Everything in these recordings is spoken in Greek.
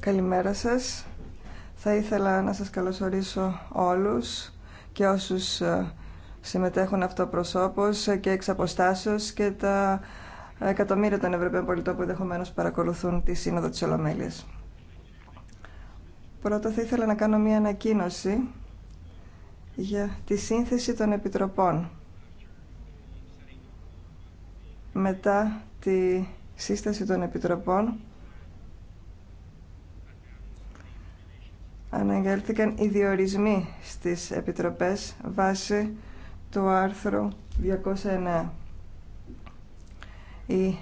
Καλημέρα σας. Θα ήθελα να σα καλωσορίσω όλους και όσους ε, συμμετέχουν αυτοπροσώπως και εξ αποστάσεως και τα εκατομμύρια των Ευρωπαίων πολιτών που ενδεχομένω παρακολουθούν τη Σύνοδο τη Ολομέλειας. Πρώτα θα ήθελα να κάνω μία ανακοίνωση για τη σύνθεση των επιτροπών μετά τη σύσταση των επιτροπών αναγγέλθηκαν οι διορισμοί στις επιτροπές βάσει του άρθρου 209. Οι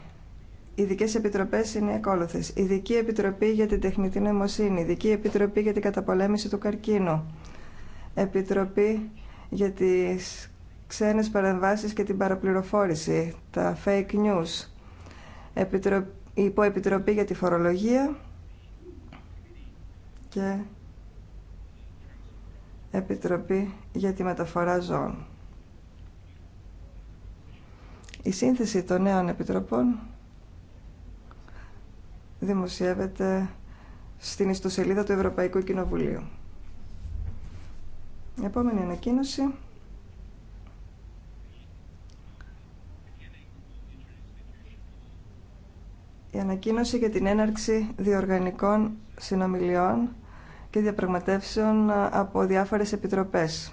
ειδικέ επιτροπές είναι ακόλουθες. Ειδική Επιτροπή για την Τεχνητή Νοημοσύνη, Ειδική Επιτροπή για την Καταπολέμηση του Καρκίνου, Επιτροπή για τις ξένες παρεμβάσεις και την παραπληροφόρηση, τα fake news, Επιτροπή για τη φορολογία και επιτροπή για τη μεταφορά ζώων. Η σύνθεση των νέων επιτροπών δημοσιεύεται στην ιστοσελίδα του Ευρωπαϊκού Κοινοβουλίου. Η επόμενη ανακοίνωση η ανακοίνωση για την έναρξη διοργανικών συνομιλιών και διαπραγματεύσεων ε, από διάφορες επιτροπές.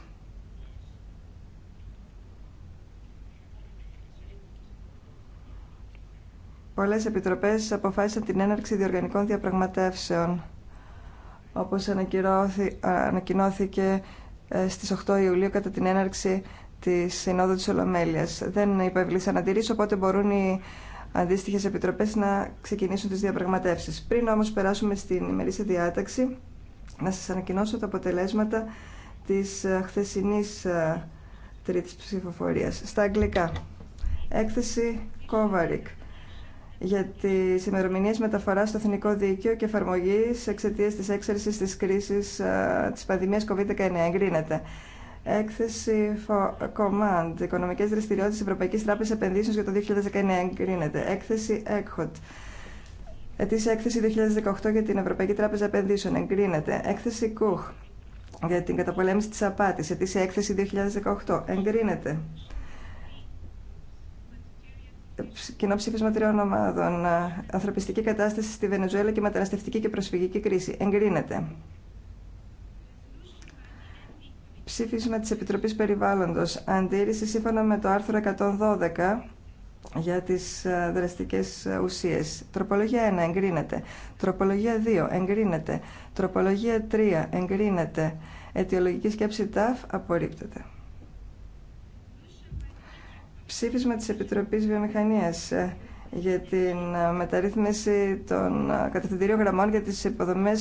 Πολλές επιτροπές αποφάσισαν την έναρξη διοργανικών διαπραγματεύσεων, όπως ε, ανακοινώθηκε ε, στις 8 Ιουλίου κατά την έναρξη της Συνόδου της Ολομέλειας. Δεν υπευλήσαν αντιρρήσεις, οπότε μπορούν οι Αντίστοιχε επιτροπέ να ξεκινήσουν τις διαπραγματεύσει. Πριν όμως περάσουμε στην ημερήσια διάταξη, να σας ανακοινώσω τα αποτελέσματα της ε, χθεσινής ε, τρίτη ψηφοφορία. Στα αγγλικά, έκθεση Kovarik για τι ημερομηνίε μεταφορά στο εθνικό δίκαιο και εφαρμογή εξαιτία τη έξαρση τη κρίση ε, τη πανδημία COVID-19. Εγκρίνεται. Έκθεση Command, Οικονομικέ δραστηριότητε τη Ευρωπαϊκής Τράπεζας Επενδύσεων για το 2019 εγκρίνεται. Έκθεση ECHOT, Ετήσια Έκθεση 2018 για την Ευρωπαϊκή Τράπεζα Επενδύσεων εγκρίνεται. Έκθεση ΚΟΥΧ για την καταπολέμηση τη απάτη. Ετήσια Έκθεση 2018 εγκρίνεται. Κοινό ψήφισμα τριών ομάδων. Ανθρωπιστική κατάσταση στη Βενεζουέλα και μεταναστευτική και προσφυγική κρίση. Εγκρίνεται ψήφισμα της Επιτροπής Περιβάλλοντος. Αντίρρηση σύμφωνα με το άρθρο 112 για τις ε, δραστικές ε, ουσίες. Τροπολογία 1 εγκρίνεται. Τροπολογία 2 εγκρίνεται. Τροπολογία 3 εγκρίνεται. Αιτιολογική σκέψη ΤΑΦ απορρίπτεται. Ψήφισμα της Επιτροπής Βιομηχανίας ε, για την ε, μεταρρύθμιση των ε, κατευθυντηρίων γραμμών για τι υποδομέ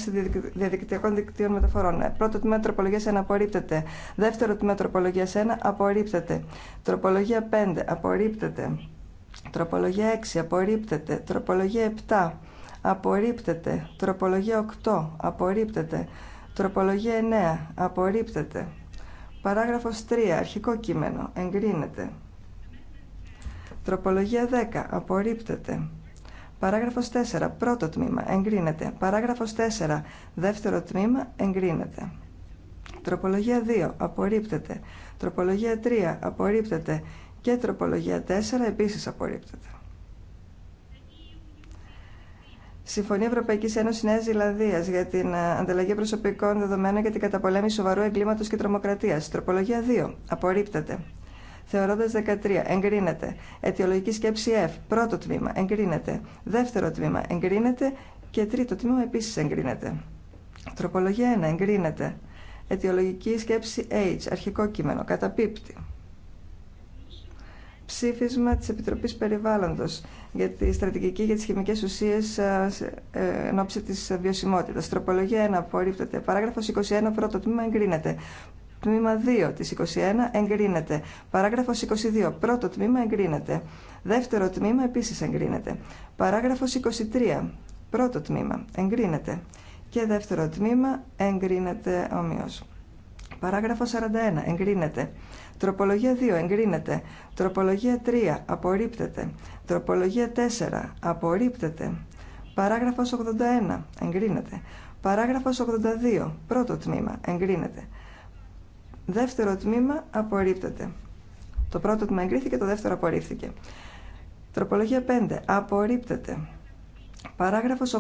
διαδικτυακών δικτύων μεταφορών. Ε, πρώτο τμήμα τροπολογία 1 απορρίπτεται. Δεύτερο τμήμα τροπολογία 1 απορρίπτεται. Τροπολογία 5 απορρίπτεται. Τροπολογία 6 απορρίπτεται. Τροπολογία 7 απορρίπτεται. Τροπολογία 8 απορρίπτεται. Τροπολογία 9 απορρίπτεται. Παράγραφος 3. Αρχικό κείμενο. Εγκρίνεται. Τροπολογία 10. Απορρίπτεται. Παράγραφος 4. Πρώτο τμήμα. Εγκρίνεται. Παράγραφος 4. Δεύτερο τμήμα. Εγκρίνεται. Τροπολογία 2. Απορρίπτεται. Τροπολογία 3. Απορρίπτεται. Και τροπολογία 4. Επίσης απορρίπτεται. Συμφωνία Ευρωπαϊκή Ένωση Νέα Ζηλανδία για την ε, ανταλλαγή προσωπικών δεδομένων για την καταπολέμηση σοβαρού εγκλήματο και τρομοκρατία. Τροπολογία 2. Απορρίπτεται. Θεωρώντα 13. Εγκρίνεται. Αιτιολογική σκέψη F. Πρώτο τμήμα. Εγκρίνεται. Δεύτερο τμήμα. Εγκρίνεται. Και τρίτο τμήμα επίση εγκρίνεται. Τροπολογία 1. Εγκρίνεται. Αιτιολογική σκέψη H. Αρχικό κείμενο. Καταπίπτει. Ψήφισμα τη Επιτροπή Περιβάλλοντο για τη στρατηγική για τι χημικέ ουσίες ε, εν ώψη τη βιωσιμότητα. Τροπολογία 1. Απορρίπτεται. Παράγραφο 21. Πρώτο τμήμα εγκρίνεται. Τμήμα 2 της 21 εγκρίνεται. Παράγραφος 22. Πρώτο τμήμα εγκρίνεται. Δεύτερο τμήμα επίσης εγκρίνεται. Παράγραφος 23. Πρώτο τμήμα εγκρίνεται. Και δεύτερο τμήμα εγκρίνεται ομοίως. Παράγραφο 41. Εγκρίνεται. Τροπολογία 2. Εγκρίνεται. Τροπολογία 3. Απορρίπτεται. Τροπολογία 4. Απορρίπτεται. Παράγραφος 81. Εγκρίνεται. Παράγραφος 82. Πρώτο τμήμα. Εγκρίνεται. Δεύτερο τμήμα απορρίπτεται. Το πρώτο τμήμα εγκρίθηκε, το δεύτερο απορρίφθηκε. Τροπολογία 5. Απορρίπτεται. Παράγραφος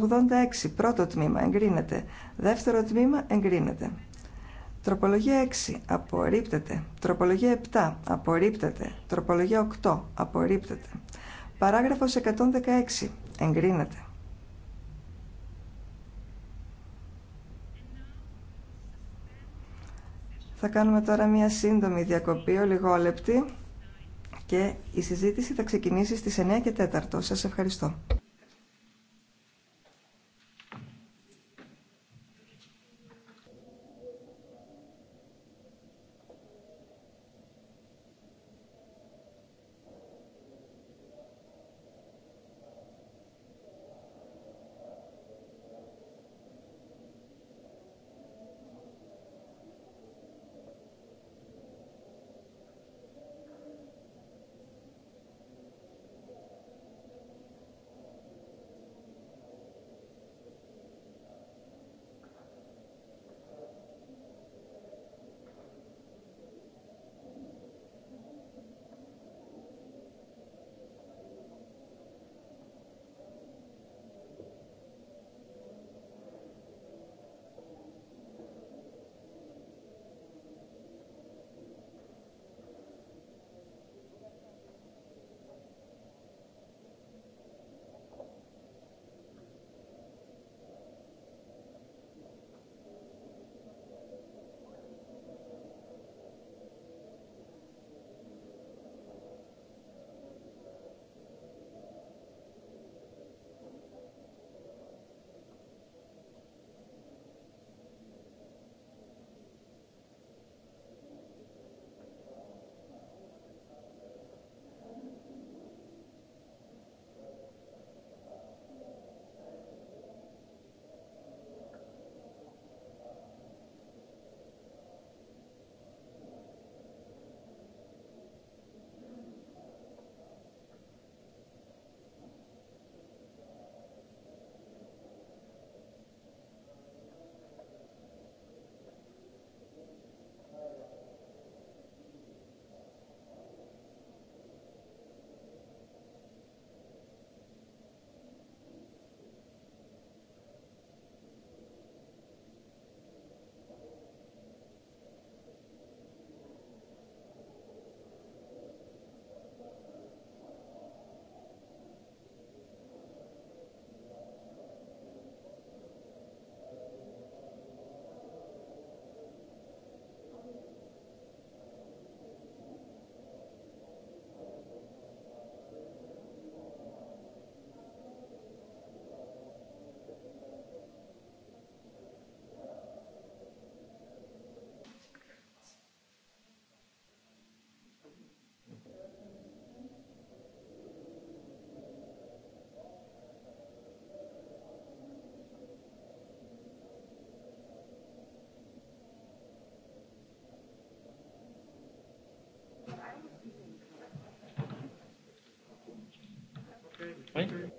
86. Πρώτο τμήμα εγκρίνεται. Δεύτερο τμήμα εγκρίνεται. Τροπολογία 6. Απορρίπτεται. Τροπολογία 7. Απορρίπτεται. Τροπολογία 8. Απορρίπτεται. Παράγραφος 116. Εγκρίνεται. Θα κάνουμε τώρα μία σύντομη διακοπή, λιγόλεπτη, και η συζήτηση θα ξεκινήσει στις 9 και 4. Σας ευχαριστώ. Ευχαριστώ.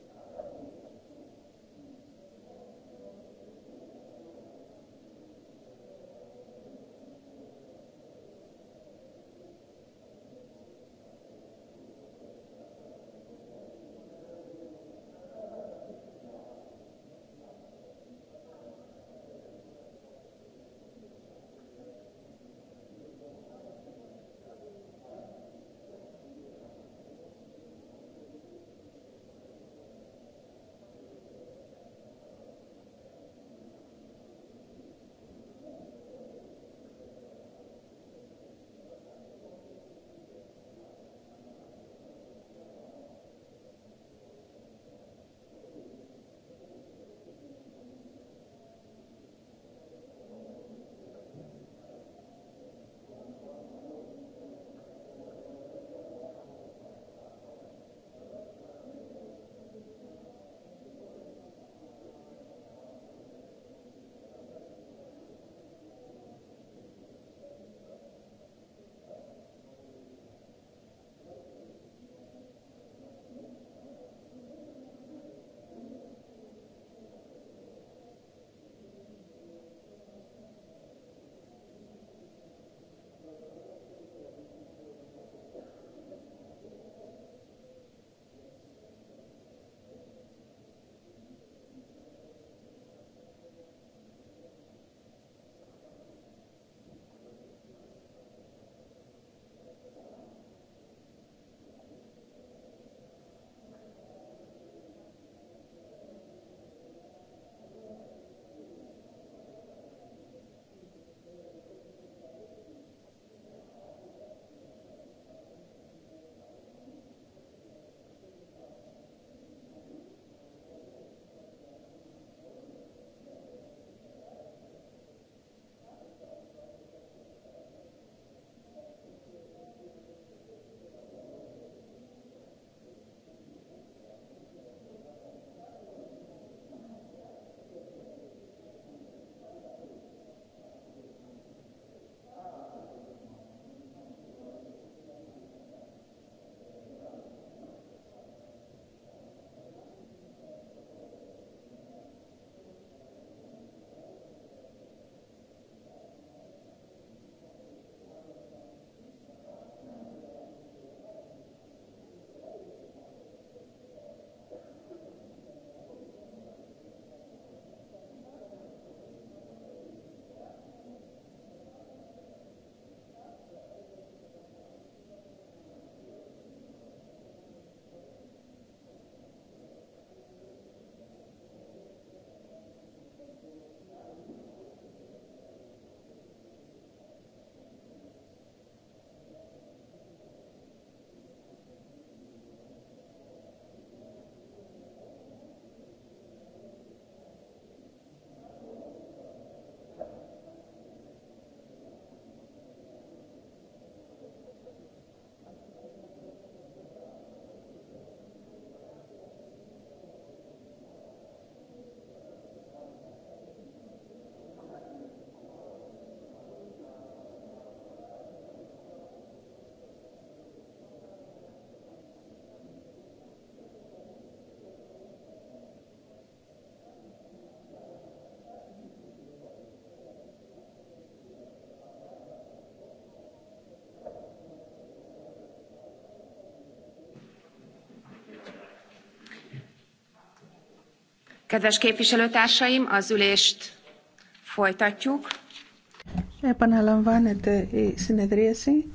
Επαναλαμβάνεται η συνεδρίαση.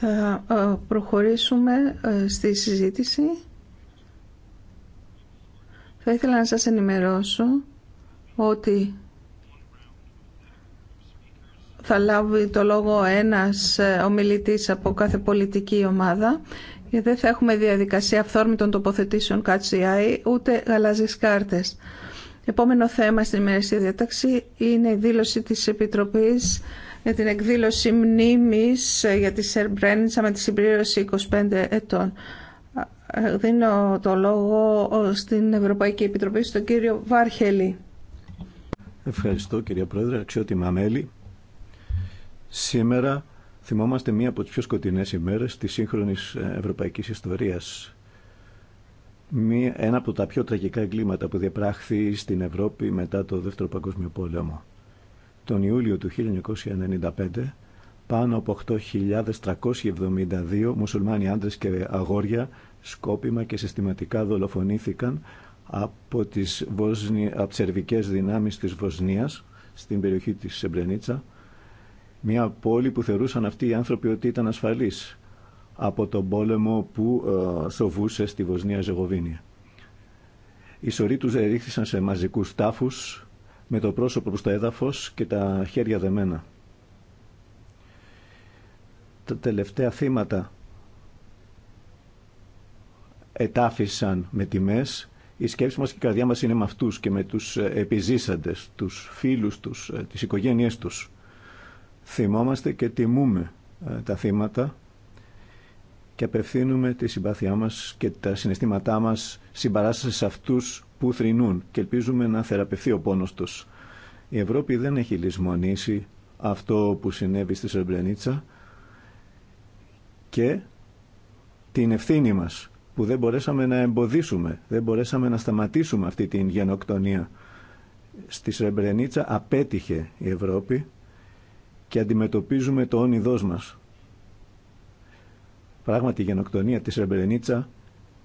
Θα ε, προχωρήσουμε ε, στη συζήτηση. Θα ήθελα να σας ενημερώσω ότι θα λάβει το λόγο ένας ε, ομιλητής από κάθε πολιτική ομάδα και δεν θα έχουμε διαδικασία αυθόρμητων τοποθετήσεων ΚΑΤΣΙΑΗ ούτε γαλάζιες κάρτες. Επόμενο θέμα στην ημερήσια διάταξη είναι η δήλωση της Επιτροπής για την εκδήλωση μνήμης ε, για τη Σερμπρένιτσα με τη συμπλήρωση 25 ετών. Ε, δίνω το λόγο στην Ευρωπαϊκή Επιτροπή στον κύριο Βάρχελη. Ευχαριστώ κυρία Πρόεδρε, αξιότιμα μέλη. Σήμερα θυμόμαστε μία από τις πιο σκοτεινές ημέρες της σύγχρονης ε, ευρωπαϊκής ιστορίας. Μία, ένα από τα πιο τραγικά εγκλήματα που διαπράχθη στην Ευρώπη μετά το Δεύτερο Παγκόσμιο Πόλεμο. Τον Ιούλιο του 1995, πάνω από 8.372 μουσουλμάνοι άντρες και αγόρια σκόπιμα και συστηματικά δολοφονήθηκαν από τις, Βοσνι... από τις δυνάμεις της Βοσνίας στην περιοχή της Σεμπρενίτσα μια πόλη που θεωρούσαν αυτοί οι άνθρωποι ότι ήταν ασφαλής από τον πόλεμο που σοβούσε ε, στη Βοσνία Ζεγοβίνη. Οι σωροί τους ρίχθησαν σε μαζικούς τάφους με το πρόσωπο προς το έδαφος και τα χέρια δεμένα. Τα τελευταία θύματα ετάφησαν με τιμές. Η σκέψη μας και η καρδιά μας είναι με αυτούς και με τους ε, επιζήσαντες, τους φίλους τους, ε, τις οικογένειές τους θυμόμαστε και τιμούμε ε, τα θύματα και απευθύνουμε τη συμπάθειά μας και τα συναισθήματά μας συμπαράσταση σε αυτούς που θρηνούν και ελπίζουμε να θεραπευθεί ο πόνος τους. Η Ευρώπη δεν έχει λησμονήσει αυτό που συνέβη στη Σερμπλενίτσα και την ευθύνη μας που δεν μπορέσαμε να εμποδίσουμε, δεν μπορέσαμε να σταματήσουμε αυτή την γενοκτονία. Στη Σρεμπρενίτσα απέτυχε η Ευρώπη και αντιμετωπίζουμε το όνειδός μας. Πράγματι η γενοκτονία της Ρεμπερενίτσα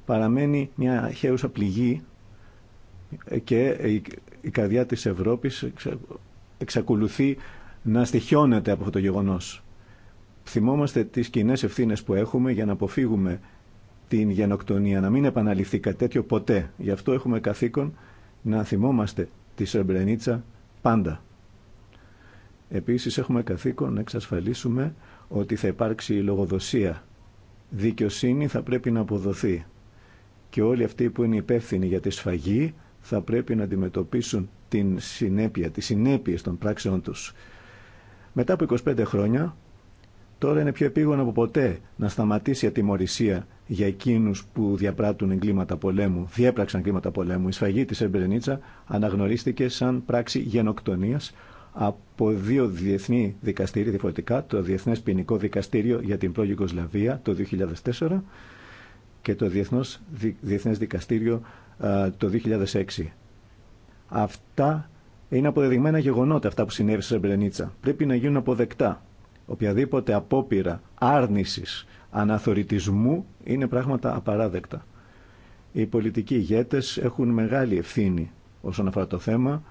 παραμένει μια χαίουσα πληγή και η καρδιά της Ευρώπης εξακολουθεί να στοιχιώνεται από αυτό το γεγονός. Θυμόμαστε τις κοινέ ευθύνε που έχουμε για να αποφύγουμε την γενοκτονία, να μην επαναληφθεί κάτι τέτοιο ποτέ. Γι' αυτό έχουμε καθήκον να θυμόμαστε τη Σρεμπρενίτσα πάντα. Επίσης έχουμε καθήκον να εξασφαλίσουμε ότι θα υπάρξει λογοδοσία. Δικαιοσύνη θα πρέπει να αποδοθεί. Και όλοι αυτοί που είναι υπεύθυνοι για τη σφαγή θα πρέπει να αντιμετωπίσουν την συνέπεια, τις συνέπειες των πράξεών τους. Μετά από 25 χρόνια, τώρα είναι πιο επίγον από ποτέ να σταματήσει η ατιμορρησία για εκείνου που διαπράττουν εγκλήματα πολέμου, διέπραξαν εγκλήματα πολέμου. Η σφαγή τη Εμπερενίτσα αναγνωρίστηκε σαν πράξη γενοκτονία από δύο διεθνή δικαστήρια διαφορετικά, το Διεθνές Ποινικό Δικαστήριο για την πρώην το 2004 και το διεθνέ Διεθνές Δικαστήριο το 2006. Αυτά είναι αποδεδειγμένα γεγονότα αυτά που συνέβη σε Σεμπρενίτσα. Πρέπει να γίνουν αποδεκτά. Οποιαδήποτε απόπειρα άρνησης, αναθωρητισμού είναι πράγματα απαράδεκτα. Οι πολιτικοί ηγέτες έχουν μεγάλη ευθύνη όσον αφορά το θέμα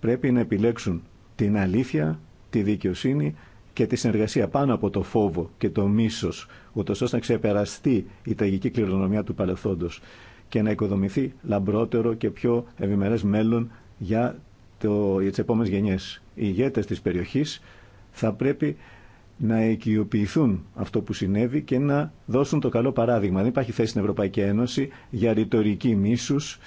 πρέπει να επιλέξουν την αλήθεια, τη δικαιοσύνη και τη συνεργασία πάνω από το φόβο και το μίσος, ούτω ώστε να ξεπεραστεί η ταγική κληρονομιά του παρελθόντο και να οικοδομηθεί λαμπρότερο και πιο ευημερές μέλλον για, το, για γενιές. Οι ηγέτες της περιοχής θα πρέπει να οικειοποιηθούν αυτό που συνέβη και να δώσουν το καλό παράδειγμα. Δεν υπάρχει θέση στην Ευρωπαϊκή Ένωση για ρητορική μίσους,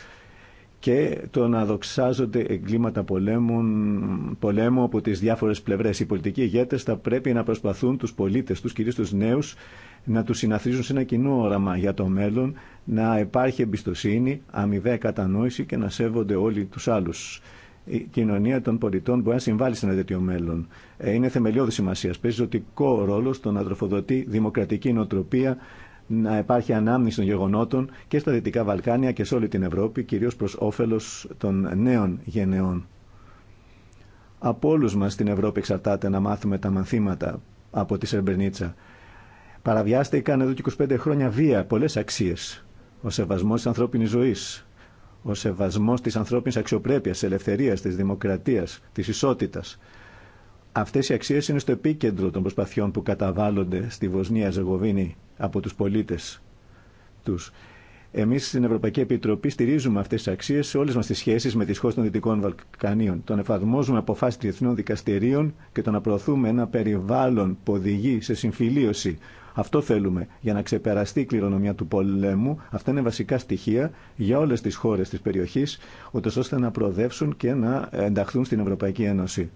και το να δοξάζονται εγκλήματα πολέμων, πολέμου από τις διάφορες πλευρές. Οι πολιτικοί ηγέτες θα πρέπει να προσπαθούν τους πολίτες, τους κυρίως τους νέους, να τους συναθρίζουν σε ένα κοινό όραμα για το μέλλον, να υπάρχει εμπιστοσύνη, αμοιβαία κατανόηση και να σέβονται όλοι τους άλλους. Η κοινωνία των πολιτών μπορεί να συμβάλλει σε ένα τέτοιο μέλλον. Ε, είναι θεμελιώδη σημασία. Παίζει ζωτικό ρόλο στο να τροφοδοτεί δημοκρατική νοοτροπία να υπάρχει ανάμνηση των γεγονότων και στα Δυτικά Βαλκάνια και σε όλη την Ευρώπη, κυρίως προς όφελος των νέων γενεών. Από όλου μας στην Ευρώπη εξαρτάται να μάθουμε τα μαθήματα από τη Σερμπερνίτσα. Παραβιάστηκαν εδώ και 25 χρόνια βία πολλές αξίες. Ο σεβασμός της ανθρώπινης ζωής, ο σεβασμός της ανθρώπινης αξιοπρέπειας, της ελευθερίας, της δημοκρατίας, της ισότητας, Αυτές οι αξίες είναι στο επίκεντρο των προσπαθειών που καταβάλλονται στη Βοσνία Ζεγοβίνη από τους πολίτες τους. Εμείς στην Ευρωπαϊκή Επιτροπή στηρίζουμε αυτές τις αξίες σε όλες μας τις σχέσεις με τις χώρες των Δυτικών Βαλκανίων. Τον εφαρμόζουμε αποφάσει διεθνών δικαστηρίων και τον προωθούμε ένα περιβάλλον που οδηγεί σε συμφιλίωση. Αυτό θέλουμε για να ξεπεραστεί η κληρονομιά του πολέμου. Αυτά είναι βασικά στοιχεία για όλες τις χώρες της περιοχής, ώστε να προοδεύσουν και να ενταχθούν στην Ευρωπαϊκή Ένωση.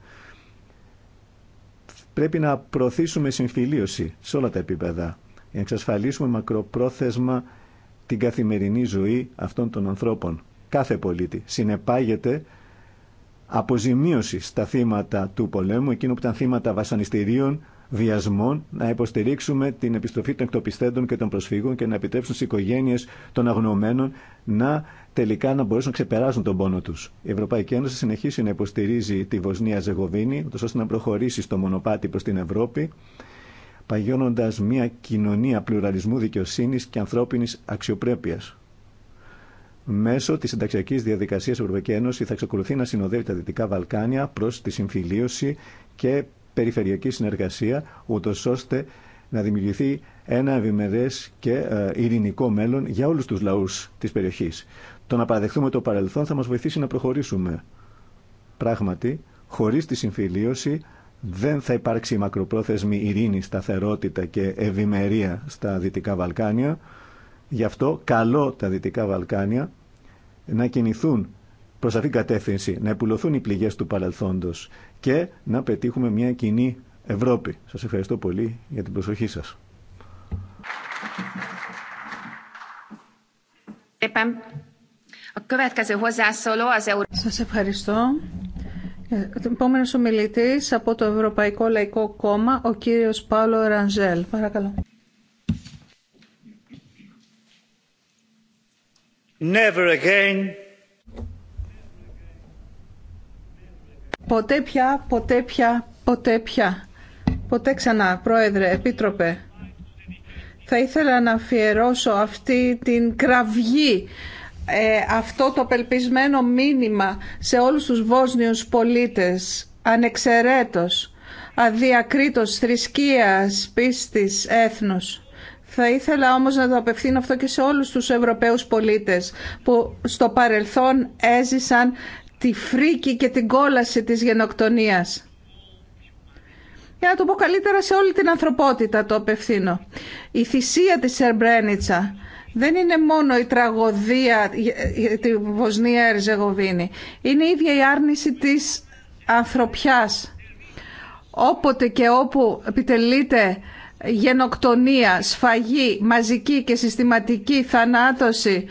Πρέπει να προωθήσουμε συμφιλίωση σε όλα τα επίπεδα να εξασφαλίσουμε μακροπρόθεσμα την καθημερινή ζωή αυτών των ανθρώπων. Κάθε πολίτη συνεπάγεται αποζημίωση στα θύματα του πολέμου, εκείνο που ήταν θύματα βασανιστήριων, βιασμών, να υποστηρίξουμε την επιστροφή των εκτοπιστέντων και των προσφύγων και να επιτρέψουν στι οικογένειε των αγνωμένων να τελικά να μπορέσουν να ξεπεράσουν τον πόνο του. Η Ευρωπαϊκή Ένωση συνεχίσει να υποστηρίζει τη Βοσνία Ζεγοβίνη, ώστε να προχωρήσει στο μονοπάτι προ την Ευρώπη, παγιώνοντα μια κοινωνία πλουραλισμού δικαιοσύνη και ανθρώπινη αξιοπρέπεια. Μέσω τη συνταξιακή διαδικασία, η Ευρωπαϊκή Ένωση θα εξακολουθεί να συνοδεύει τα Δυτικά Βαλκάνια προ τη συμφιλίωση και περιφερειακή συνεργασία, ούτω ώστε να δημιουργηθεί ένα ευημερέ και ε, ειρηνικό μέλλον για όλου του λαού τη περιοχή. Το να παραδεχθούμε το παρελθόν θα μας βοηθήσει να προχωρήσουμε. Πράγματι, χωρίς τη συμφιλίωση δεν θα υπάρξει μακροπρόθεσμη ειρήνη, σταθερότητα και ευημερία στα Δυτικά Βαλκάνια. Γι' αυτό καλό τα Δυτικά Βαλκάνια να κινηθούν προς αυτήν την κατεύθυνση, να επουλωθούν οι πληγές του παρελθόντος και να πετύχουμε μια κοινή Ευρώπη. Σα ευχαριστώ πολύ για την προσοχή σα. Σας ευχαριστώ. Ε, ο επόμενος ομιλητής από το Ευρωπαϊκό Λαϊκό Κόμμα, ο κύριος Παύλο Ρανζέλ. Παρακαλώ. Never again. Ποτέ πια, ποτέ πια, ποτέ πια. Ποτέ ξανά, Πρόεδρε, Επίτροπε. Θα ήθελα να αφιερώσω αυτή την κραυγή ε, αυτό το πελπισμένο μήνυμα σε όλους τους Βόσνιους πολίτες, ανεξαιρέτως, αδιακρίτως θρησκείας, πίστης, έθνους. Θα ήθελα όμως να το απευθύνω αυτό και σε όλους τους Ευρωπαίους πολίτες που στο παρελθόν έζησαν τη φρίκη και την κόλαση της γενοκτονίας. Για να το πω καλύτερα σε όλη την ανθρωπότητα το απευθύνω. Η θυσία της Σερμπρένιτσα δεν είναι μόνο η τραγωδία για ε, ε, τη Βοσνία Ερζεγοβίνη. Είναι η ίδια η άρνηση της ανθρωπιάς. Όποτε και όπου επιτελείται γενοκτονία, σφαγή, μαζική και συστηματική θανάτωση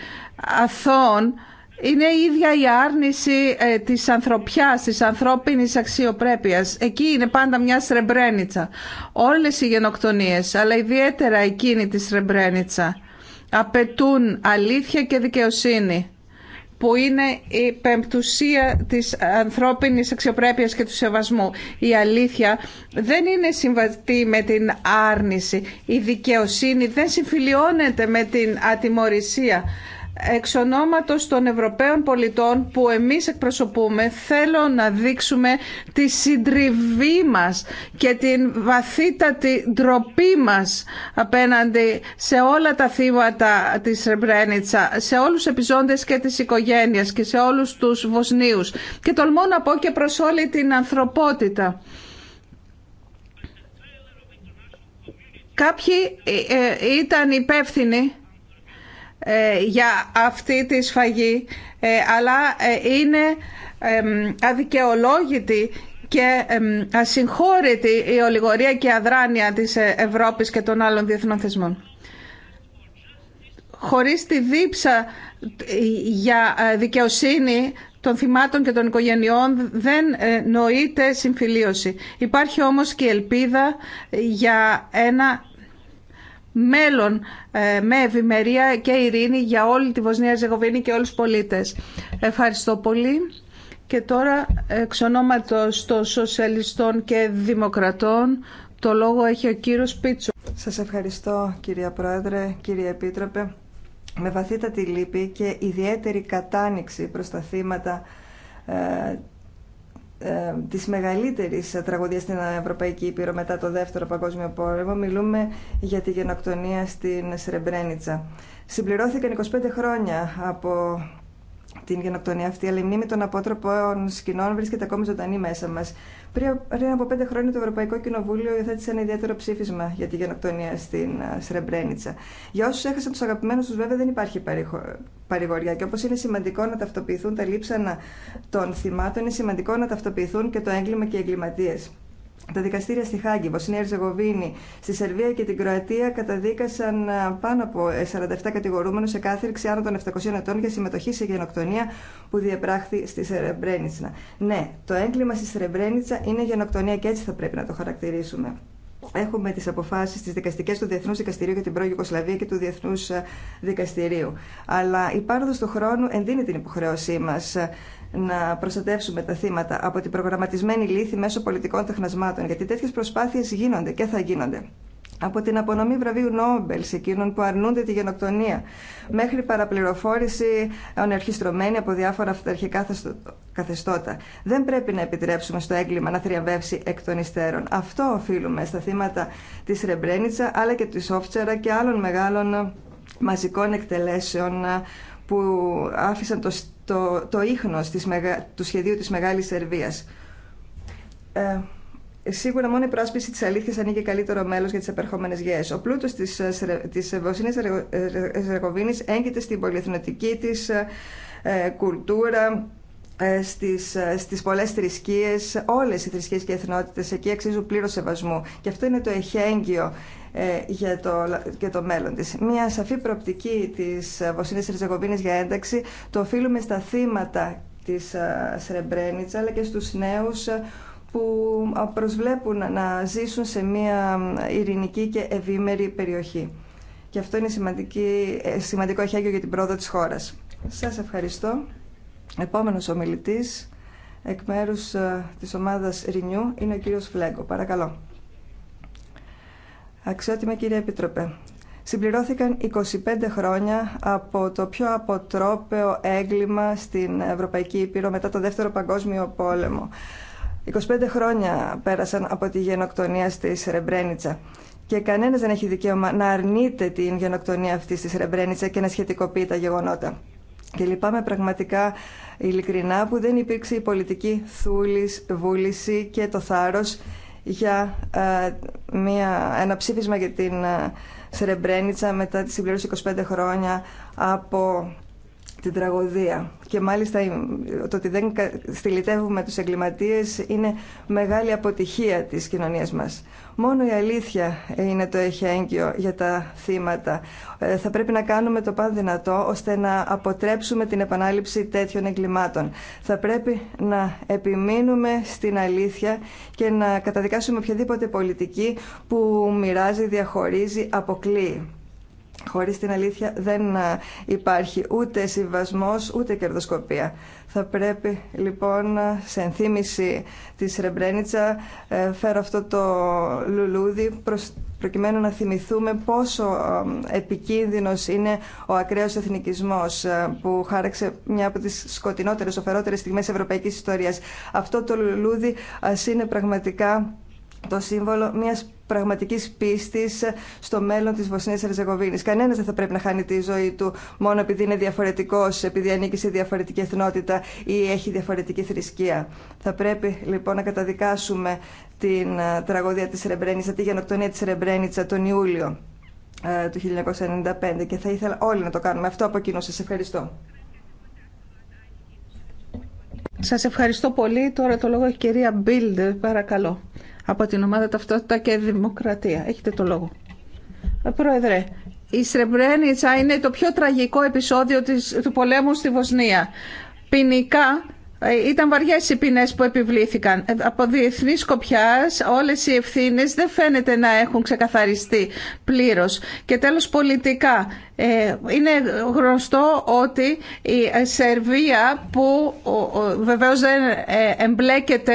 αθώων, είναι η ίδια η άρνηση ε, της ανθρωπιάς, της ανθρώπινης αξιοπρέπειας. Εκεί είναι πάντα μια Σρεμπρένιτσα. Όλες οι γενοκτονίες, αλλά ιδιαίτερα εκείνη τη Σρεμπρένιτσα απαιτούν αλήθεια και δικαιοσύνη που είναι η πεμπτουσία της ανθρώπινης αξιοπρέπειας και του σεβασμού. Η αλήθεια δεν είναι συμβατή με την άρνηση. Η δικαιοσύνη δεν συμφιλιώνεται με την ατιμορρησία. Εξ ονόματος των Ευρωπαίων πολιτών που εμείς εκπροσωπούμε θέλω να δείξουμε τη συντριβή μας και την βαθύτατη ντροπή μας απέναντι σε όλα τα θύματα της Ρεμπρένιτσα, σε όλους τους επιζώντες και τις οικογένειες και σε όλους τους Βοσνίους και τολμώ να πω και προς όλη την ανθρωπότητα. Κάποιοι ε, ε, ήταν υπεύθυνοι ε, για αυτή τη σφαγή, ε, αλλά ε, είναι αδικαιολόγητη και ασυγχώρητη η ολιγορία και η αδράνεια της Ευρώπης και των άλλων διεθνών θεσμών. Χωρίς τη δίψα για δικαιοσύνη των θυμάτων και των οικογενειών δεν νοείται συμφιλίωση. Υπάρχει όμως και ελπίδα για ένα μέλλον ε, με ευημερία και ειρήνη για όλη τη Βοσνία Ζεγοβίνη και όλους τους πολίτες. Ευχαριστώ πολύ. Και τώρα εξ ονόματος των Σοσιαλιστών και Δημοκρατών το λόγο έχει ο κύριος Πίτσο. Σας ευχαριστώ κυρία Πρόεδρε, κύριε Επίτροπε. Με βαθύτατη λύπη και ιδιαίτερη κατάνοιξη προς τα θύματα ε, ε, της μεγαλύτερης ε, τραγωδίας στην Ευρωπαϊκή Ήπειρο μετά το Δεύτερο Παγκόσμιο Πόλεμο. Μιλούμε για τη γενοκτονία στην Σρεμπρένιτσα. Συμπληρώθηκαν 25 χρόνια από την γενοκτονία αυτή, αλλά η μνήμη των απότροπων σκηνών βρίσκεται ακόμη ζωντανή μέσα μας. Πριν από πέντε χρόνια το Ευρωπαϊκό Κοινοβούλιο υιοθέτησε ένα ιδιαίτερο ψήφισμα για τη γενοκτονία στην ε, Σρεμπρένιτσα. Για όσου έχασαν του αγαπημένου του, βέβαια δεν υπάρχει παρηγοριά. Και όπω είναι σημαντικό να ταυτοποιηθούν τα λείψανα των θυμάτων, είναι σημαντικό να ταυτοποιηθούν και το έγκλημα και οι εγκληματίε. Τα δικαστήρια στη Χάγκη, Βοσνία Ερζεγοβίνη, στη Σερβία και την Κροατία καταδίκασαν ε, πάνω από 47 ε, κατηγορούμενους σε κάθριξη άνω των 700 ετών για συμμετοχή σε γενοκτονία που διεπράχθη στη Σρεμπρένιτσα. Ναι, το έγκλημα στη Σρεμπρένιτσα είναι γενοκτονία και έτσι θα πρέπει να το χαρακτηρίσουμε. Έχουμε τι αποφάσει, τι δικαστικέ του Διεθνού Δικαστηρίου για την πρώην Ιουκοσλαβία και του Διεθνού ε, Δικαστηρίου. Αλλά η πάροδο του χρόνου ενδύνει την υποχρέωσή μα να προστατεύσουμε τα θύματα από την προγραμματισμένη λύθη μέσω πολιτικών τεχνασμάτων, γιατί τέτοιε προσπάθειε γίνονται και θα γίνονται από την απονομή βραβείου Νόμπελ σε εκείνων που αρνούνται τη γενοκτονία, μέχρι παραπληροφόρηση ανερχιστρωμένη από διάφορα αυταρχικά καθεστώτα. Δεν πρέπει να επιτρέψουμε στο έγκλημα να θριαμβεύσει εκ των υστέρων. Αυτό οφείλουμε στα θύματα τη Ρεμπρένιτσα, αλλά και τη Όφτσερα και άλλων μεγάλων μαζικών εκτελέσεων που άφησαν το το, το ίχνος της του σχεδίου της Μεγάλης Σερβίας. Ε, Σίγουρα μόνο η πρόσπιση τη αλήθεια ανοίγει καλύτερο μέλο για τι επερχόμενε γέε. Ο πλούτο τη ε, Βοσνία Ερζεγοβίνη έγκυται στην πολυεθνωτική τη ε, ε, κουλτούρα, ε, στις, ε, στις πολλές θρησκείες, όλες οι θρησκείες και εθνότητες εκεί αξίζουν πλήρως σεβασμού. Και αυτό είναι το εχέγγυο ε, για το, το μέλλον της. Μια σαφή προοπτική της ε, Βοσίνης Ριζεγοβίνης για ένταξη το οφείλουμε στα θύματα της ε, Σρεμπρένιτσα αλλά και στους νέους που προσβλέπουν να ζήσουν σε μια ειρηνική και ευήμερη περιοχή. Και αυτό είναι σημαντική, σημαντικό αχέγιο για την πρόοδο της χώρας. Σας ευχαριστώ. Επόμενος ομιλητής εκ μέρους της ομάδας Renew είναι ο κύριος Φλέγκο. Παρακαλώ. Αξιότιμα κύριε Επιτροπέ, συμπληρώθηκαν 25 χρόνια από το πιο αποτρόπαιο έγκλημα στην Ευρωπαϊκή Ήπειρο μετά το Δεύτερο Παγκόσμιο Πόλεμο. 25 χρόνια πέρασαν από τη γενοκτονία στη Σρεμπρένιτσα και κανένας δεν έχει δικαίωμα να αρνείται την γενοκτονία αυτή στη Σρεμπρένιτσα και να σχετικοποιεί τα γεγονότα. Και λυπάμαι πραγματικά ειλικρινά που δεν υπήρξε η πολιτική θούλης, βούληση και το θάρρος για ε, μια, ένα ψήφισμα για την ε, Σρεμπρένιτσα μετά τη συμπλήρωση 25 χρόνια από την τραγωδία. Και μάλιστα το ότι δεν στυλιτεύουμε τους εγκληματίες είναι μεγάλη αποτυχία της κοινωνίας μας. Μόνο η αλήθεια είναι το εχέγγυο για τα θύματα. Ε, θα πρέπει να κάνουμε το πάντα δυνατό ώστε να αποτρέψουμε την επανάληψη τέτοιων εγκλημάτων. Θα πρέπει να επιμείνουμε στην αλήθεια και να καταδικάσουμε οποιαδήποτε πολιτική που μοιράζει, διαχωρίζει, αποκλείει. Χωρίς την αλήθεια δεν ε, υπάρχει ούτε συμβασμός ούτε κερδοσκοπία. Θα πρέπει λοιπόν σε ενθύμηση της Ρεμπρένιτσα ε, φέρω αυτό το λουλούδι προκειμένου να θυμηθούμε πόσο επικίνδυνος είναι ο ακραίος εθνικισμός ε, που χάραξε μια από τις σκοτεινότερες, οφερότερες στιγμές ευρωπαϊκής ιστορίας. Αυτό το λουλούδι ας είναι πραγματικά το σύμβολο μιας Πραγματική πίστη στο μέλλον τη Βοσνίας Ερζεγοβίνη. Κανένα δεν θα πρέπει να χάνει τη ζωή του μόνο επειδή είναι διαφορετικό, επειδή ανήκει σε διαφορετική εθνότητα ή έχει διαφορετική θρησκεία. Θα πρέπει λοιπόν να καταδικάσουμε την ε, τραγωδία τη Ρεμπρένιτσα, τη γενοκτονία τη Ρεμπρένιτσα τον Ιούλιο ε, του 1995 και θα ήθελα όλοι να το κάνουμε αυτό από κοινό Σα ευχαριστώ. Σας ευχαριστώ πολύ. Τώρα το λόγο έχει κυρία Μπίλντερ. Παρακαλώ από την ομάδα Ταυτότητα και Δημοκρατία. Έχετε το λόγο. Ε, πρόεδρε, η Σρεμπρένιτσα είναι το πιο τραγικό επεισόδιο της, του πολέμου στη Βοσνία. Ποινικά ε, ήταν βαριέ οι ποινέ που επιβλήθηκαν. Ε, από διεθνή σκοπιά, όλε οι ευθύνε δεν φαίνεται να έχουν ξεκαθαριστεί πλήρω. Και τέλο, πολιτικά. Είναι γνωστό ότι η Σερβία, που βεβαίω δεν εμπλέκεται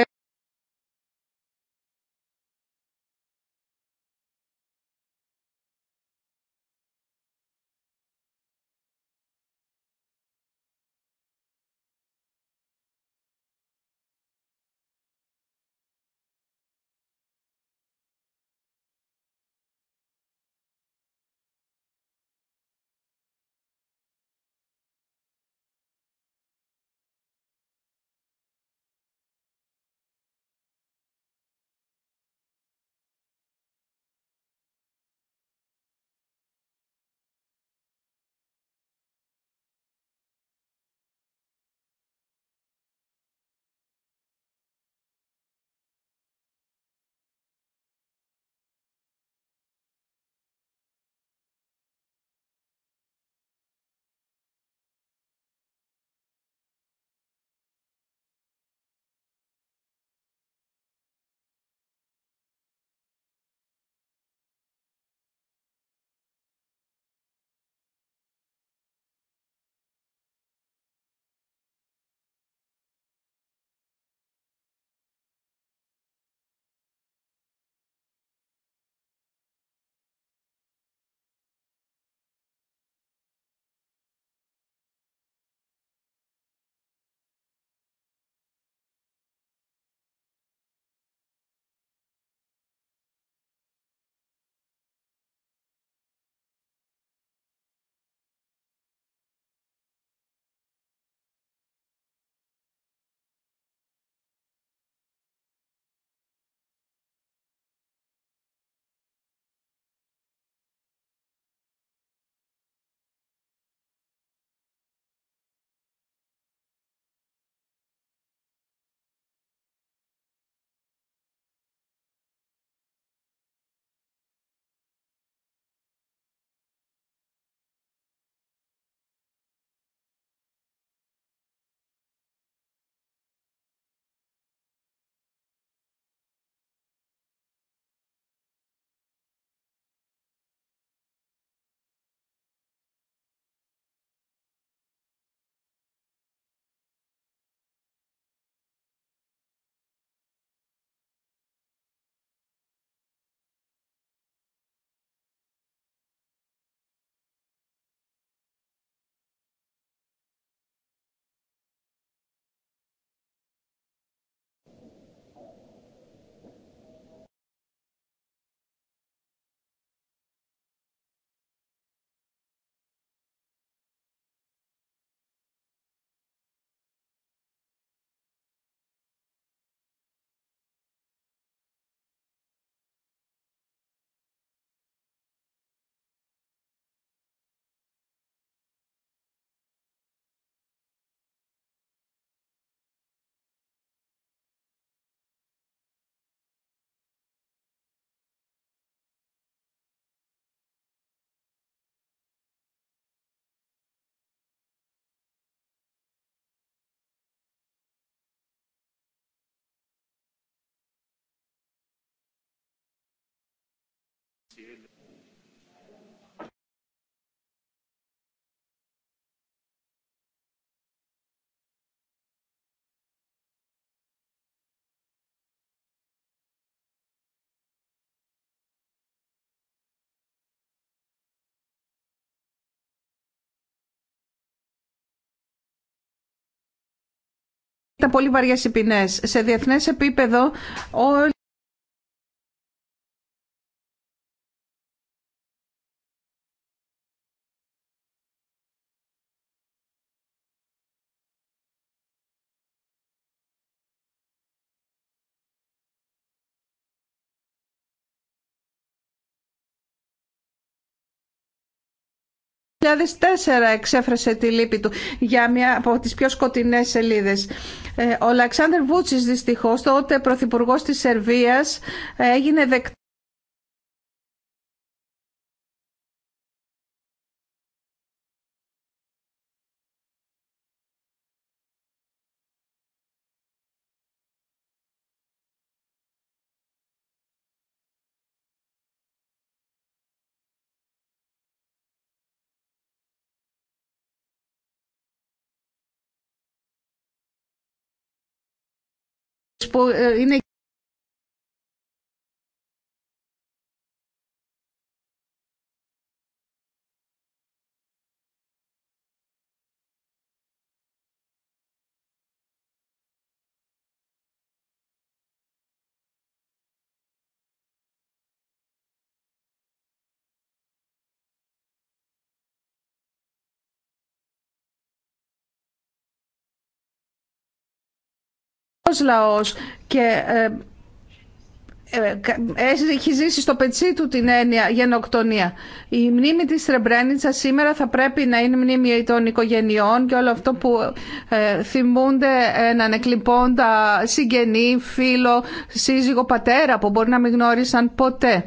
τα πολύ βαριές οι Σε διεθνές επίπεδο όλοι 2004 εξέφρασε τη λύπη του για μια από τις πιο σκοτεινές σελίδες. Ε, ο Λαξάνδρ Βούτσις δυστυχώς, τότε πρωθυπουργός της Σερβίας, έγινε δεκτός που ε, είναι λαός και ε, ε, έχει ζήσει στο πετσί του την έννοια γενοκτονία. Η μνήμη της Τρεμπρένιτσα σήμερα θα πρέπει να είναι μνήμη των οικογενειών και όλο αυτό που ε, θυμούνται έναν εκλειπώντα συγγενή, φίλο, σύζυγο, πατέρα που μπορεί να μην γνώρισαν ποτέ.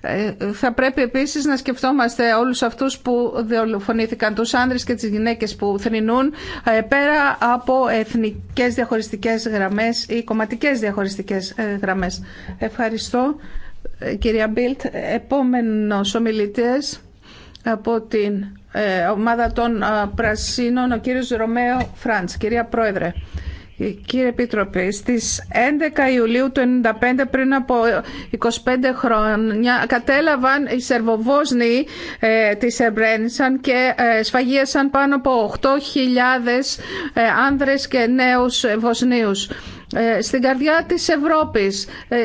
Ε, θα πρέπει επίσης να σκεφτόμαστε όλους αυτούς που διολοφονήθηκαν, τους άνδρες και τις γυναίκες που θρηνούν ε, πέρα από εθνικές διαχωριστικές γραμμές ή κομματικές διαχωριστικές ε, γραμμές. Ευχαριστώ κυρία Μπίλτ. Επόμενος ομιλητές από την ομάδα των Πρασίνων, ο κύριος Ρωμαίο Φραντς. Κυρία Πρόεδρε, Κύριε Επίτροπε, στις 11 Ιουλίου του 1995 πριν από 25 χρόνια κατέλαβαν οι Σερβοβόσνοι ε, της Εμπρένισαν και ε, σφαγίασαν πάνω από 8.000 ε, άνδρες και νέους Βοσνίους. Ε, στην καρδιά της Ευρώπης, ε,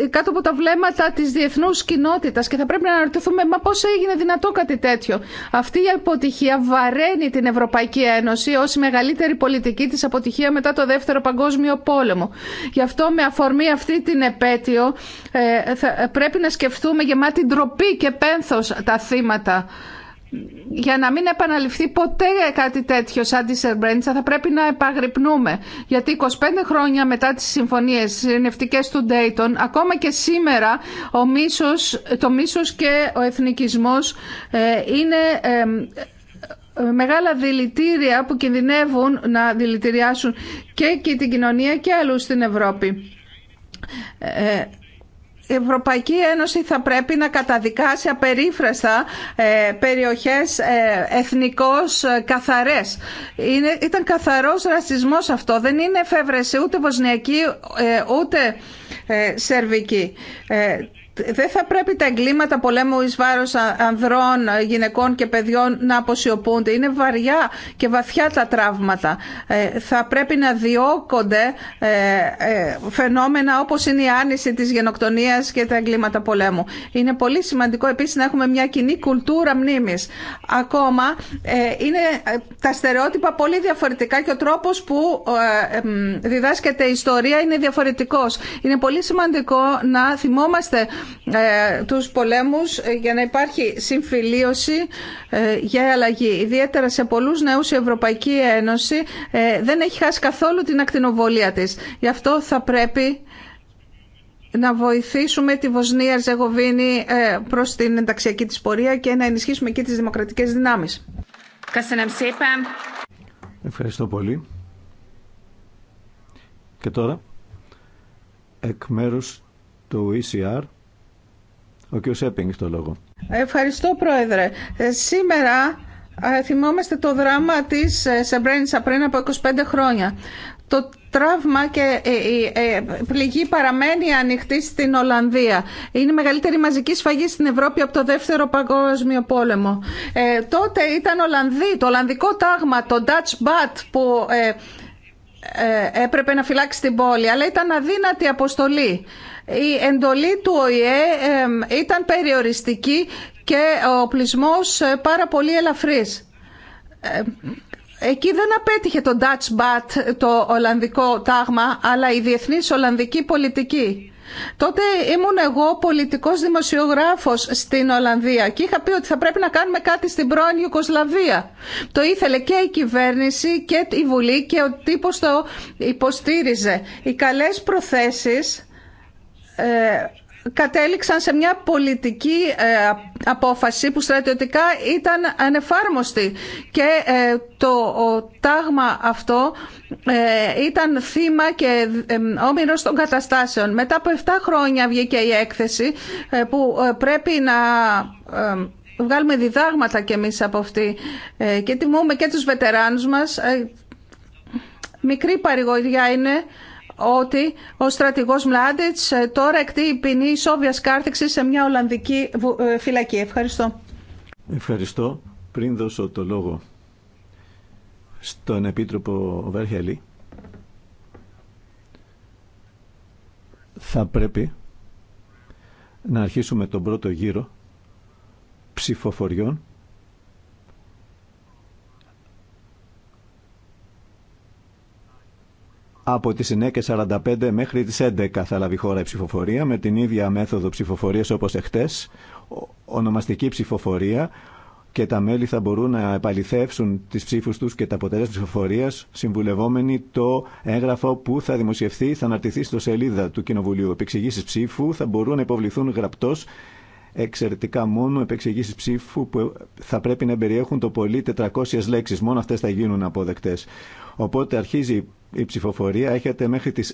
ε, κάτω από τα βλέμματα της διεθνούς κοινότητας και θα πρέπει να αναρωτηθούμε μα πώς έγινε δυνατό κάτι τέτοιο. Αυτή η αποτυχία βαραίνει την Ευρωπαϊκή Ένωση ως η μεγαλύτερη πολιτική της αποτυχία μετά το Δεύτερο Παγκόσμιο Πόλεμο. Γι' αυτό με αφορμή αυτή την επέτειο πρέπει να σκεφτούμε γεμάτη ντροπή και πένθος τα θύματα για να μην επαναληφθεί ποτέ κάτι τέτοιο σαν τη Σερμπρέντσα θα πρέπει να επαγρυπνούμε. Γιατί 25 χρόνια μετά τις συμφωνίες συνευτικές του Ντέιτον, ακόμα και σήμερα ο μίσος, το μίσος και ο εθνικισμός ε, είναι ε, ε, μεγάλα δηλητήρια που κινδυνεύουν να δηλητηριάσουν και, και την κοινωνία και αλλού στην Ευρώπη η Ευρωπαϊκή Ένωση θα πρέπει να καταδικάσει απερίφραστα ε, περιοχές ε, εθνικώς ε, καθαρές. Είναι, ήταν καθαρός ρασισμός αυτό. Δεν είναι εφεύρεση ούτε βοσνιακή ούτε σερβική δεν θα πρέπει τα εγκλήματα πολέμου εις βάρος ανδρών, ε, γυναικών και παιδιών να αποσιωπούνται. Είναι βαριά και βαθιά τα τραύματα. Ε, θα πρέπει να διώκονται ε, φαινόμενα όπως είναι η άνηση της γενοκτονίας και τα εγκλήματα πολέμου. Είναι πολύ σημαντικό επίσης να έχουμε μια κοινή κουλτούρα μνήμης. Ακόμα είναι τα στερεότυπα πολύ διαφορετικά και ο τρόπος που διδάσκεται η ιστορία είναι διαφορετικός. Είναι πολύ σημαντικό να θυμόμαστε ε, τους πολέμους ε, για να υπάρχει συμφιλίωση ε, για αλλαγή. Ιδιαίτερα σε πολλούς νέους η Ευρωπαϊκή Ένωση δεν έχει χάσει καθόλου την ακτινοβολία της. Γι' αυτό θα πρέπει να βοηθήσουμε τη Βοσνία Ζεγοβίνη προς την ενταξιακή της πορεία και να ενισχύσουμε και τις δημοκρατικές δυνάμεις. Ευχαριστώ πολύ. Και τώρα, εκ μέρους του ECR, ο κ. Σέπινγκ το λόγο. Ευχαριστώ Πρόεδρε. Ε, σήμερα θυμόμαστε το δράμα της ε, Σεμπρένισσα πριν από 25 χρόνια. Το τραύμα και ε, η πληγή παραμένει ανοιχτή στην Ολλανδία. Είναι η μεγαλύτερη μαζική σφαγή στην Ευρώπη από το Δεύτερο Παγκόσμιο Πόλεμο. Ε, τότε ήταν Ολλανδοί, το Ολλανδικό τάγμα, το Dutch Bat που ε, ε, έπρεπε να φυλάξει την πόλη, αλλά ήταν αδύνατη αποστολή. Η εντολή του ΟΗΕ ήταν περιοριστική και ο πλισμός ε, πάρα πολύ ελαφρύς. Εκεί δεν απέτυχε το Dutch Bat, το Ολλανδικό τάγμα, αλλά η διεθνής Ολλανδική πολιτική. Τότε ήμουν εγώ πολιτικός δημοσιογράφος στην Ολλανδία και είχα πει ότι θα πρέπει να κάνουμε κάτι στην πρώην Ιουκοσλαβία. Το ήθελε και η κυβέρνηση και η Βουλή και ο τύπος το υποστήριζε. Οι καλές προθέσεις ε, κατέληξαν σε μια πολιτική ε, απόφαση που στρατιωτικά ήταν ανεφάρμοστη και ε, το τάγμα αυτό ήταν θύμα και όμοιρος των καταστάσεων. Μετά από 7 χρόνια βγήκε η έκθεση που πρέπει να βγάλουμε διδάγματα κι εμείς από αυτή και τιμούμε και τους βετεράνους μας. Μικρή παρηγοριά είναι ότι ο στρατηγός Μλάντιτς ε, τώρα εκτεί ποινή ισόβια κάρτεξη σε μια Ολλανδική ε, φυλακή. Ευχαριστώ. Ευχαριστώ. Πριν δώσω το λόγο στον Επίτροπο Βερχέλη, θα πρέπει να αρχίσουμε τον πρώτο γύρο ψηφοφοριών Από τις 9.45 μέχρι τις 11 θα λάβει χώρα η ψηφοφορία με την ίδια μέθοδο ψηφοφορίας όπως εχθές, ονομαστική ψηφοφορία και τα μέλη θα μπορούν να επαληθεύσουν τις ψήφους τους και τα αποτελέσματα ψηφοφορίας συμβουλευόμενοι το έγγραφο που θα δημοσιευθεί, θα αναρτηθεί στο σελίδα του Κοινοβουλίου. Επεξηγήσεις ψήφου θα μπορούν να υποβληθούν γραπτός εξαιρετικά μόνο επεξηγήσει ψήφου που θα πρέπει να περιέχουν το πολύ 400 λέξει. Μόνο αυτέ θα γίνουν αποδεκτέ. Οπότε αρχίζει η ψηφοφορία. Έχετε μέχρι τι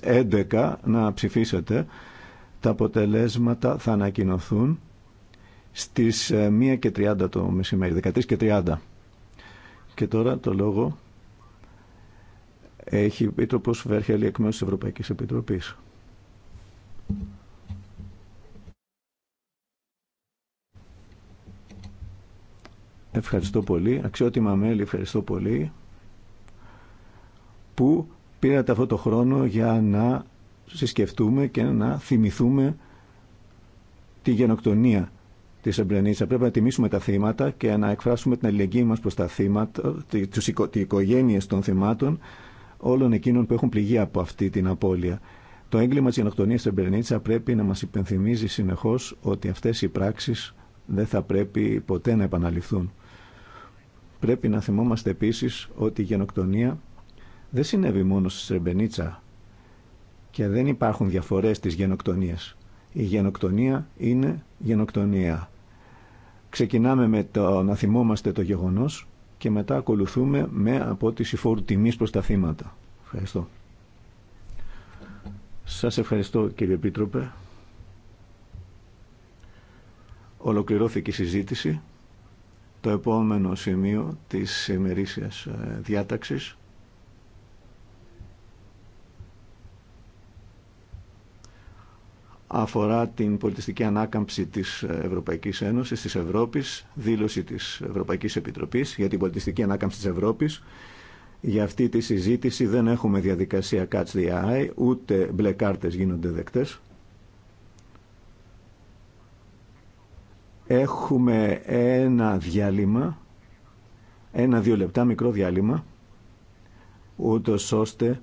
11 να ψηφίσετε. Τα αποτελέσματα θα ανακοινωθούν στι 1 ε, και 30 το μεσημέρι, 13 και 30. Και τώρα το λόγο έχει ο Επίτροπο Βέρχελη εκ μέρους της Ευρωπαϊκής Επιτροπής. Ευχαριστώ πολύ. Αξιότιμα μέλη, ευχαριστώ πολύ που πήρατε αυτό το χρόνο για να συσκεφτούμε και να θυμηθούμε τη γενοκτονία της Εμπρενίτσα. Πρέπει να τιμήσουμε τα θύματα και να εκφράσουμε την αλληλεγγύη μας προς τα θύματα, τις οικογένειες των θυμάτων, όλων εκείνων που έχουν πληγεί από αυτή την απώλεια. Το έγκλημα της γενοκτονίας της Εμπρενίτσα πρέπει να μας υπενθυμίζει συνεχώς ότι αυτές οι πράξεις δεν θα πρέπει ποτέ να επαναληφθούν. Πρέπει να θυμόμαστε επίσης ότι η γενοκτονία δεν συνέβη μόνο στη Σρεμπενίτσα και δεν υπάρχουν διαφορές της γενοκτονίας. Η γενοκτονία είναι γενοκτονία. Ξεκινάμε με το να θυμόμαστε το γεγονός και μετά ακολουθούμε με απότηση φόρου τιμής προς τα θύματα. Ευχαριστώ. Σας ευχαριστώ κύριε πίτροπε. Ολοκληρώθηκε η συζήτηση. Το επόμενο σημείο της ημερήσιας ε, διάταξης αφορά την πολιτιστική ανάκαμψη της Ευρωπαϊκής Ένωσης, της Ευρώπης, δήλωση της Ευρωπαϊκής Επιτροπής για την πολιτιστική ανάκαμψη της Ευρώπης. Για αυτή τη συζήτηση δεν έχουμε διαδικασία catch the eye, ούτε μπλε κάρτες γίνονται δεκτές. Έχουμε ένα διάλειμμα, ένα-δύο λεπτά μικρό διάλειμμα, ούτω ώστε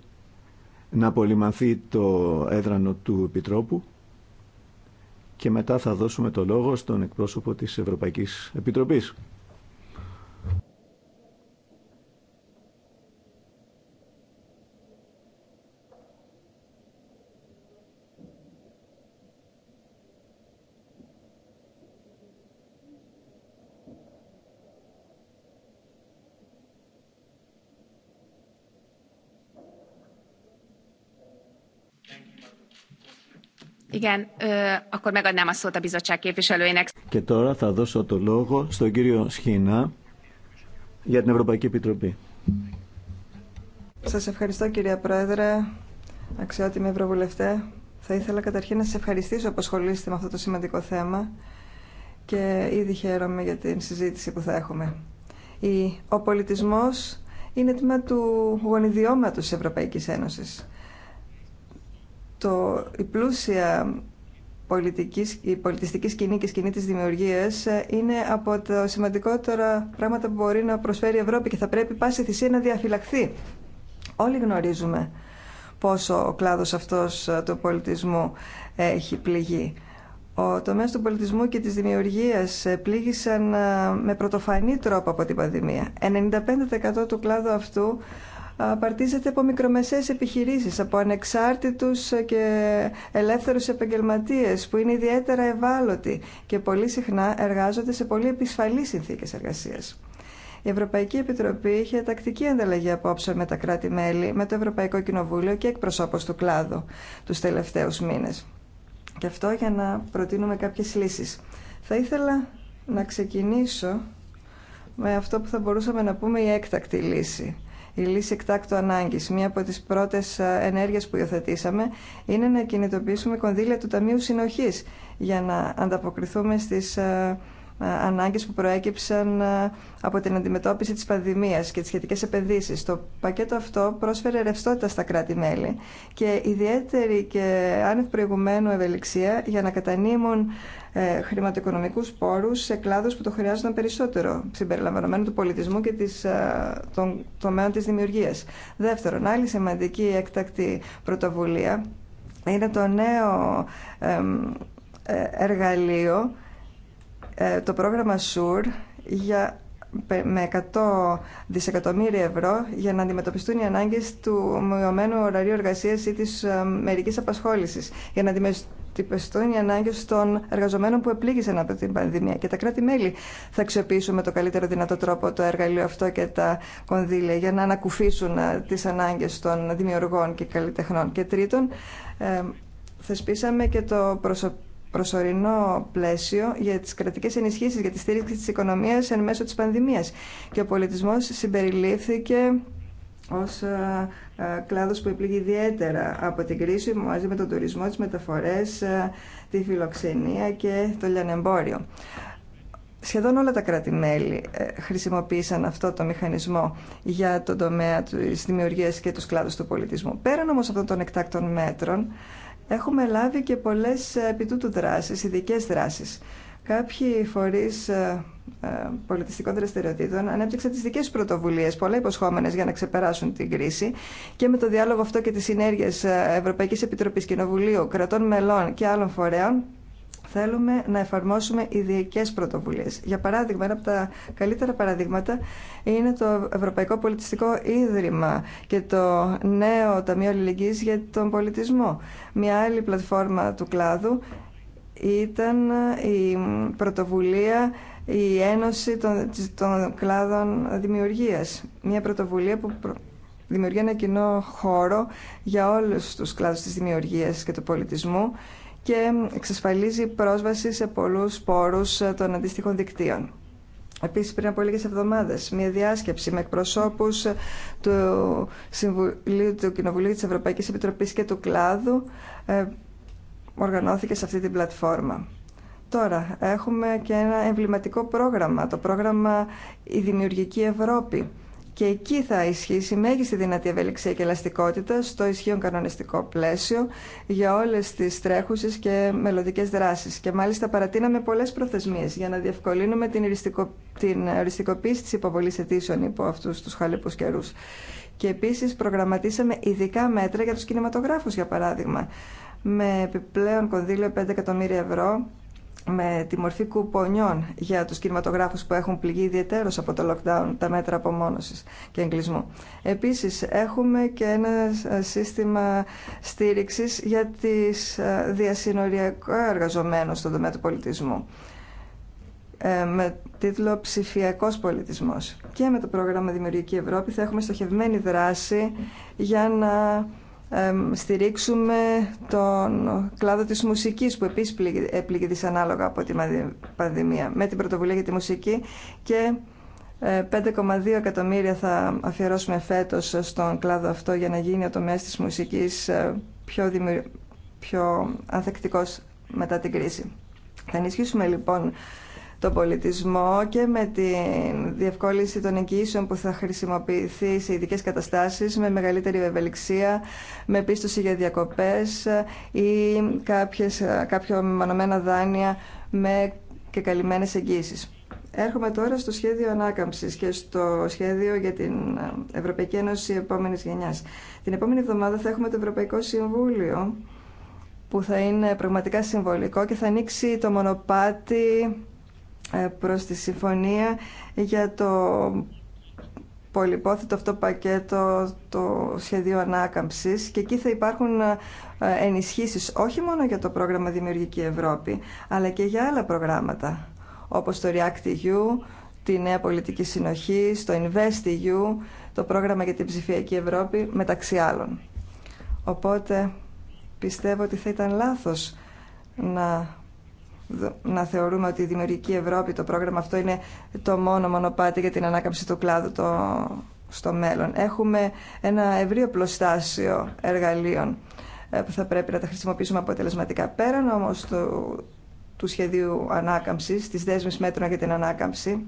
να απολυμανθεί το έδρανο του Επιτρόπου και μετά θα δώσουμε το λόγο στον εκπρόσωπο της Ευρωπαϊκής Επιτροπής. Και τώρα θα δώσω το λόγο στον κύριο Σχινά για την Ευρωπαϊκή Επιτροπή. Σας ευχαριστώ κυρία Πρόεδρε, αξιότιμη Ευρωβουλευτέ. Θα ήθελα καταρχήν να σας ευχαριστήσω που ασχολείστε με αυτό το σημαντικό θέμα και ήδη χαίρομαι για την συζήτηση που θα έχουμε. Ο πολιτισμός είναι τμήμα του γονιδιώματος της Ευρωπαϊκής Ένωσης το, η πλούσια η πολιτιστική σκηνή και σκηνή της δημιουργίας ε, είναι από τα σημαντικότερα πράγματα που μπορεί να προσφέρει η Ευρώπη και θα πρέπει πάση θυσία να διαφυλαχθεί. Όλοι γνωρίζουμε πόσο ο κλάδος αυτός ε, του πολιτισμού ε, έχει πληγεί. Ο τομέας του πολιτισμού και της δημιουργίας πλήγησαν με πρωτοφανή τρόπο από την πανδημία. 95% του κλάδου αυτού απαρτίζεται από μικρομεσαίες επιχειρήσεις, από ανεξάρτητους και ελεύθερους επαγγελματίες που είναι ιδιαίτερα ευάλωτοι και πολύ συχνά εργάζονται σε πολύ επισφαλείς συνθήκες εργασίας. Η Ευρωπαϊκή Επιτροπή είχε τακτική ανταλλαγή απόψε με τα κράτη-μέλη, με το Ευρωπαϊκό Κοινοβούλιο και εκπροσώπους του κλάδου τους τελευταίους μήνες. Και αυτό για να προτείνουμε κάποιες λύσεις. Θα ήθελα να ξεκινήσω με αυτό που θα μπορούσαμε να πούμε η έκτακτη λύση η λύση εκτάκτου ανάγκη. Μία από τις πρώτες ενέργειες που υιοθετήσαμε είναι να κινητοποιήσουμε κονδύλια του Ταμείου Συνοχής για να ανταποκριθούμε στις ανάγκες που προέκυψαν από την αντιμετώπιση της πανδημίας και τις σχετικές επενδύσεις. Το πακέτο αυτό πρόσφερε ρευστότητα στα κράτη-μέλη και ιδιαίτερη και άνευ προηγουμένου ευελιξία για να κατανείμουν ε, χρηματοοικονομικούς πόρους σε κλάδους που το χρειάζονταν περισσότερο, συμπεριλαμβανομένου του πολιτισμού και της, ε, των τομέων της δημιουργίας. Δεύτερον, άλλη σημαντική έκτακτη πρωτοβουλία είναι το νέο ε, εργαλείο, το πρόγραμμα SURE, για με 100 δισεκατομμύρια ευρώ για να αντιμετωπιστούν οι ανάγκες του μειωμένου ωραρίου εργασίας ή της ε, μερικής απασχόλησης, για να αντιμετωπιστούν οι ανάγκες των εργαζομένων που επλήγησαν από την πανδημία. Και τα κράτη-μέλη θα αξιοποιήσουν με το καλύτερο δυνατό τρόπο το εργαλείο αυτό και τα κονδύλια για να ανακουφίσουν ε, τις ανάγκες των δημιουργών και καλλιτεχνών. Και τρίτον, ε, θεσπίσαμε και το προσωπικό προσωρινό πλαίσιο για τι κρατικέ ενισχύσει, για τη στήριξη τη οικονομία εν μέσω της πανδημίας. Και ο πολιτισμό συμπεριλήφθηκε ω ε, ε, κλάδο που επλήγει ιδιαίτερα από την κρίση μαζί με τον τουρισμό, τις μεταφορέ, ε, τη φιλοξενία και το λιανεμπόριο. Σχεδόν όλα τα κράτη-μέλη χρησιμοποίησαν αυτό το μηχανισμό για τον τομέα της δημιουργίας και τους κλάδους του πολιτισμού. Πέραν όμως αυτών των εκτάκτων μέτρων, Έχουμε λάβει και πολλές ε, επιτούτου δράσεις, ειδικέ δράσεις. Κάποιοι φορείς ε, ε, πολιτιστικών δραστηριοτήτων ανέπτυξαν τις δικές πρωτοβουλίες, πολλά υποσχόμενες για να ξεπεράσουν την κρίση και με το διάλογο αυτό και τις συνέργειες Ευρωπαϊκής Επιτροπής Κοινοβουλίου, κρατών μελών και άλλων φορέων Θέλουμε να εφαρμόσουμε ιδιαικέ πρωτοβουλίε. Για παράδειγμα, ένα από τα καλύτερα παραδείγματα είναι το Ευρωπαϊκό Πολιτιστικό Ίδρυμα και το νέο Ταμείο Αλληλεγγύη για τον Πολιτισμό. Μια άλλη πλατφόρμα του κλάδου ήταν η πρωτοβουλία η Ένωση των, των Κλάδων Δημιουργίας. Μια πρωτοβουλία που δημιουργεί ένα κοινό χώρο για όλους τους κλάδους της δημιουργίας και του πολιτισμού και εξασφαλίζει πρόσβαση σε πολλούς πόρου ε, των αντίστοιχων δικτύων. Επίση, πριν από λίγε εβδομάδε. μια διάσκεψη με εκπροσώπους ε, του Συμβουλίου του Κοινοβουλίου της Ευρωπαϊκής Επιτροπή και του κλάδου ε, οργανώθηκε σε αυτή την πλατφόρμα. Τώρα έχουμε και ένα εμβληματικό πρόγραμμα, το πρόγραμμα «Η Δημιουργική Ευρώπη» και εκεί θα ισχύσει μέγιστη δυνατή ευελιξία και ελαστικότητα στο ισχύον κανονιστικό πλαίσιο για όλε τι τρέχουσε και μελλοντικέ δράσει. Και μάλιστα παρατείναμε πολλέ προθεσμίε για να διευκολύνουμε την, οριστικο... την οριστικοποίηση τη υποβολή αιτήσεων υπό αυτούς τους χαλιπού καιρού. Και επίση προγραμματίσαμε ειδικά μέτρα για του κινηματογράφου, για παράδειγμα, με επιπλέον κονδύλιο 5 εκατομμύρια ευρώ με τη μορφή κουπονιών για τους κινηματογράφους που έχουν πληγεί ιδιαίτερα από το lockdown, τα μέτρα απομόνωσης και εγκλισμού. Επίσης, έχουμε και ένα σύστημα στήριξης για τις ε, διασυνοριακά εργαζομένους στον τομέα του πολιτισμού ε, με τίτλο «Ψηφιακό πολιτισμός». Και με το πρόγραμμα Δημιουργική Ευρώπη θα έχουμε στοχευμένη δράση για να στηρίξουμε τον κλάδο της μουσικής που επίσης πλήγει δυσανάλογα από την πανδημία με την πρωτοβουλία για τη μουσική και 5,2 ε, εκατομμύρια θα αφιερώσουμε φέτος στον κλάδο αυτό για να γίνει ο τομέας της μουσικής ε, πιο, πιο ανθεκτικός μετά την κρίση. Θα ενισχύσουμε λοιπόν τον πολιτισμό και με τη διευκόλυνση των εγγύσεων που θα χρησιμοποιηθεί σε ειδικέ καταστάσεις με μεγαλύτερη ευελιξία, με πίστοση για διακοπέ ή κάποιες, κάποιο μεμονωμένα δάνεια με και καλυμμένε εγγύσει. Έρχομαι τώρα στο σχέδιο ανάκαμψη και στο σχέδιο για την Ευρωπαϊκή Ένωση Επόμενη Γενιά. Την επόμενη εβδομάδα θα έχουμε το Ευρωπαϊκό Συμβούλιο που θα είναι πραγματικά συμβολικό και θα ανοίξει το μονοπάτι ε, προς τη συμφωνία για το πολυπόθητο αυτό πακέτο το σχεδίο ανάκαμψης και εκεί θα υπάρχουν ε, ενισχύσεις όχι μόνο για το πρόγραμμα Δημιουργική Ευρώπη αλλά και για άλλα προγράμματα όπως το REACT-EU, τη νέα πολιτική συνοχή, το InvestEU, το πρόγραμμα για την ψηφιακή Ευρώπη μεταξύ άλλων. Οπότε πιστεύω ότι θα ήταν λάθος να να θεωρούμε ότι η Δημιουργική Ευρώπη, το πρόγραμμα αυτό είναι το μόνο μονοπάτι για την ανάκαμψη του κλάδου το, στο μέλλον. Έχουμε ένα ευρύ οπλοστάσιο εργαλείων ε, που θα πρέπει να τα χρησιμοποιήσουμε αποτελεσματικά. Πέραν όμως του, του σχεδίου ανάκαμψης, της δέσμης μέτρων για την ανάκαμψη,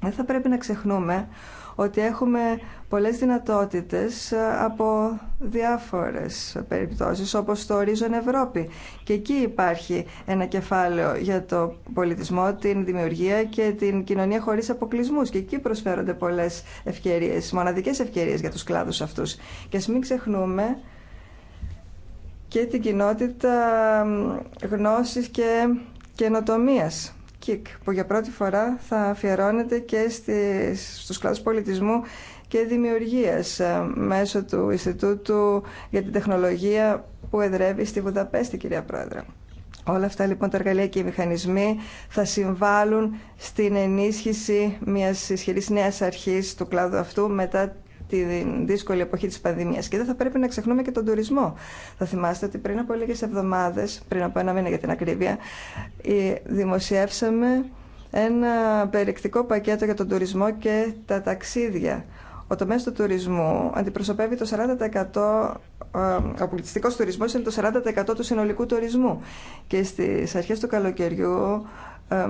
δεν θα πρέπει να ξεχνούμε ότι έχουμε πολλές δυνατότητες ε, από διάφορες περιπτώσεις όπως το ορίζον Ευρώπη και εκεί υπάρχει ένα κεφάλαιο για το πολιτισμό, την δημιουργία και την κοινωνία χωρίς αποκλεισμούς και εκεί προσφέρονται πολλές ευκαιρίες, μοναδικές ευκαιρίες για τους κλάδους αυτούς και ας μην ξεχνούμε και την κοινότητα γνώσης και καινοτομίας ΚΙΚ, που για πρώτη φορά θα αφιερώνεται και στις, στους κλάδους πολιτισμού και δημιουργίας ε, μέσω του Ινστιτούτου για την Τεχνολογία που εδρεύει στη Βουδαπέστη, κυρία Πρόεδρε. Όλα αυτά λοιπόν τα εργαλεία και οι μηχανισμοί θα συμβάλλουν στην ενίσχυση μιας ισχυρής νέας αρχής του κλάδου αυτού μετά τη δύσκολη εποχή της πανδημίας. Και δεν θα πρέπει να ξεχνούμε και τον τουρισμό. Θα θυμάστε ότι πριν από λίγες εβδομάδες, πριν από ένα μήνα για την ακρίβεια, ε, δημοσιεύσαμε ένα περιεκτικό πακέτο για τον τουρισμό και τα ταξίδια. Ο τομέας του τουρισμού αντιπροσωπεύει το 40%, ε, ο πολιτιστικό τουρισμό είναι το 40% του συνολικού τουρισμού. Και στι αρχέ του καλοκαιριού ε,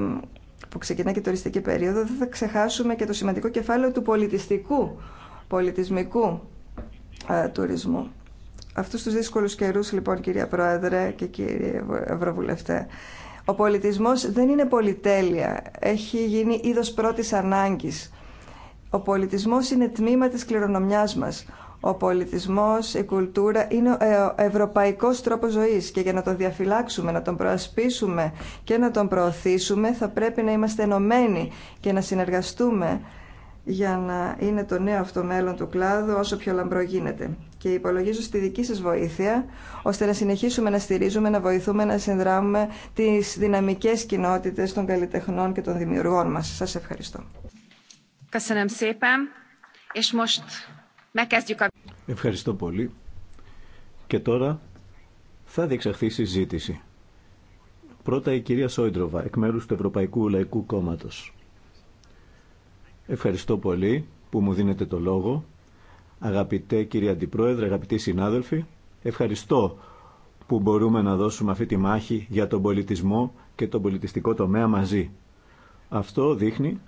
που ξεκινά και η τουριστική περίοδο, δεν θα ξεχάσουμε και το σημαντικό κεφάλαιο του πολιτιστικού πολιτισμικού ε, τουρισμού. Αυτούς τους δύσκολους καιρούς λοιπόν κυρία Πρόεδρε και κύριε Ευρωβουλευτέ ο πολιτισμός δεν είναι πολυτέλεια, έχει γίνει είδος πρώτης ανάγκης. Ο πολιτισμός είναι τμήμα της κληρονομιάς μας. Ο πολιτισμός, η κουλτούρα είναι ο ε, ευρωπαϊκός τρόπος ζωής και για να τον διαφυλάξουμε, να τον προασπίσουμε και να τον προωθήσουμε θα πρέπει να είμαστε ενωμένοι και να συνεργαστούμε για να είναι το νέο αυτό μέλλον του κλάδου όσο πιο λαμπρό γίνεται. Και υπολογίζω στη δική σας βοήθεια, ώστε να συνεχίσουμε να στηρίζουμε, να βοηθούμε, να συνδράμουμε τις δυναμικές κοινότητες των καλλιτεχνών και των δημιουργών μας. Σας ευχαριστώ. Ευχαριστώ πολύ. Και τώρα θα διεξαχθεί συζήτηση. Πρώτα η κυρία Σόιντροβα, εκ μέρους του Ευρωπαϊκού Λαϊκού Κόμματος. Ευχαριστώ πολύ που μου δίνετε το λόγο. Αγαπητέ κύριε Αντιπρόεδρε, αγαπητοί συνάδελφοι, ευχαριστώ που μπορούμε να δώσουμε αυτή τη μάχη για τον πολιτισμό και τον πολιτιστικό τομέα μαζί. Αυτό δείχνει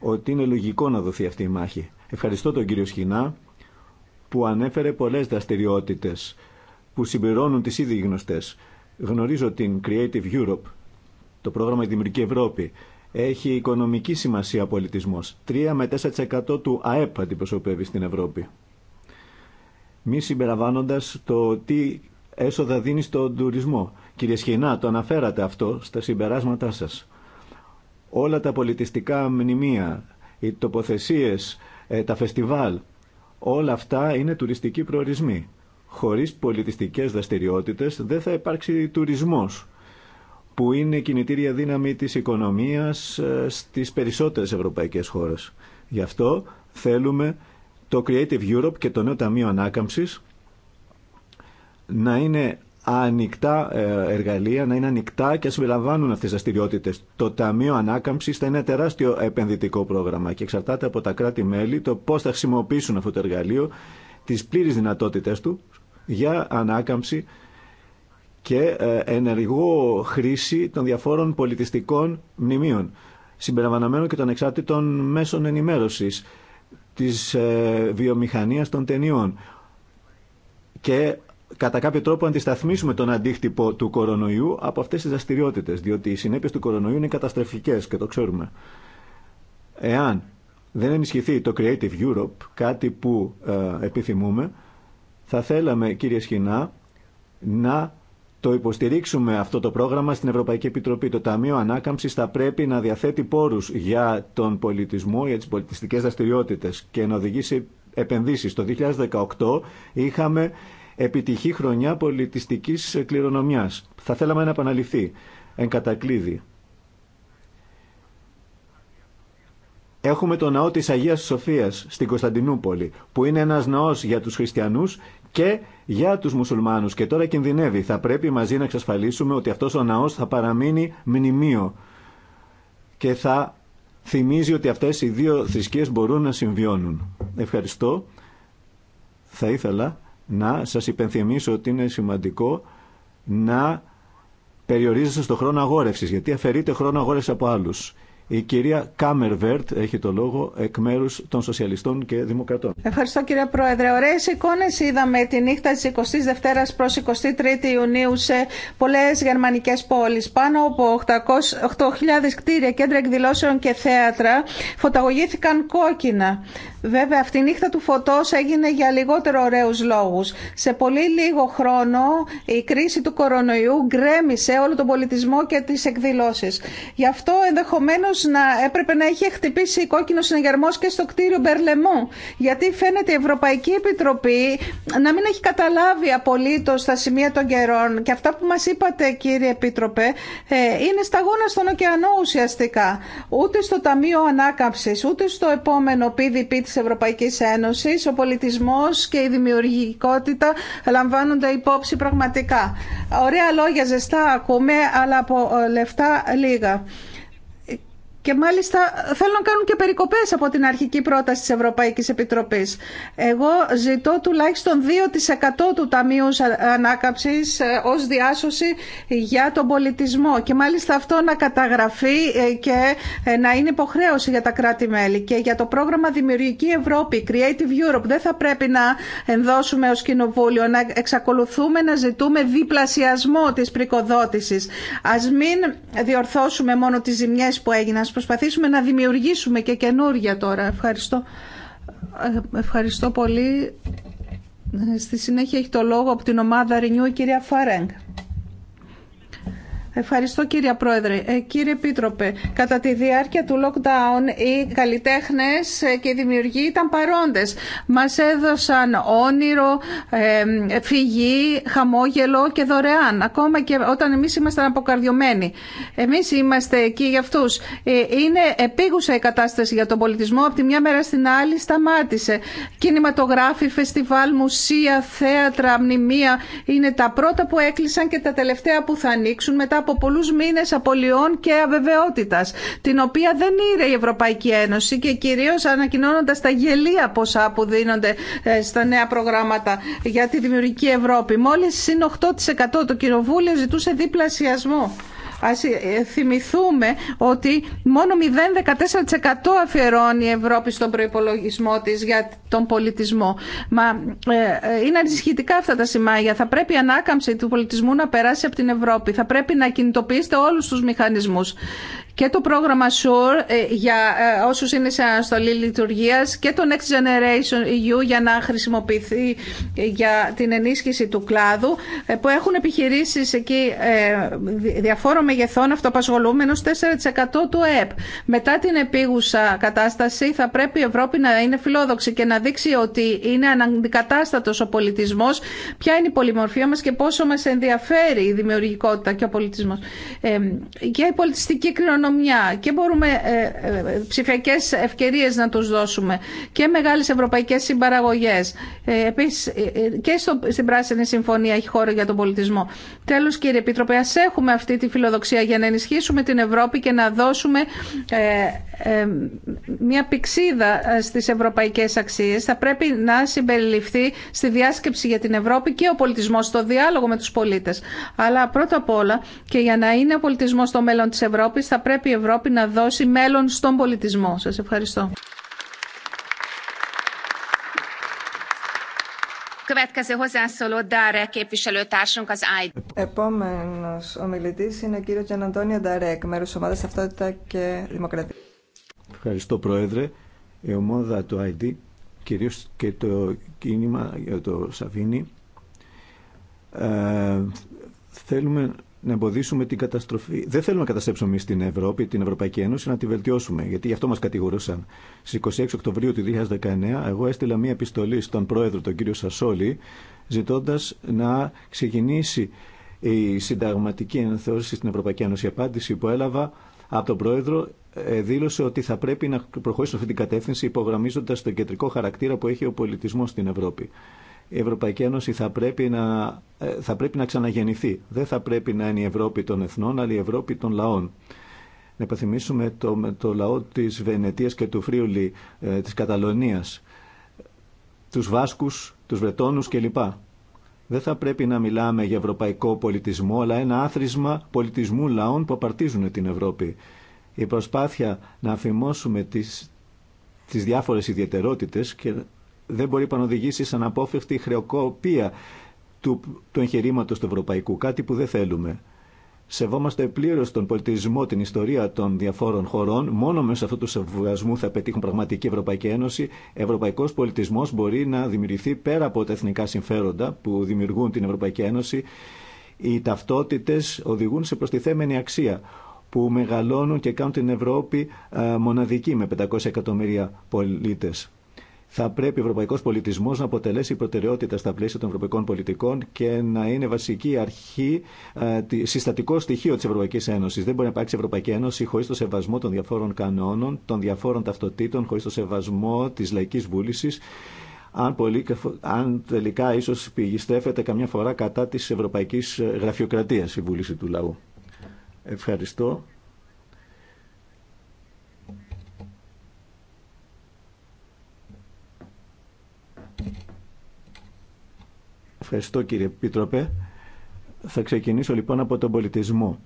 ότι είναι λογικό να δοθεί αυτή η μάχη. Ευχαριστώ τον κύριο Σχοινά που ανέφερε πολλές δραστηριότητες που συμπληρώνουν τις ήδη γνωστές. Γνωρίζω την Creative Europe, το πρόγραμμα Δημιουργική Ευρώπη, έχει οικονομική σημασία πολιτισμός. 3 με 4% του ΑΕΠ αντιπροσωπεύει στην Ευρώπη. Μη συμπεραβάνοντας το τι έσοδα δίνει στον τουρισμό. Κύριε Σχοινά, το αναφέρατε αυτό στα συμπεράσματά σας. Όλα τα πολιτιστικά μνημεία, οι τοποθεσίες, ε, τα φεστιβάλ, όλα αυτά είναι τουριστικοί προορισμοί. Χωρίς πολιτιστικές δραστηριότητε δεν θα υπάρξει τουρισμός που είναι κινητήρια δύναμη της οικονομίας ε, στις περισσότερες ευρωπαϊκές χώρες. Γι' αυτό θέλουμε το Creative Europe και το νέο Ταμείο Ανάκαμψης να είναι ανοιχτά ε, εργαλεία, να είναι ανοιχτά και να συμπεριλαμβάνουν αυτές τις δραστηριότητε. Το Ταμείο Ανάκαμψης θα είναι ένα τεράστιο επενδυτικό πρόγραμμα και εξαρτάται από τα κράτη-μέλη το πώς θα χρησιμοποιήσουν αυτό το εργαλείο, τις πλήρες δυνατότητες του για ανάκαμψη και ε, ενεργό χρήση των διαφόρων πολιτιστικών μνημείων, συμπεριλαμβανομένων και των εξάρτητων μέσων ενημέρωσης, της ε, βιομηχανίας των ταινιών. Και κατά κάποιο τρόπο αντισταθμίσουμε τον αντίκτυπο του κορονοϊού από αυτές τις δραστηριότητε, διότι οι συνέπειες του κορονοϊού είναι καταστρεφικές και το ξέρουμε. Εάν δεν ενισχυθεί το Creative Europe, κάτι που ε, επιθυμούμε, θα θέλαμε, κύριε Σχοινά, να το υποστηρίξουμε αυτό το πρόγραμμα στην Ευρωπαϊκή Επιτροπή. Το Ταμείο Ανάκαμψης θα πρέπει να διαθέτει πόρους για τον πολιτισμό, για τι πολιτιστικέ δραστηριότητε και να οδηγήσει επενδύσεις. Το 2018 είχαμε επιτυχή χρονιά πολιτιστικής κληρονομιάς. Θα θέλαμε να επαναληφθεί εν κατακλείδη. Έχουμε το ναό της Αγίας Σοφίας στην Κωνσταντινούπολη, που είναι ένας ναός για τους χριστιανούς και για τους μουσουλμάνους και τώρα κινδυνεύει. Θα πρέπει μαζί να εξασφαλίσουμε ότι αυτός ο ναός θα παραμείνει μνημείο και θα θυμίζει ότι αυτές οι δύο θρησκείες μπορούν να συμβιώνουν. Ευχαριστώ. Θα ήθελα να σας υπενθυμίσω ότι είναι σημαντικό να περιορίζεστε στο χρόνο αγόρευσης, γιατί αφαιρείται χρόνο αγόρευσης από άλλους. Η κυρία Κάμερβερτ έχει το λόγο εκ μέρου των Σοσιαλιστών και Δημοκρατών. Ευχαριστώ κύριε Πρόεδρε. Ωραίε εικόνε είδαμε τη νύχτα τη 22η προ 23η Ιουνίου σε πολλέ γερμανικέ πόλει. Πάνω από 8.000 κτίρια, κέντρα εκδηλώσεων και θέατρα φωταγωγήθηκαν κόκκινα. Βέβαια, αυτή η νύχτα του φωτό έγινε για λιγότερο ωραίου λόγου. Σε πολύ λίγο χρόνο η κρίση του κορονοϊού γκρέμισε όλο τον πολιτισμό και τι εκδηλώσει. Γι' αυτό ενδεχομένω να, έπρεπε να είχε χτυπήσει κόκκινο συναγερμό και στο κτίριο Μπερλεμό. Γιατί φαίνεται η Ευρωπαϊκή Επιτροπή να μην έχει καταλάβει απολύτω τα σημεία των καιρών. Και αυτά που μα είπατε, κύριε Επίτροπε, ε, είναι σταγόνα στον ωκεανό ουσιαστικά. Ούτε στο Ταμείο Ανάκαμψη, ούτε στο επόμενο PDP τη Ευρωπαϊκή Ένωση, ο πολιτισμό και η δημιουργικότητα λαμβάνονται υπόψη πραγματικά. Ωραία λόγια ζεστά ακούμε, αλλά από ε, λεφτά λίγα και μάλιστα θέλουν να κάνουν και περικοπές από την αρχική πρόταση της Ευρωπαϊκής Επιτροπής. Εγώ ζητώ τουλάχιστον 2% του Ταμείου Ανάκαψης ε, ως διάσωση για τον πολιτισμό και μάλιστα αυτό να καταγραφεί ε, και ε, να είναι υποχρέωση για τα κράτη-μέλη και για το πρόγραμμα Δημιουργική Ευρώπη, Creative Europe. Δεν θα πρέπει να ενδώσουμε ως Κοινοβούλιο, να εξακολουθούμε να ζητούμε διπλασιασμό της πρικοδότησης. Ας μην διορθώσουμε μόνο τις ζημιέ που έγιναν προσπαθήσουμε να δημιουργήσουμε και καινούργια τώρα. Ευχαριστώ. Ευχαριστώ πολύ. Στη συνέχεια έχει το λόγο από την ομάδα Renew η κυρία Φάρεγκ. Ευχαριστώ κύριε Πρόεδρε. Ε, κύριε Επίτροπε, κατά τη διάρκεια του lockdown οι καλλιτέχνες ε, και οι δημιουργοί ήταν παρόντες. Μας έδωσαν όνειρο, ε, φυγή, χαμόγελο και δωρεάν, ακόμα και όταν εμείς ήμασταν αποκαρδιωμένοι. Εμείς είμαστε εκεί για αυτούς. Ε, είναι επίγουσα η κατάσταση για τον πολιτισμό, από τη μια μέρα στην άλλη σταμάτησε. Κινηματογράφοι, φεστιβάλ, μουσεία, θέατρα, μνημεία είναι τα πρώτα που έκλεισαν και τα τελευταία που θα ανοίξουν μετά από πολλούς μήνες απολειών και αβεβαιότητας, την οποία δεν είναι η Ευρωπαϊκή Ένωση και κυρίως ανακοινώνοντας τα γελία ποσά που δίνονται ε, στα νέα προγράμματα για τη δημιουργική Ευρώπη. Μόλις είναι 8% το Κοινοβούλιο ζητούσε διπλασιασμό. Ας ε, θυμηθούμε ότι μόνο 0,14% αφιερώνει η Ευρώπη στον προϋπολογισμό της για τον πολιτισμό. Μα ε, ε, είναι ανησυχητικά αυτά τα σημάδια. Θα πρέπει η ανάκαμψη του πολιτισμού να περάσει από την Ευρώπη. Θα πρέπει να κινητοποιήσετε όλους τους μηχανισμούς και το πρόγραμμα SURE ε, για ε, όσους είναι σε αναστολή λειτουργίας και το Next Generation EU για να χρησιμοποιηθεί ε, για την ενίσχυση του κλάδου που έχουν επιχειρήσεις εκεί διαφόρων μεγεθών αυτοπασχολούμενους 4% του επ. Μετά την επίγουσα κατάσταση θα πρέπει η Ευρώπη να είναι φιλόδοξη και να δείξει ότι είναι αναντικατάστατος ο πολιτισμός, ποια είναι η πολυμορφία μας και πόσο μας ενδιαφέρει η δημιουργικότητα και ο πολιτισμός. και η πολιτιστική κληρονομία και μπορούμε ε, ε, ε ευκαιρίες να του δώσουμε και μεγάλε ευρωπαϊκέ συμπαραγωγέ. Ε, ε, ε, και στο, στην Πράσινη Συμφωνία έχει χώρο για τον πολιτισμό. Τέλο, κύριε Επίτροπε, α έχουμε αυτή τη φιλοδοξία για να ενισχύσουμε την Ευρώπη και να δώσουμε μια πηξίδα στι ευρωπαϊκέ αξίε. Θα πρέπει να συμπεριληφθεί στη διάσκεψη για την Ευρώπη και ο πολιτισμό, στο διάλογο με του πολίτε. Αλλά πρώτα απ' όλα και για να είναι ο πολιτισμό το μέλλον τη Ευρώπη, θα πρέπει η Ευρώπη να δώσει μέλλον στον πολιτισμό. Σας ευχαριστώ. Επόμενο ομιλητή είναι ο κύριο Αντώνιο Νταρέκ, μέρο ομάδα Ταυτότητα και Δημοκρατία. Ευχαριστώ, Πρόεδρε. Η ομάδα του ID, κυρίω και το κίνημα για το Σαβίνι, ε, θέλουμε να εμποδίσουμε την καταστροφή. Δεν θέλουμε να καταστρέψουμε εμεί την Ευρώπη, την Ευρωπαϊκή Ένωση, να τη βελτιώσουμε, γιατί γι' αυτό μα κατηγορούσαν. Στι 26 Οκτωβρίου του 2019, εγώ έστειλα μία επιστολή στον πρόεδρο, τον κύριο Σασόλη, ζητώντα να ξεκινήσει η συνταγματική ενθεώρηση στην Ευρωπαϊκή Ένωση. Η απάντηση που έλαβα από τον πρόεδρο ε, δήλωσε ότι θα πρέπει να προχωρήσουν αυτή την κατεύθυνση υπογραμμίζοντας τον κεντρικό χαρακτήρα που έχει ο πολιτισμός στην Ευρώπη η Ευρωπαϊκή Ένωση θα πρέπει να, ε, θα πρέπει να ξαναγεννηθεί. Δεν θα πρέπει να είναι η Ευρώπη των εθνών, αλλά η Ευρώπη των λαών. Να υπενθυμίσουμε το, το λαό της Βενετίας και του Φρίουλη, ε, της Καταλωνίας, τους Βάσκους, τους Βρετόνους κλπ. Δεν θα πρέπει να μιλάμε για ευρωπαϊκό πολιτισμό, αλλά ένα άθροισμα πολιτισμού λαών που απαρτίζουν την Ευρώπη. Η προσπάθεια να αφημώσουμε τις, τις διάφορες ιδιαιτερότητες δεν μπορεί να οδηγήσει σαν απόφευκτη χρεοκοπία του, του εγχειρήματο του ευρωπαϊκού, κάτι που δεν θέλουμε. Σεβόμαστε πλήρω τον πολιτισμό, την ιστορία των διαφόρων χωρών. Μόνο μέσα αυτού του σεβασμού θα πετύχουν πραγματική Ευρωπαϊκή Ένωση. Ευρωπαϊκό πολιτισμό μπορεί να δημιουργηθεί πέρα από τα εθνικά συμφέροντα που δημιουργούν την Ευρωπαϊκή Ένωση. Οι ταυτότητε οδηγούν σε προστιθέμενη αξία που μεγαλώνουν και κάνουν την Ευρώπη ε, μοναδική με 500 εκατομμύρια πολίτες θα πρέπει ο ευρωπαϊκός πολιτισμός να αποτελέσει προτεραιότητα στα πλαίσια των ευρωπαϊκών πολιτικών και να είναι βασική αρχή, ε, συστατικό στοιχείο της Ευρωπαϊκή Ένωσης. Δεν μπορεί να υπάρξει Ευρωπαϊκή Ένωση χωρίς το σεβασμό των διαφόρων κανόνων, των διαφόρων ταυτοτήτων, χωρίς το σεβασμό της Λαϊκή Βούληση, αν, αν τελικά ίσω πηγιστρέφεται καμιά φορά κατά τη Ευρωπαϊκή ε, γραφειοκρατίας η βούληση του λαού. Ευχαριστώ. Ευχαριστώ κύριε πίτροπε. Θα ξεκινήσω λοιπόν από τον πολιτισμό.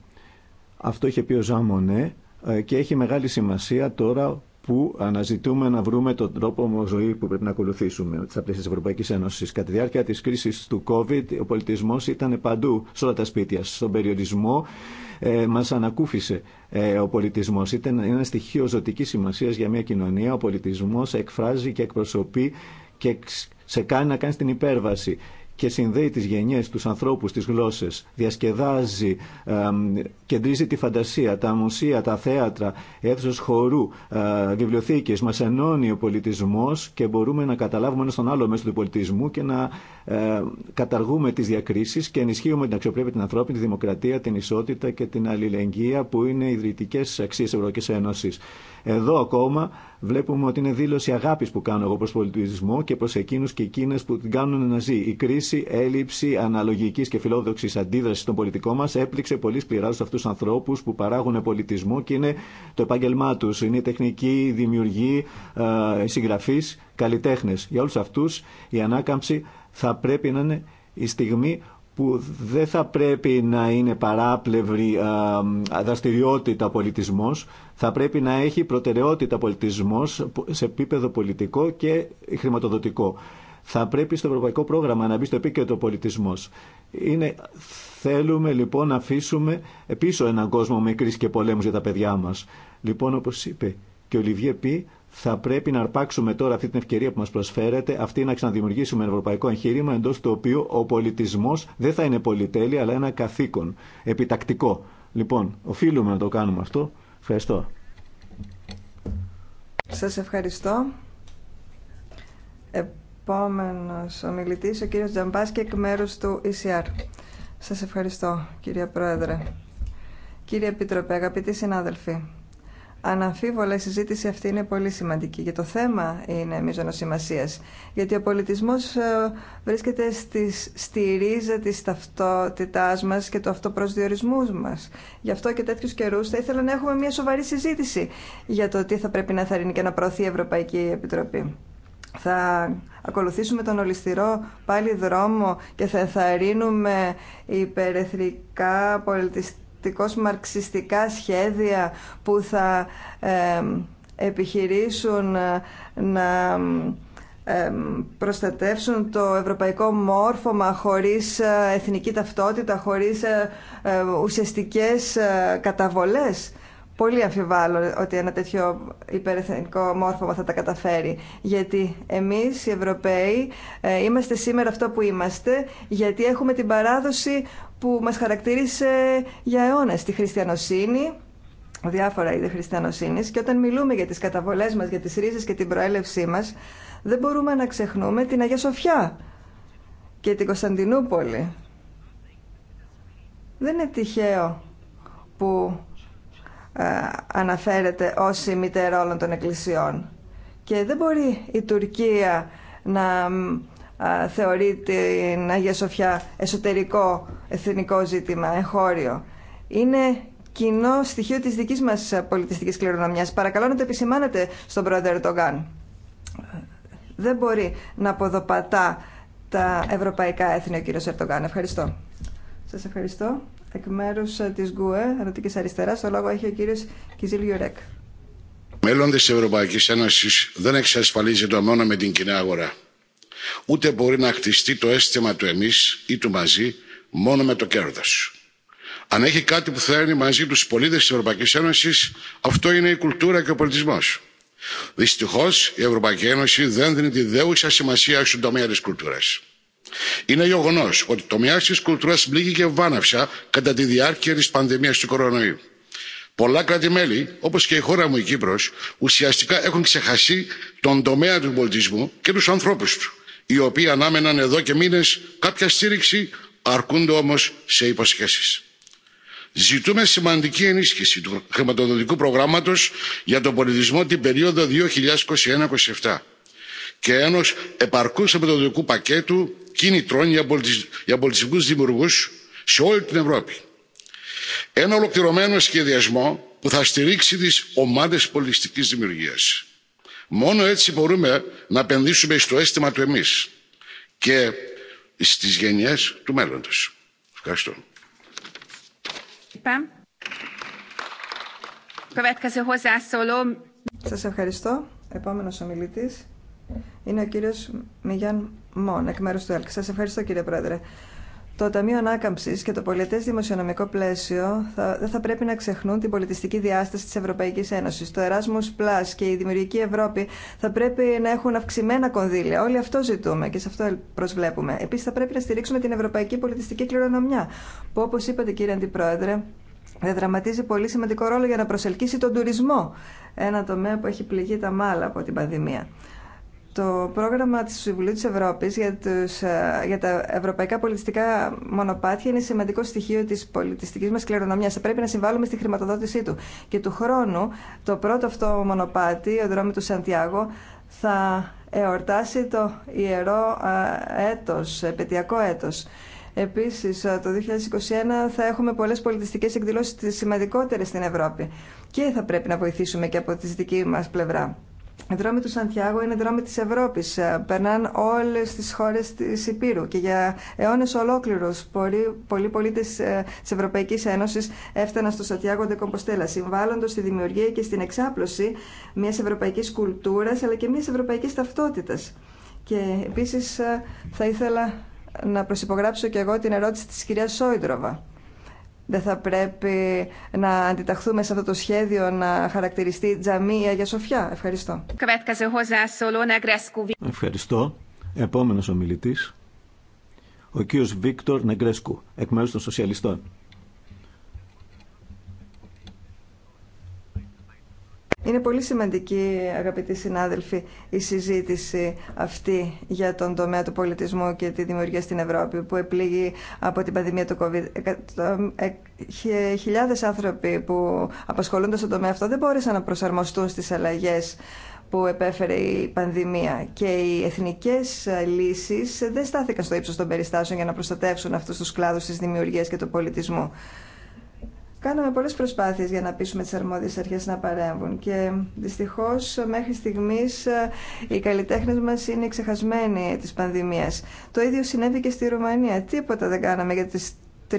Αυτό είχε πει ο Ζάμονε και έχει μεγάλη σημασία τώρα που αναζητούμε να βρούμε τον τρόπο ζωή που πρέπει να ακολουθήσουμε στα πλαίσια τη Ευρωπαϊκή Ένωση. Κατά τη διάρκεια τη κρίση του COVID, ο πολιτισμό ήταν παντού, σε όλα τα σπίτια. Στον περιορισμό ε, μα ανακούφισε ε, ο πολιτισμό. Ήταν ένα στοιχείο ζωτική σημασία για μια κοινωνία. Ο πολιτισμό εκφράζει και εκπροσωπεί και σε κάνει να κάνει την υπέρβαση και συνδέει τις γενιές, τους ανθρώπους, τις γλώσσες, διασκεδάζει, κεντρίζει τη φαντασία, τα μουσεία, τα θέατρα, αίθουσες χορού, ε, βιβλιοθήκες, μας ενώνει ο πολιτισμός και μπορούμε να καταλάβουμε ένα στον άλλο μέσω του πολιτισμού και να ε, καταργούμε τις διακρίσεις και ενισχύουμε την αξιοπρέπεια, την ανθρώπινη, τη δημοκρατία, την ισότητα και την αλληλεγγύη που είναι ιδρυτικές αξίες Ευρωπαϊκής Ένωσης. Εδώ ακόμα βλέπουμε ότι είναι δήλωση αγάπη που κάνω εγώ προ πολιτισμό και προ εκείνου και εκείνε που την κάνουν να ζει. Η κρίση, έλλειψη αναλογική και φιλόδοξη αντίδραση των πολιτικών μα έπληξε πολύ σκληρά σε αυτού του ανθρώπου που παράγουν πολιτισμό και είναι το επάγγελμά του. Είναι τεχνικοί, δημιουργοί, ε, συγγραφεί, καλλιτέχνε. Για όλου αυτού η ανάκαμψη θα πρέπει να είναι η στιγμή που δεν θα πρέπει να είναι παράπλευρη ε, δραστηριότητα πολιτισμός, θα πρέπει να έχει προτεραιότητα πολιτισμός σε επίπεδο πολιτικό και χρηματοδοτικό. Θα πρέπει στο ευρωπαϊκό πρόγραμμα να μπει στο επίκεντρο πολιτισμός. Είναι, θέλουμε λοιπόν να αφήσουμε πίσω έναν κόσμο με κρίση και πολέμους για τα παιδιά μας. Λοιπόν, όπως είπε και ο Λιβιέ πει, θα πρέπει να αρπάξουμε τώρα αυτή την ευκαιρία που μα προσφέρεται, αυτή να ξαναδημιουργήσουμε ένα ευρωπαϊκό εγχείρημα εντό του οποίου ο πολιτισμό δεν θα είναι πολυτέλεια, αλλά ένα καθήκον. Επιτακτικό. Λοιπόν, οφείλουμε να το κάνουμε αυτό. Ευχαριστώ. Σας ευχαριστώ. Επόμενος ομιλητή, ο κύριος Τζαμπάσκη, εκ μέρου του ECR. Σα ευχαριστώ, κύριε Πρόεδρε. Κύριε Επιτροπέ, αγαπητοί συνάδελφοι, Αναμφίβολα η συζήτηση αυτή είναι πολύ σημαντική και το θέμα είναι μείζονος σημασία. γιατί ο πολιτισμός ε, βρίσκεται στη ρίζα της ταυτότητάς μας και του αυτοπροσδιορισμού μας. Γι' αυτό και τέτοιους καιρούς θα ήθελα να έχουμε μια σοβαρή συζήτηση για το τι θα πρέπει να θαρρύνει και να προωθεί η Ευρωπαϊκή Επιτροπή. Θα ακολουθήσουμε τον ολιστηρό πάλι δρόμο και θα ενθαρρύνουμε υπερεθρικά πολιτιστικά τικός μαρξιστικά σχέδια που θα επιχειρήσουν ε, να προστατεύσουν το ευρωπαϊκό μόρφωμα χωρίς ε, εθνική ταυτότητα, χωρίς ε, ε ουσιαστικές καταβολές πολύ αμφιβάλλω ότι ένα τέτοιο υπερεθνικό μόρφωμα θα τα καταφέρει. Γιατί εμείς οι Ευρωπαίοι ε, είμαστε σήμερα αυτό που είμαστε, γιατί έχουμε την παράδοση που μας χαρακτήρισε για αιώνες, τη χριστιανοσύνη, διάφορα είδη χριστιανοσύνης και όταν μιλούμε για τις καταβολές μας, για τις ρίζες και την προέλευσή μας, δεν μπορούμε να ξεχνούμε την Αγία Σοφιά και την Κωνσταντινούπολη. Δεν είναι τυχαίο που ε, αναφέρεται ως η μητέρα όλων των εκκλησιών. Και δεν μπορεί η Τουρκία να ε, θεωρεί την Αγία Σοφιά εσωτερικό εθνικό ζήτημα, εγχώριο. Είναι κοινό στοιχείο της δικής μας πολιτιστικής κληρονομιάς. Παρακαλώ να το επισημάνετε στον πρόεδρο Ερτογκάν. Δεν μπορεί να αποδοπατά τα ευρωπαϊκά έθνη ο κύριος Ερτογκάν. Ευχαριστώ. Σας ευχαριστώ. Εκ μέρου ε, τη ΓΚΟΕ, Ανατολική Αριστερά, το λόγο έχει ο κύριο Κιζίλ Γιουρέκ. μέλλον τη Ευρωπαϊκή Ένωση δεν εξασφαλίζεται μόνο με την κοινή αγορά. Ούτε μπορεί να χτιστεί το αίσθημα του εμεί ή του μαζί μόνο με το κέρδο. Αν έχει κάτι που φέρνει μαζί του πολίτε τη Ευρωπαϊκή Ένωση, αυτό είναι η κουλτούρα και ο πολιτισμό. Δυστυχώ, η Ευρωπαϊκή Ένωση δεν δίνει τη δέουσα σημασία στον τομέα τη κουλτούρα είναι γεγονό ότι το τομέα τη κουλτούρα μπήκε βάναυσα κατά τη διάρκεια τη πανδημία του κορονοϊού. πολλά κράτη μέλη όπω και η χώρα μου η κύπρος ουσιαστικά έχουν ξεχαστεί τον τομέα του πολιτισμού και του ανθρώπου του οι οποίοι ανάμεναν εδώ και μήνε κάποια στήριξη αρκούνται όμω σε υποσχέσει. Ζητούμε σημαντική ενίσχυση του χρηματοδοτικού προγράμματο για τον πολιτισμό την περίοδο 2021-2027 και ενό επαρκού χρηματοδοτικού πακέτου κίνητρων για πολιτιστικούς δημιουργούς σε όλη την ευρώπη. ένα ολοκληρωμένο σχεδιασμό που θα στηρίξει τις ομάδες πολιτιστικής δημιουργίας. μόνο έτσι μπορούμε να επενδύσουμε στο αίσθημα του εμείς και στις γενιές του μέλλοντος. ευχαριστώ. Σας ευχαριστώ. Επόμενος ομιλητής είναι ο κύριος Μιγιάν μόνο εκ μέρου του ΕΛΚ. Σα ευχαριστώ, κύριε Πρόεδρε. Το Ταμείο Ανάκαμψη και το πολιτέ δημοσιονομικό πλαίσιο θα, δεν θα πρέπει να ξεχνούν την πολιτιστική διάσταση τη Ευρωπαϊκή Ένωση. Το Erasmus Plus και η Δημιουργική Ευρώπη θα πρέπει να έχουν αυξημένα κονδύλια. Όλοι αυτό ζητούμε και σε αυτό προσβλέπουμε. Επίση, θα πρέπει να στηρίξουμε την Ευρωπαϊκή Πολιτιστική Κληρονομιά, που όπω είπατε, κύριε Αντιπρόεδρε, δραματίζει πολύ σημαντικό ρόλο για να προσελκύσει τον τουρισμό, ένα τομέα που έχει πληγεί τα μάλα από την πανδημία. Το πρόγραμμα της Συμβουλίου της Ευρώπης για, ε, για τα ευρωπαϊκά πολιτιστικά μονοπάτια είναι σημαντικό στοιχείο της πολιτιστικής μας κληρονομιάς. Θα πρέπει να συμβάλλουμε στη χρηματοδότησή του. Και του χρόνου το πρώτο αυτό μονοπάτι, ο δρόμος του Σαντιάγο, θα εορτάσει το ιερό ε, έτος, επαιτειακό έτος. Επίσης, ε, το 2021 θα έχουμε πολλές πολιτιστικές εκδηλώσεις τις σημαντικότερες στην Ευρώπη και θα πρέπει να βοηθήσουμε και από τη δική μας πλευρά. Οι δρόμοι του Σαντιάγο είναι δρόμοι της Ευρώπης, ε, περνάνε όλες τις χώρες της Υπήρου και για αιώνες ολόκληρους πολλοί, πολλοί πολίτες ε, της Ευρωπαϊκής Ένωσης έφταναν στο Σαντιάγο Κομποστέλα, συμβάλλοντος στη δημιουργία και στην εξάπλωση μιας ευρωπαϊκής κουλτούρας αλλά και μιας ευρωπαϊκής ταυτότητας. Και επίσης ε, θα ήθελα να προσυπογράψω και εγώ την ερώτηση της κυρίας Σόιντροβα δεν θα πρέπει να αντιταχθούμε σε αυτό το σχέδιο να χαρακτηριστεί τζαμία για Σοφιά. Ευχαριστώ. Ευχαριστώ. Επόμενος ομιλητής, ο κύριος Βίκτορ Νεγκρέσκου, εκ μέρους των Σοσιαλιστών. Είναι πολύ σημαντική, αγαπητοί συνάδελφοι, η συζήτηση αυτή για τον τομέα του πολιτισμού και τη δημιουργία στην Ευρώπη που επλήγει από την πανδημία του COVID. Ε, χιλιάδες άνθρωποι που απασχολούνται στον τομέα αυτό δεν μπόρεσαν να προσαρμοστούν στις αλλαγέ που επέφερε η πανδημία και οι εθνικές ε, λύσεις δεν στάθηκαν στο ύψος των περιστάσεων για να προστατεύσουν αυτούς τους κλάδους της δημιουργίας και του πολιτισμού. Κάναμε πολλές προσπάθειες για να πείσουμε τις αρμόδιες αρχές να παρέμβουν και δυστυχώς μέχρι στιγμής ε, οι καλλιτέχνες μας είναι ξεχασμένοι της πανδημίας. Το ίδιο συνέβη και στη Ρουμανία. Τίποτα δεν κάναμε για τις 3.500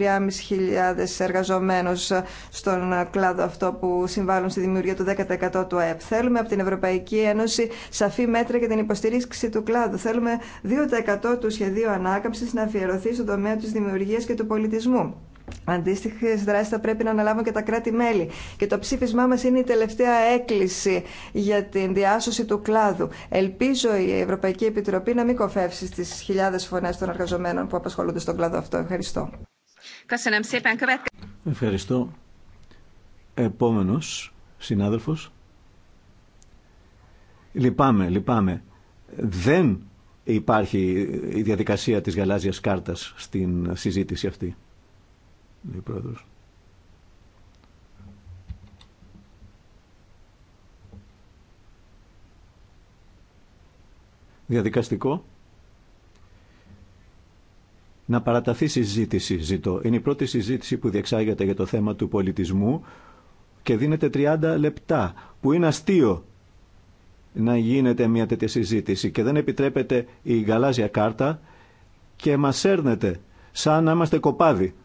εργαζομένους στον κλάδο αυτό που συμβάλλουν στη δημιουργία του 10% του ΑΕΠ. Θέλουμε από την Ευρωπαϊκή Ένωση σαφή μέτρα για την υποστηρίξη του κλάδου. Θέλουμε 2% του σχεδίου ανάκαμψης να αφιερωθεί στον τομέα της δημιουργίας και του πολιτισμού. Αντίστοιχε δράσει θα πρέπει να αναλάβουν και τα κράτη-μέλη. Και το ψήφισμά μα είναι η τελευταία έκκληση για την διάσωση του κλάδου. Ελπίζω η Ευρωπαϊκή Επιτροπή να μην κοφεύσει στι χιλιάδε φωνέ των εργαζομένων που απασχολούνται στον κλάδο αυτό. Ευχαριστώ. Ευχαριστώ. Επόμενο συνάδελφο. Λυπάμαι, λυπάμαι. Δεν υπάρχει η διαδικασία της γαλάζιας κάρτας στην συζήτηση αυτή. Διαδικαστικό. Να παραταθεί συζήτηση, ζητώ. Είναι η πρώτη συζήτηση που διεξάγεται για το θέμα του πολιτισμού και δίνεται 30 λεπτά, που είναι αστείο να γίνεται μια τέτοια συζήτηση και δεν επιτρέπεται η γαλάζια κάρτα και μας σέρνεται σαν να είμαστε κοπάδι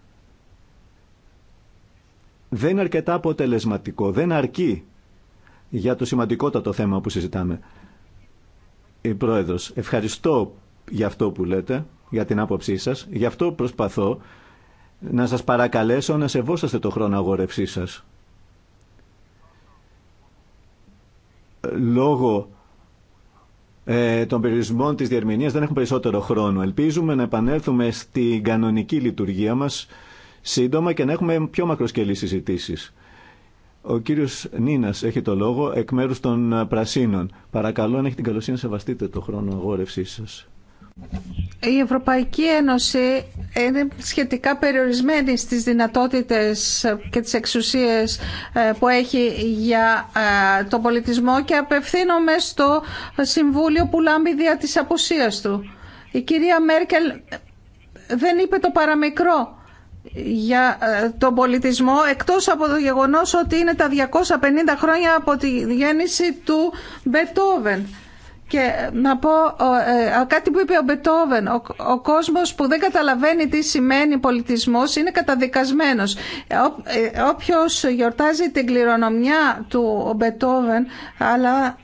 δεν είναι αρκετά αποτελεσματικό, δεν αρκεί για το σημαντικότατο θέμα που συζητάμε. Η ε, Πρόεδρος, ευχαριστώ για αυτό που λέτε, για την άποψή σας. Γι' αυτό προσπαθώ να σας παρακαλέσω να σεβόσαστε το χρόνο αγόρευσή σας. Λόγω ε, των περιορισμών της διερμηνίας δεν έχουμε περισσότερο χρόνο. Ελπίζουμε να επανέλθουμε στην κανονική λειτουργία μας σύντομα και να έχουμε πιο μακροσκελή συζητήσεις. Ο κύριος Νίνας έχει το λόγο εκ μέρους των ε, Πρασίνων. Παρακαλώ αν έχει την καλοσύνη να σεβαστείτε το χρόνο αγόρευσή σας. Η Ευρωπαϊκή Ένωση είναι σχετικά περιορισμένη στις δυνατότητες και τις εξουσίες ε, που έχει για ε, τον πολιτισμό και απευθύνομαι στο Συμβούλιο που λάμπει δια της απουσίας του. Η κυρία Μέρκελ δεν είπε το παραμικρό για ε, τον πολιτισμό εκτός από το γεγονός ότι είναι τα 250 χρόνια από τη γέννηση του Μπετόβεν. Και ε, να πω ε, κάτι που είπε ο Μπετόβεν. Ο, ο κόσμος που δεν καταλαβαίνει τι σημαίνει πολιτισμός είναι καταδικασμένος. Όποιος γιορτάζει την κληρονομιά του Μπετόβεν αλλά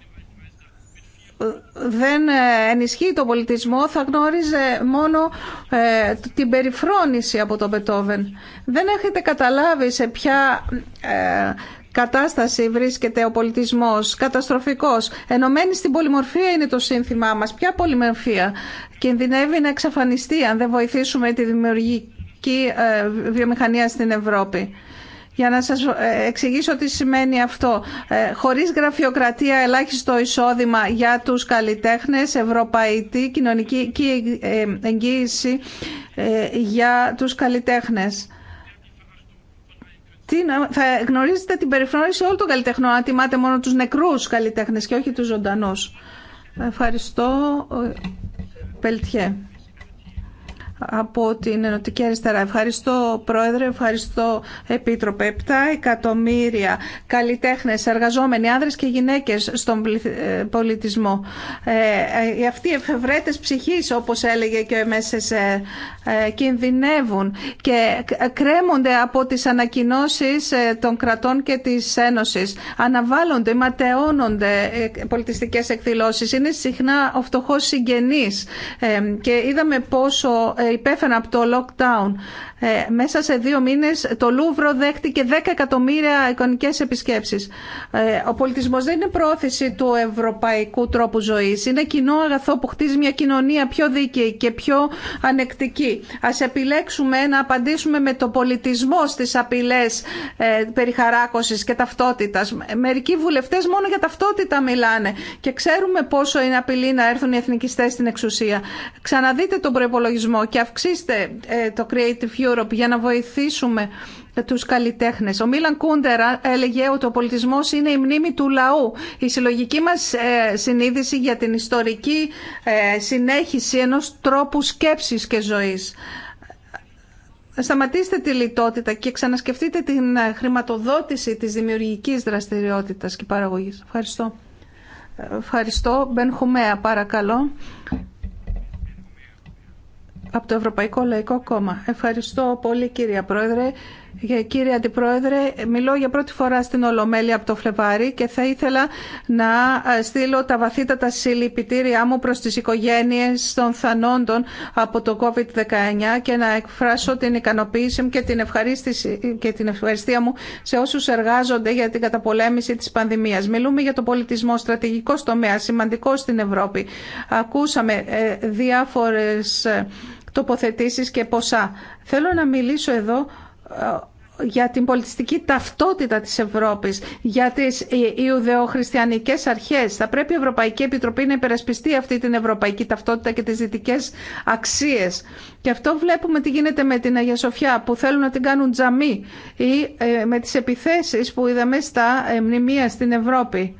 δεν ε, ενισχύει τον πολιτισμό θα γνώριζε μόνο ε, την περιφρόνηση από τον Μπετόβεν. Δεν έχετε καταλάβει σε ποια ε, κατάσταση βρίσκεται ο πολιτισμός, καταστροφικός. Ενωμένη στην πολυμορφία είναι το σύνθημά μας. Ποια πολυμορφία κινδυνεύει να εξαφανιστεί αν δεν βοηθήσουμε τη δημιουργική βιομηχανία στην Ευρώπη για να σας ε, εξηγήσω τι σημαίνει αυτό. Ε, χωρίς γραφειοκρατία, ελάχιστο εισόδημα για τους καλλιτέχνες, ευρωπαϊκή κοινωνική ε, εγγύηση για τους καλλιτέχνες. Τι, θα γνωρίζετε την περιφρόνηση όλων των καλλιτεχνών, αν τιμάτε μόνο τους νεκρούς καλλιτέχνες και όχι τους ζωντανούς. Ευχαριστώ. Πελτιέ από την Ενωτική Αριστερά. Ευχαριστώ Πρόεδρε, ευχαριστώ Επίτροπε. Επτά εκατομμύρια καλλιτέχνες, εργαζόμενοι, άνδρες και γυναίκες στον ε, πολιτισμό. Ε, ε, αυτοί οι εφευρέτες ψυχής, όπως έλεγε και ο ε, ε, κινδυνεύουν και κρέμονται από τις ανακοινώσεις των κρατών και της Ένωσης. Αναβάλλονται, ματαιώνονται πολιτιστικές εκδηλώσεις. Είναι συχνά ο φτωχός συγγενής και είδαμε πόσο υπέφεραν από το lockdown ε, μέσα σε δύο μήνες το Λούβρο δέχτηκε 10 εκατομμύρια εικονικές επισκέψεις. Ε, ο πολιτισμός δεν είναι πρόθεση του ευρωπαϊκού τρόπου ζωής. Είναι κοινό αγαθό που χτίζει μια κοινωνία πιο δίκαιη και πιο ανεκτική. Ας επιλέξουμε να απαντήσουμε με το πολιτισμό στις απειλές ε, περιχαράκωσης και ταυτότητας. Μερικοί βουλευτές μόνο για ταυτότητα μιλάνε και ξέρουμε πόσο είναι απειλή να έρθουν οι εθνικιστές στην εξουσία. Ξαναδείτε τον προπολογισμό και αυξήστε το Creative για να βοηθήσουμε τους καλλιτέχνες. Ο Μίλαν Κούντερα έλεγε ότι ο πολιτισμός είναι η μνήμη του λαού. Η συλλογική μας ε, συνείδηση για την ιστορική ε, συνέχιση ενός τρόπου σκέψης και ζωής. Σταματήστε τη λιτότητα και ξανασκεφτείτε την ε, χρηματοδότηση της δημιουργικής δραστηριότητας και παραγωγής. Ευχαριστώ. Ευχαριστώ. Μπεν Χουμέα, παρακαλώ από το Ευρωπαϊκό Λαϊκό Κόμμα. Ευχαριστώ πολύ κύριε Πρόεδρε. Κύριε Αντιπρόεδρε, μιλώ για πρώτη φορά στην Ολομέλεια από το Φλεβάρι και θα ήθελα να στείλω τα βαθύτατα συλληπιτήριά μου προς τις οικογένειες των θανόντων από το COVID-19 και να εκφράσω την ικανοποίηση μου και την, ευχαρίστηση, και την ευχαριστία μου σε όσους εργάζονται για την καταπολέμηση της πανδημίας. Μιλούμε για το πολιτισμό, στρατηγικό τομέα, σημαντικό στην Ευρώπη. Ακούσαμε ε, διάφορες ε, τοποθετήσεις και ποσά. Θέλω να μιλήσω εδώ ε, για την πολιτιστική ταυτότητα της Ευρώπης, για τις ε, Ιουδεοχριστιανικές αρχές. Θα πρέπει η Ευρωπαϊκή Επιτροπή να υπερασπιστεί αυτή την ευρωπαϊκή ταυτότητα και τις δυτικές αξίες. Και αυτό βλέπουμε τι γίνεται με την Αγία Σοφιά που θέλουν να την κάνουν τζαμί ή ε, με τις επιθέσεις που είδαμε στα μνημεία στην Ευρώπη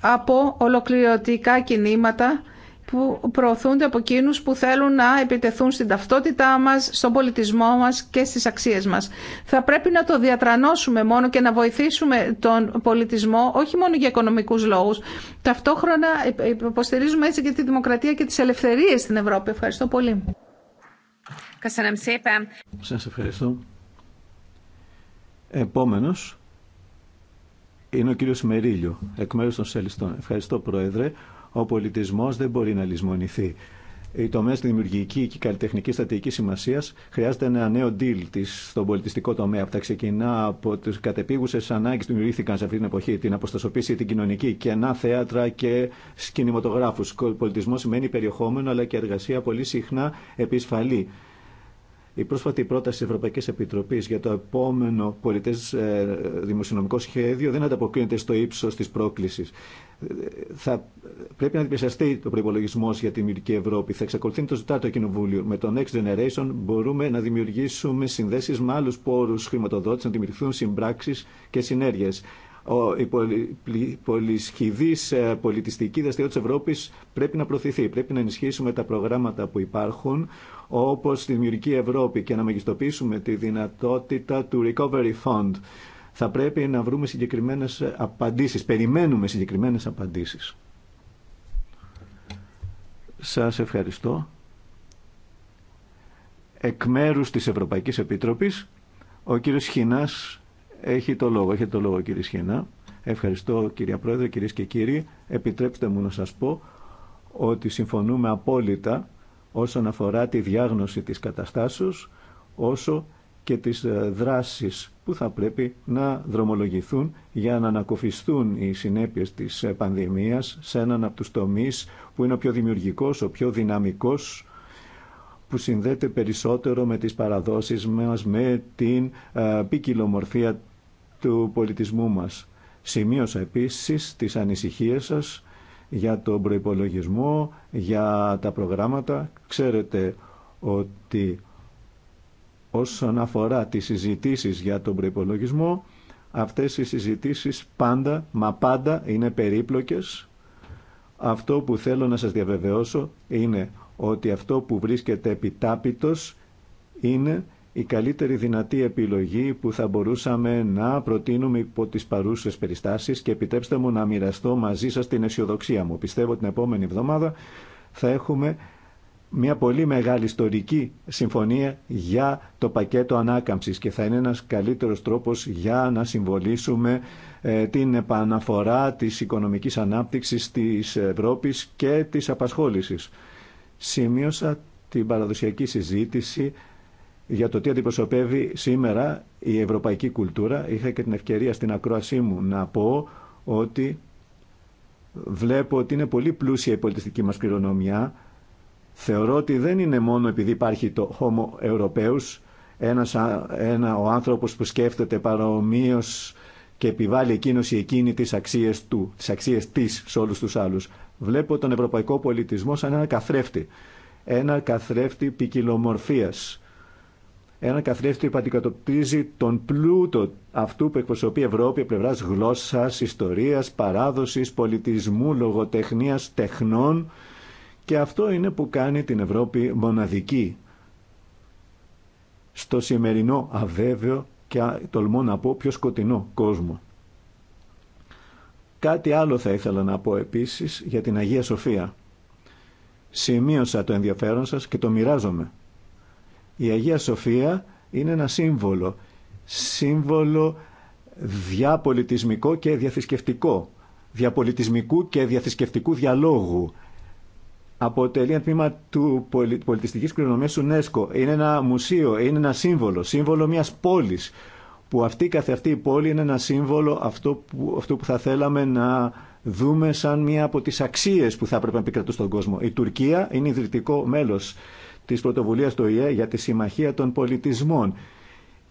από ολοκληρωτικά κινήματα που προωθούνται από εκείνους που θέλουν να επιτεθούν στην ταυτότητά μας, στον πολιτισμό μας και στις αξίες μας. Θα πρέπει να το διατρανώσουμε μόνο και να βοηθήσουμε τον πολιτισμό, όχι μόνο για οικονομικούς λόγους. Ταυτόχρονα υποστηρίζουμε έτσι και τη δημοκρατία και τις ελευθερίες στην Ευρώπη. Ευχαριστώ πολύ. Σας ευχαριστώ. Επόμενος είναι ο κύριος Μερίλιο, εκ μέρους των Σελιστών. Ευχαριστώ, Πρόεδρε. Ο πολιτισμός δεν μπορεί να λησμονηθεί. Οι τομέες δημιουργική και καλλιτεχνική στατική σημασία χρειάζεται ένα νέο deal της στον πολιτιστικό τομέα Από τα ξεκινά από τι κατεπίγουσε ανάγκε που δημιουργήθηκαν σε αυτή την εποχή, την αποστασοποίηση, την κοινωνική, κενά θέατρα και κινηματογράφου. Πολιτισμό σημαίνει περιεχόμενο αλλά και εργασία πολύ συχνά επισφαλή η πρόσφατη πρόταση τη Ευρωπαϊκή Επιτροπή για το επόμενο πολιτέ ε, δημοσιονομικό σχέδιο δεν ανταποκρίνεται στο ύψο τη πρόκληση. Θα πρέπει να διπλασιαστεί το προπολογισμό για τη Δημιουργική Ευρώπη. Θα εξακολουθεί το ζητά το Κοινοβούλιο. Με το Next Generation μπορούμε να δημιουργήσουμε συνδέσει με άλλου πόρου χρηματοδότηση, να δημιουργηθούν συμπράξει και συνέργειε. Η πολυσχηδή ε, πολιτιστική δραστηριότητα τη Ευρώπη πρέπει να προωθηθεί. Πρέπει να ενισχύσουμε τα προγράμματα που υπάρχουν όπως στη Δημιουργική Ευρώπη και να μεγιστοποιήσουμε τη δυνατότητα του Recovery Fund. Θα πρέπει να βρούμε συγκεκριμένες απαντήσεις. Περιμένουμε συγκεκριμένες απαντήσεις. Σας ευχαριστώ. Εκ μέρους της Ευρωπαϊκής Επιτροπής, ο κύριος Χινάς έχει το λόγο. έχει το λόγο κύριε Χινά. Ευχαριστώ κυρία Πρόεδρε, κυρίες και κύριοι. Επιτρέψτε μου να σας πω ότι συμφωνούμε απόλυτα όσον αφορά τη διάγνωση της καταστάσεως όσο και τις ε, δράσεις που θα πρέπει να δρομολογηθούν για να ανακοφιστούν οι συνέπειες της ε, πανδημίας σε έναν από τους τομείς που είναι ο πιο δημιουργικός, ο πιο δυναμικός που συνδέεται περισσότερο με τις παραδόσεις μας, με την ε, ποικιλομορφία του πολιτισμού μας. Σημείωσα επίσης τις ανησυχίες σας για τον προϋπολογισμό, για τα προγράμματα. Ξέρετε ότι όσον αφορά τις συζητήσεις για τον προϋπολογισμό, αυτές οι συζητήσεις πάντα, μα πάντα είναι περίπλοκες. Αυτό που θέλω να σας διαβεβαιώσω είναι ότι αυτό που βρίσκεται επιτάπητος είναι η καλύτερη δυνατή επιλογή που θα μπορούσαμε να προτείνουμε υπό τις παρούσες περιστάσεις και επιτρέψτε μου να μοιραστώ μαζί σας την αισιοδοξία μου. Πιστεύω την επόμενη εβδομάδα θα έχουμε μια πολύ μεγάλη ιστορική συμφωνία για το πακέτο ανάκαμψης και θα είναι ένας καλύτερος τρόπος για να συμβολήσουμε ε, την επαναφορά της οικονομικής ανάπτυξης της Ευρώπης και της απασχόλησης. Σημείωσα την παραδοσιακή συζήτηση για το τι αντιπροσωπεύει σήμερα η ευρωπαϊκή κουλτούρα. Είχα και την ευκαιρία στην ακρόασή μου να πω ότι βλέπω ότι είναι πολύ πλούσια η πολιτιστική μας κληρονομιά. Θεωρώ ότι δεν είναι μόνο επειδή υπάρχει το Homo Europaeus, ένας, ένα, ο άνθρωπος που σκέφτεται παρομοίως και επιβάλλει εκείνος ή εκείνη τις αξίες του, τις αξίες της σε όλους τους άλλους. Βλέπω τον ευρωπαϊκό πολιτισμό σαν ένα καθρέφτη. Ένα καθρέφτη ποικιλομορφίας ένα καθρέφτη που αντικατοπτρίζει τον πλούτο αυτού που εκπροσωπεί η Ευρώπη από πλευρά γλώσσα, ιστορία, παράδοση, πολιτισμού, λογοτεχνία, τεχνών. Και αυτό είναι που κάνει την Ευρώπη μοναδική στο σημερινό αβέβαιο και τολμώ να πω πιο σκοτεινό κόσμο. Κάτι άλλο θα ήθελα να πω επίσης για την Αγία Σοφία. Σημείωσα το ενδιαφέρον σας και το μοιράζομαι. Η Αγία Σοφία είναι ένα σύμβολο. Σύμβολο διαπολιτισμικό και διαθρησκευτικό. Διαπολιτισμικού και διαθρησκευτικού διαλόγου. Αποτελεί ένα τμήμα του πολιτιστικής κληρονομίας UNESCO. Είναι ένα μουσείο, είναι ένα σύμβολο. Σύμβολο μιας πόλης. Που αυτή καθε αυτή η πόλη είναι ένα σύμβολο αυτό που, που θα θέλαμε να δούμε σαν μία από τις αξίες που θα έπρεπε να επικρατούν στον κόσμο. Η Τουρκία είναι ιδρυτικό μέλος της πρωτοβουλίας του ΙΕ για τη Συμμαχία των Πολιτισμών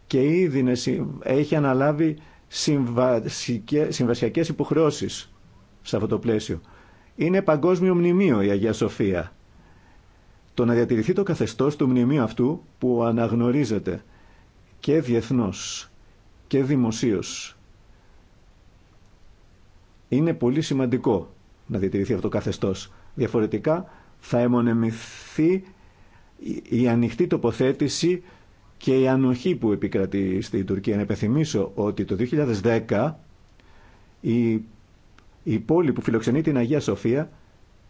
και ήδη έχει αναλάβει συμβασιακές υποχρεώσεις σε αυτό το πλαίσιο. Είναι παγκόσμιο μνημείο η Αγία Σοφία. Το να διατηρηθεί το καθεστώς του μνημείου αυτού που αναγνωρίζεται και διεθνώς και δημοσίως είναι πολύ σημαντικό να διατηρηθεί αυτό το καθεστώς. Διαφορετικά θα αιμονεμηθεί η ανοιχτή τοποθέτηση και η ανοχή που επικρατεί στη Τουρκία. Να επιθυμίσω ότι το 2010 η, η πόλη που φιλοξενεί την Αγία Σοφία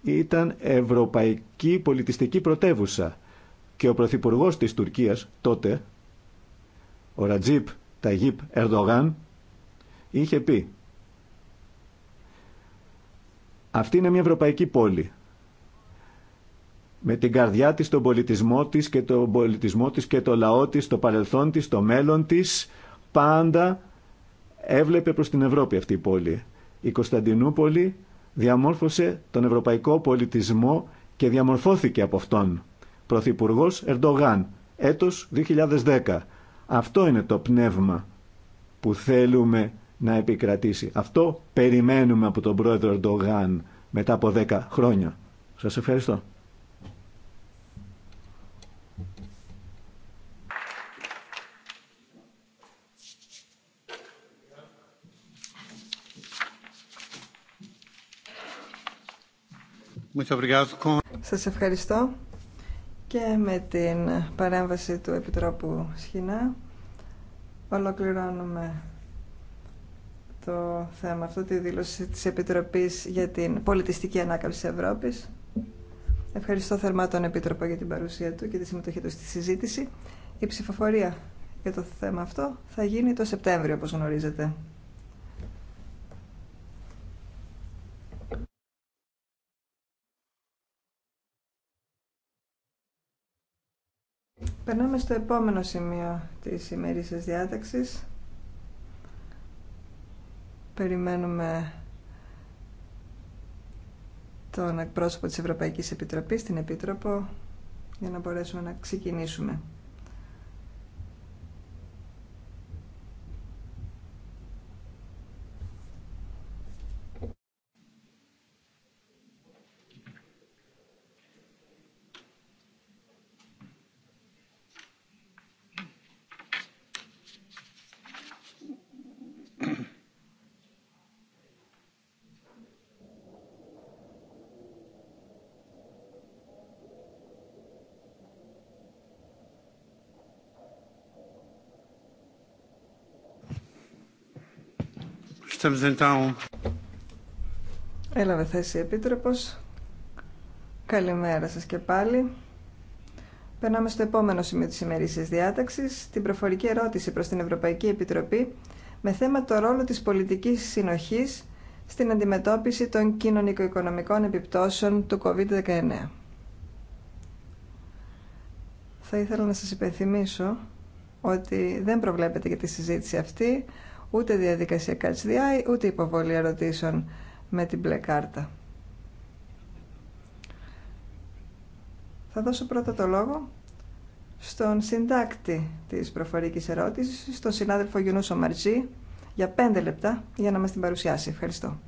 ήταν ευρωπαϊκή πολιτιστική πρωτεύουσα και ο Πρωθυπουργό της Τουρκίας τότε, ο Ρατζίπ Ταγίπ Ερντογάν, είχε πει «Αυτή είναι μια ευρωπαϊκή πόλη με την καρδιά της, τον πολιτισμό της και τον πολιτισμό της και το λαό της, το παρελθόν της, το μέλλον της, πάντα έβλεπε προς την Ευρώπη αυτή η πόλη. Η Κωνσταντινούπολη διαμόρφωσε τον ευρωπαϊκό πολιτισμό και διαμορφώθηκε από αυτόν. Πρωθυπουργό Ερντογάν, έτος 2010. Αυτό είναι το πνεύμα που θέλουμε να επικρατήσει. Αυτό περιμένουμε από τον πρόεδρο Ερντογάν μετά από 10 χρόνια. Σας ευχαριστώ. Σας ευχαριστώ και με την παρέμβαση του Επιτρόπου Σχοινά ολοκληρώνουμε το θέμα αυτό, τη δήλωση της Επιτροπής για την πολιτιστική ανάκαμψη Ευρώπης. Ευχαριστώ θερμά τον Επίτροπο για την παρουσία του και τη συμμετοχή του στη συζήτηση. Η ψηφοφορία για το θέμα αυτό θα γίνει το Σεπτέμβριο, όπως γνωρίζετε. Περνάμε στο επόμενο σημείο της ημερήσιας διάταξης. Περιμένουμε τον εκπρόσωπο της Ευρωπαϊκής Επιτροπής, την Επίτροπο, για να μπορέσουμε να ξεκινήσουμε. Έλαβε θέση Επίτροπος. Καλημέρα σας και πάλι. Περνάμε στο επόμενο σημείο της ημερήσιας διάταξης, την προφορική ερώτηση προς την Ευρωπαϊκή Επιτροπή με θέμα το ρόλο της πολιτικής συνοχής στην αντιμετώπιση των κοινωνικο-οικονομικών επιπτώσεων του COVID-19. Θα ήθελα να σας υπενθυμίσω ότι δεν προβλέπεται για τη συζήτηση αυτή, ούτε διαδικασία κατσδιάη, ούτε υποβολή ερωτήσεων με την μπλε κάρτα. Θα δώσω πρώτα το λόγο στον συντάκτη της προφορικής ερώτησης, στον συνάδελφο Γιουνούσο Ομαρτζή, για πέντε λεπτά για να μας την παρουσιάσει. Ευχαριστώ.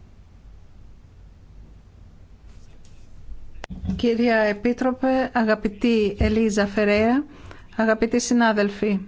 Κυρία Επίτροπε, αγαπητή Ελίζα Φερέα, αγαπητοί συνάδελφοι,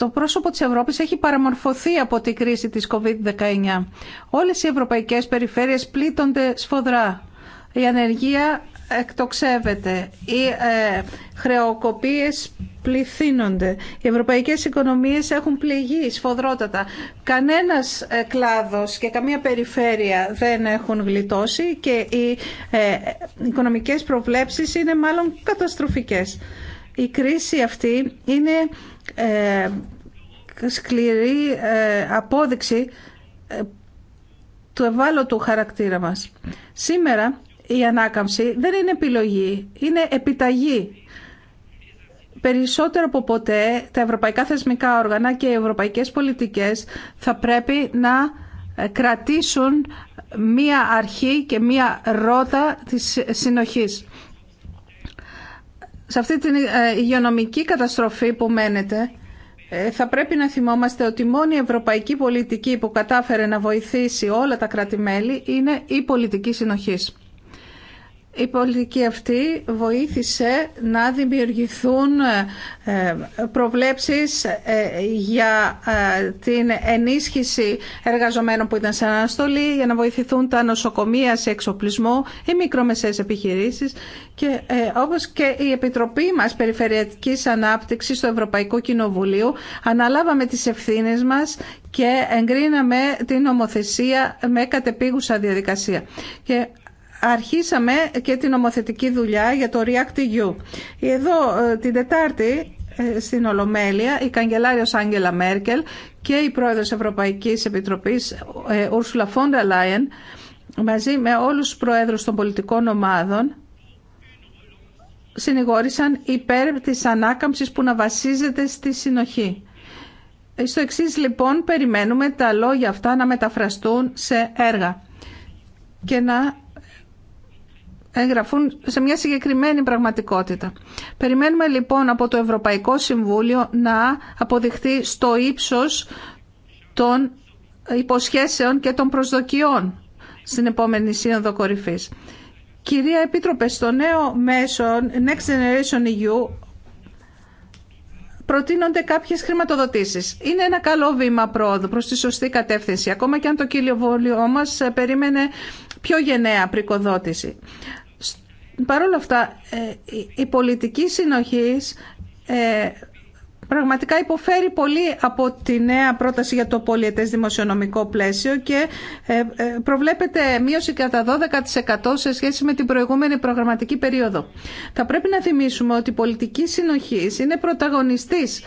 το πρόσωπο της Ευρώπης έχει παραμορφωθεί από την κρίση της COVID-19. Όλες οι ευρωπαϊκές περιφέρειες πλήττονται σφοδρά. Η ανεργία εκτοξεύεται, οι ε, χρεοκοπίες πληθύνονται, οι ευρωπαϊκές οικονομίες έχουν πληγεί σφοδρότατα. Κανένας ε, κλάδος και καμία περιφέρεια δεν έχουν γλιτώσει και οι ε, οικονομικές προβλέψεις είναι μάλλον καταστροφικές. Η κρίση αυτή είναι ε, σκληρή ε, απόδειξη ε, του ευάλωτου χαρακτήρα μας. Σήμερα η ανάκαμψη δεν είναι επιλογή, είναι επιταγή. Περισσότερο από ποτέ τα ευρωπαϊκά θεσμικά όργανα και οι ευρωπαϊκές πολιτικές θα πρέπει να κρατήσουν μία αρχή και μία ρότα της συνοχής σε αυτή την ε, υγειονομική καταστροφή που μένετε, ε, θα πρέπει να θυμόμαστε ότι μόνη η ευρωπαϊκή πολιτική που κατάφερε να βοηθήσει όλα τα κράτη-μέλη είναι η πολιτική συνοχής. Η πολιτική αυτή βοήθησε να δημιουργηθούν ε, ε, προβλέψεις ε, για την ενίσχυση εργαζομένων που ήταν σε αναστολή, για να βοηθηθούν τα νοσοκομεία σε εξοπλισμό, ή μικρομεσαίες επιχειρήσεις και όπως και η Επιτροπή μας Περιφερειακής Ανάπτυξης στο Ευρωπαϊκό Κοινοβουλίο, αναλάβαμε τις ευθύνες μας και εγκρίναμε την νομοθεσία με κατεπίγουσα διαδικασία αρχίσαμε και την ομοθετική δουλειά για το React-EU. Εδώ ε, την Τετάρτη ε, στην Ολομέλεια η καγκελάριος Άγγελα Μέρκελ και η πρόεδρος Ευρωπαϊκής Επιτροπής ε, Ούρσουλα Φόντα Λάιεν μαζί με όλους τους προέδρους των πολιτικών ομάδων συνηγόρησαν υπέρ της ανάκαμψης που να βασίζεται στη συνοχή. Στο εξή λοιπόν περιμένουμε τα λόγια αυτά να μεταφραστούν σε έργα και να εγγραφούν σε μια συγκεκριμένη πραγματικότητα. Περιμένουμε λοιπόν από το Ευρωπαϊκό Συμβούλιο να αποδειχθεί στο ύψος των υποσχέσεων και των προσδοκιών στην επόμενη Σύνοδο Κορυφής. Κυρία Επίτροπε, στο νέο μέσο Next Generation EU προτείνονται κάποιες χρηματοδοτήσεις. Είναι ένα καλό βήμα πρόοδου προς τη σωστή κατεύθυνση, ακόμα και αν το κύριο βόλιο μα περίμενε πιο γενναία πρικοδότηση. Παρ' όλα αυτά, ε, η πολιτική συνοχής ε, πραγματικά υποφέρει πολύ από τη νέα πρόταση για το πολιετές δημοσιονομικό πλαίσιο και ε, προβλέπεται μείωση κατά 12% σε σχέση με την προηγούμενη προγραμματική περίοδο. Θα πρέπει να θυμίσουμε ότι η πολιτική συνοχής είναι πρωταγωνιστής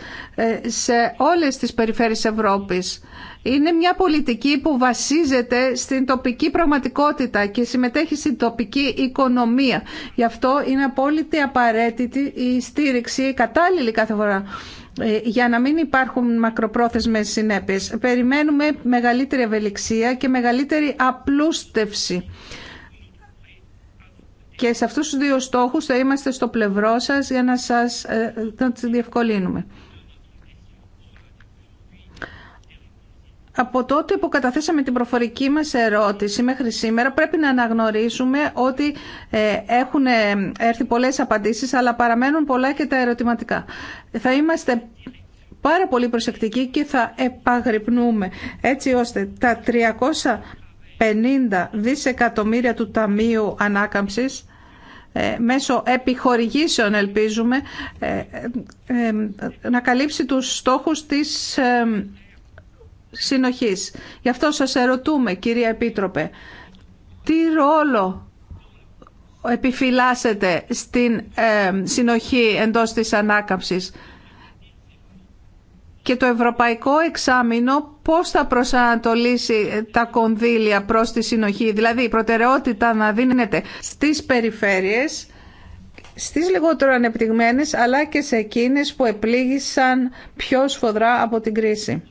σε όλες τις περιφέρειες Ευρώπης είναι μια πολιτική που βασίζεται στην τοπική πραγματικότητα και συμμετέχει στην τοπική οικονομία. Γι' αυτό είναι απόλυτη απαραίτητη η στήριξη κατάλληλη κάθε φορά ε, για να μην υπάρχουν μακροπρόθεσμες συνέπειες. Περιμένουμε μεγαλύτερη ευελιξία και μεγαλύτερη απλούστευση. Και σε αυτούς τους δύο στόχους θα είμαστε στο πλευρό σας για να σας ε, διευκολύνουμε. Από τότε που καταθέσαμε την προφορική μας ερώτηση μέχρι σήμερα πρέπει να αναγνωρίσουμε ότι ε, έχουν ε, έρθει πολλές απαντήσεις αλλά παραμένουν πολλά και τα ερωτηματικά. Θα είμαστε πάρα πολύ προσεκτικοί και θα επαγρυπνούμε έτσι ώστε τα 350 δισεκατομμύρια του Ταμείου Ανάκαμψης ε, μέσω επιχορηγήσεων ελπίζουμε να καλύψει τους στόχους της συνοχής. Γι' αυτό σας ερωτούμε, κυρία Επίτροπε, τι ρόλο επιφυλάσσεται στην ε, συνοχή εντός της ανάκαμψης και το ευρωπαϊκό εξάμεινο πώς θα προσανατολίσει τα κονδύλια προς τη συνοχή. Δηλαδή η προτεραιότητα να δίνεται στις περιφέρειες, στις λιγότερο ανεπτυγμένες αλλά και σε εκείνες που επλήγησαν πιο σφοδρά από την κρίση.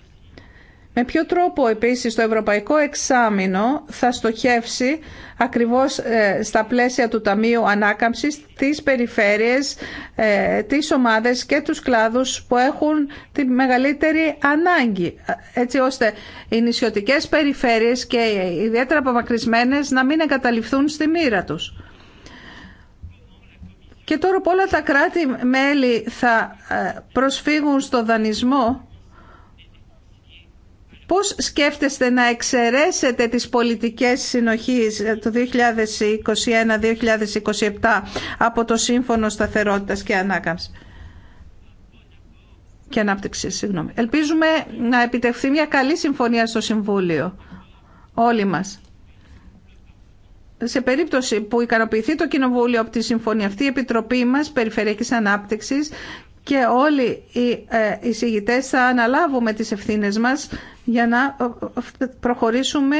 Με ποιο τρόπο επίσης το Ευρωπαϊκό Εξάμεινο θα στοχεύσει ακριβώς ε, στα πλαίσια του Ταμείου Ανάκαμψης τις περιφέρειες, ε, τις ομάδες και τους κλάδους που έχουν τη μεγαλύτερη ανάγκη έτσι ώστε οι νησιωτικές περιφέρειες και οι ιδιαίτερα απομακρυσμένες να μην εγκαταληφθούν στη μοίρα τους. Και τώρα που όλα τα κράτη-μέλη θα ε, προσφύγουν στο δανεισμό Πώς σκέφτεστε να εξαιρέσετε τις πολιτικές συνοχής το 2021-2027 από το Σύμφωνο Σταθερότητας και Ανάκαμψης και Ανάπτυξη. Συγγνώμη. Ελπίζουμε να επιτευχθεί μια καλή συμφωνία στο Συμβούλιο. Όλοι μας. Σε περίπτωση που ικανοποιηθεί το Κοινοβούλιο από τη συμφωνία αυτή, η Επιτροπή μας Περιφερειακής Ανάπτυξης και όλοι οι εισηγητές θα αναλάβουμε τις ευθύνες μας για να ε, ε, προχωρήσουμε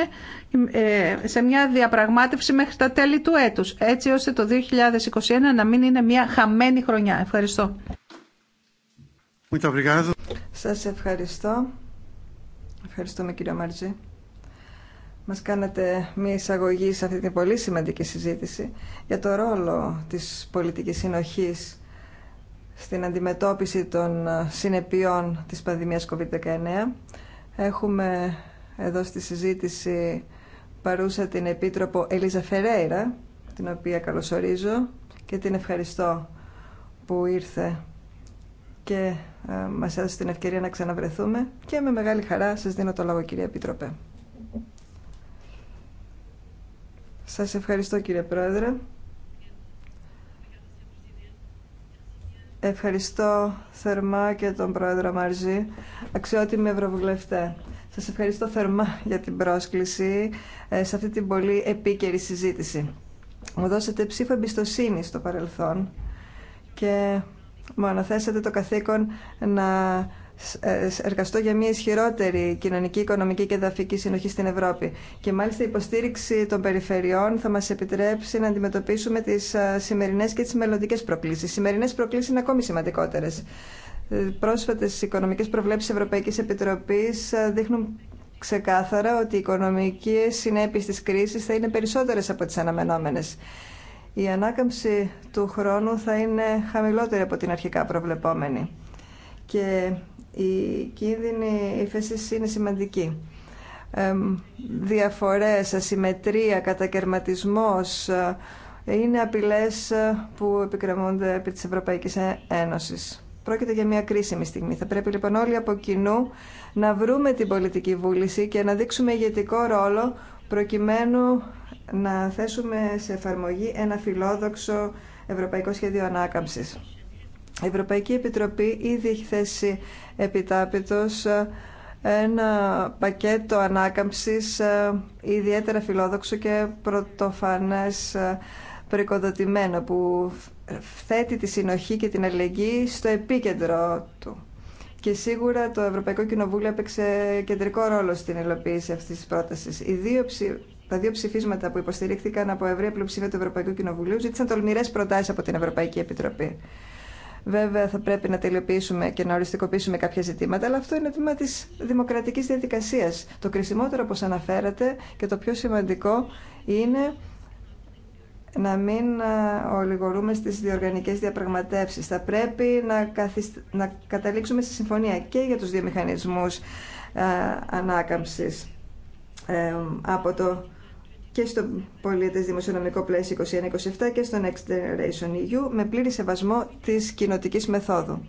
ε, σε μια διαπραγμάτευση μέχρι τα τέλη του έτους, έτσι ώστε το 2021 να μην είναι μια χαμένη χρονιά. Ευχαριστώ. Σας ευχαριστώ. Ευχαριστούμε κύριο Μαρτζή. Μας κάνατε μια εισαγωγή σε αυτή την πολύ σημαντική συζήτηση για το ρόλο της πολιτικής συνοχής στην αντιμετώπιση των ε, συνεπειών της πανδημίας COVID-19. Έχουμε εδώ στη συζήτηση παρούσα την Επίτροπο Ελίζα Φερέιρα, την οποία καλωσορίζω και την ευχαριστώ που ήρθε και ε, μας έδωσε την ευκαιρία να ξαναβρεθούμε και με μεγάλη χαρά σας δίνω το λόγο κυρία Επίτροπε. Σας ευχαριστώ κύριε Πρόεδρε. Ευχαριστώ θερμά και τον Πρόεδρο Μαρζή, αξιότιμη Ευρωβουλευτέ. Σας ευχαριστώ θερμά για την πρόσκληση ε, σε αυτή την πολύ επίκαιρη συζήτηση. Μου δώσατε ψήφο εμπιστοσύνη στο παρελθόν και μου αναθέσατε το καθήκον να ε, εργαστώ για μια ισχυρότερη κοινωνική, οικονομική και εδαφική συνοχή στην Ευρώπη. Και μάλιστα η υποστήριξη των περιφερειών θα μα επιτρέψει να αντιμετωπίσουμε τι ε, σημερινέ και τι μελλοντικέ προκλήσει. Οι σημερινέ προκλήσει είναι ακόμη σημαντικότερε. Ε, Πρόσφατε οικονομικέ προβλέψει Ευρωπαϊκή Επιτροπή δείχνουν ξεκάθαρα ότι οι οικονομικέ συνέπειε τη κρίση θα είναι περισσότερε από τι αναμενόμενε. Η ανάκαμψη του χρόνου θα είναι χαμηλότερη από την αρχικά προβλεπόμενη. Και η κίνδυνη ύφεση είναι σημαντική. Ε, διαφορές, ασυμμετρία, κατακαιρματισμός ε, είναι απειλές ε, που επικρεμούνται επί της Ευρωπαϊκής Ένωσης. Πρόκειται για μια κρίσιμη στιγμή. Θα πρέπει λοιπόν όλοι από κοινού να βρούμε την πολιτική βούληση και να δείξουμε ηγετικό ρόλο προκειμένου να θέσουμε σε εφαρμογή ένα φιλόδοξο ευρωπαϊκό σχέδιο ανάκαμψης. Η Ευρωπαϊκή Επιτροπή ήδη έχει θέσει επιτάπητος ε, ένα πακέτο ανάκαμψης ε, ιδιαίτερα φιλόδοξο και πρωτοφανές ε, περικοδοτημένο που θέτει τη συνοχή και την αλληλεγγύη στο επίκεντρο του. Και σίγουρα το Ευρωπαϊκό Κοινοβούλιο έπαιξε κεντρικό ρόλο στην υλοποίηση αυτής της πρότασης. Οι δύο τα δύο ψηφίσματα που υποστηρίχθηκαν από ευρεία πλειοψηφία του Ευρωπαϊκού Κοινοβουλίου ζήτησαν τολμηρέ προτάσει από την Ευρωπαϊκή Επιτροπή. Βέβαια θα πρέπει να τελειοποιήσουμε και να οριστικοποιήσουμε κάποια ζητήματα, αλλά αυτό είναι τμήμα τη δημοκρατική διαδικασία. Το κρισιμότερο, όπως αναφέρατε, και το πιο σημαντικό είναι να μην ε, ολιγορούμε στις διοργανικές διαπραγματεύσεις. Θα πρέπει να, καταλήξουμε στη συμφωνία και για τους δύο μηχανισμούς ε, ε, από το και στο πολίτε δημοσιονομικό πλαίσιο 21-27 και στο Next Generation EU με πλήρη σεβασμό της κοινοτική μεθόδου.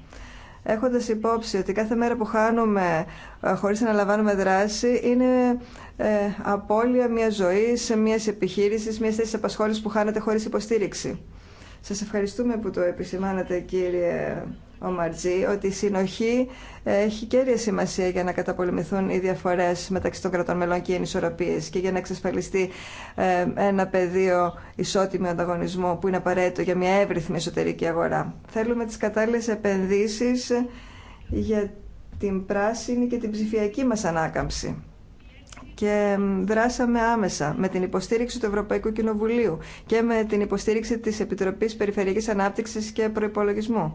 Έχοντα υπόψη ότι κάθε μέρα που χάνουμε ε, χωρίς να λαμβάνουμε δράση είναι ε, απώλεια μιας ζωής, μιας επιχείρησης, μιας θέση απασχόλησης που χάνεται χωρίς υποστήριξη. Σας ευχαριστούμε που το επισημάνατε κύριε ότι η συνοχή έχει κέρια σημασία για να καταπολεμηθούν οι διαφορέ μεταξύ των κρατών μελών και οι και για να εξασφαλιστεί ε, ένα πεδίο ισότιμου ανταγωνισμού που είναι απαραίτητο για μια εύρυθμη εσωτερική αγορά. Θέλουμε τι κατάλληλε επενδύσει για την πράσινη και την ψηφιακή μας ανάκαμψη και δράσαμε άμεσα με την υποστήριξη του Ευρωπαϊκού Κοινοβουλίου και με την υποστήριξη της Επιτροπής Περιφερειακής Ανάπτυξης και προπολογισμού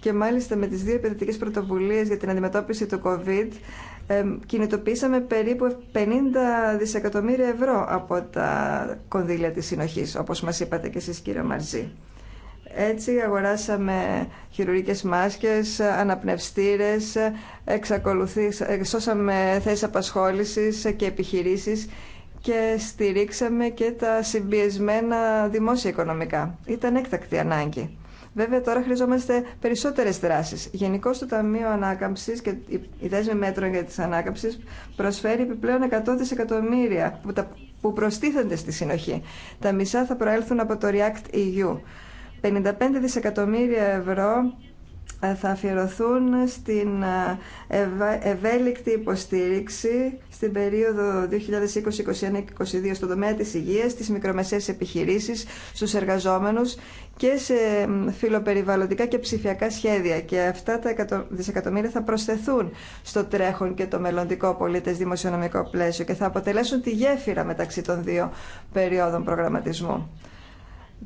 και μάλιστα με τις δύο επενδυτικές πρωτοβουλίες για την αντιμετώπιση του COVID κινητοποίησαμε περίπου 50 δισεκατομμύρια ευρώ από τα κονδύλια της συνοχής, όπως μας είπατε και εσείς κύριε Μαρζή. Έτσι αγοράσαμε χειρουργικές μάσκες, αναπνευστήρες, ε, σώσαμε θέσεις απασχόλησης και επιχειρήσεις και στηρίξαμε και τα συμπιεσμένα δημόσια οικονομικά. Ήταν έκτακτη ανάγκη. Βέβαια, τώρα χρειαζόμαστε περισσότερε δράσει. Γενικώ, το Ταμείο Ανάκαμψη και η δέσμη μέτρων για τις ανάκαμψη προσφέρει επιπλέον 100 δισεκατομμύρια που προστίθενται στη συνοχή. Τα μισά θα προέλθουν από το React EU. 55 δισεκατομμύρια ευρώ ε, θα αφιερωθούν στην ε, ευέλικτη υποστήριξη στην περίοδο 2020-2021-2022 στον τομέα της υγείας, στις μικρομεσαίες επιχειρήσεις, στους εργαζόμενους και σε φιλοπεριβαλλοντικά και ψηφιακά σχέδια. Και αυτά τα δισεκατομμύρια θα προσθεθούν στο τρέχον και το μελλοντικό πολίτες δημοσιονομικό πλαίσιο και θα αποτελέσουν τη γέφυρα μεταξύ των δύο περίοδων προγραμματισμού.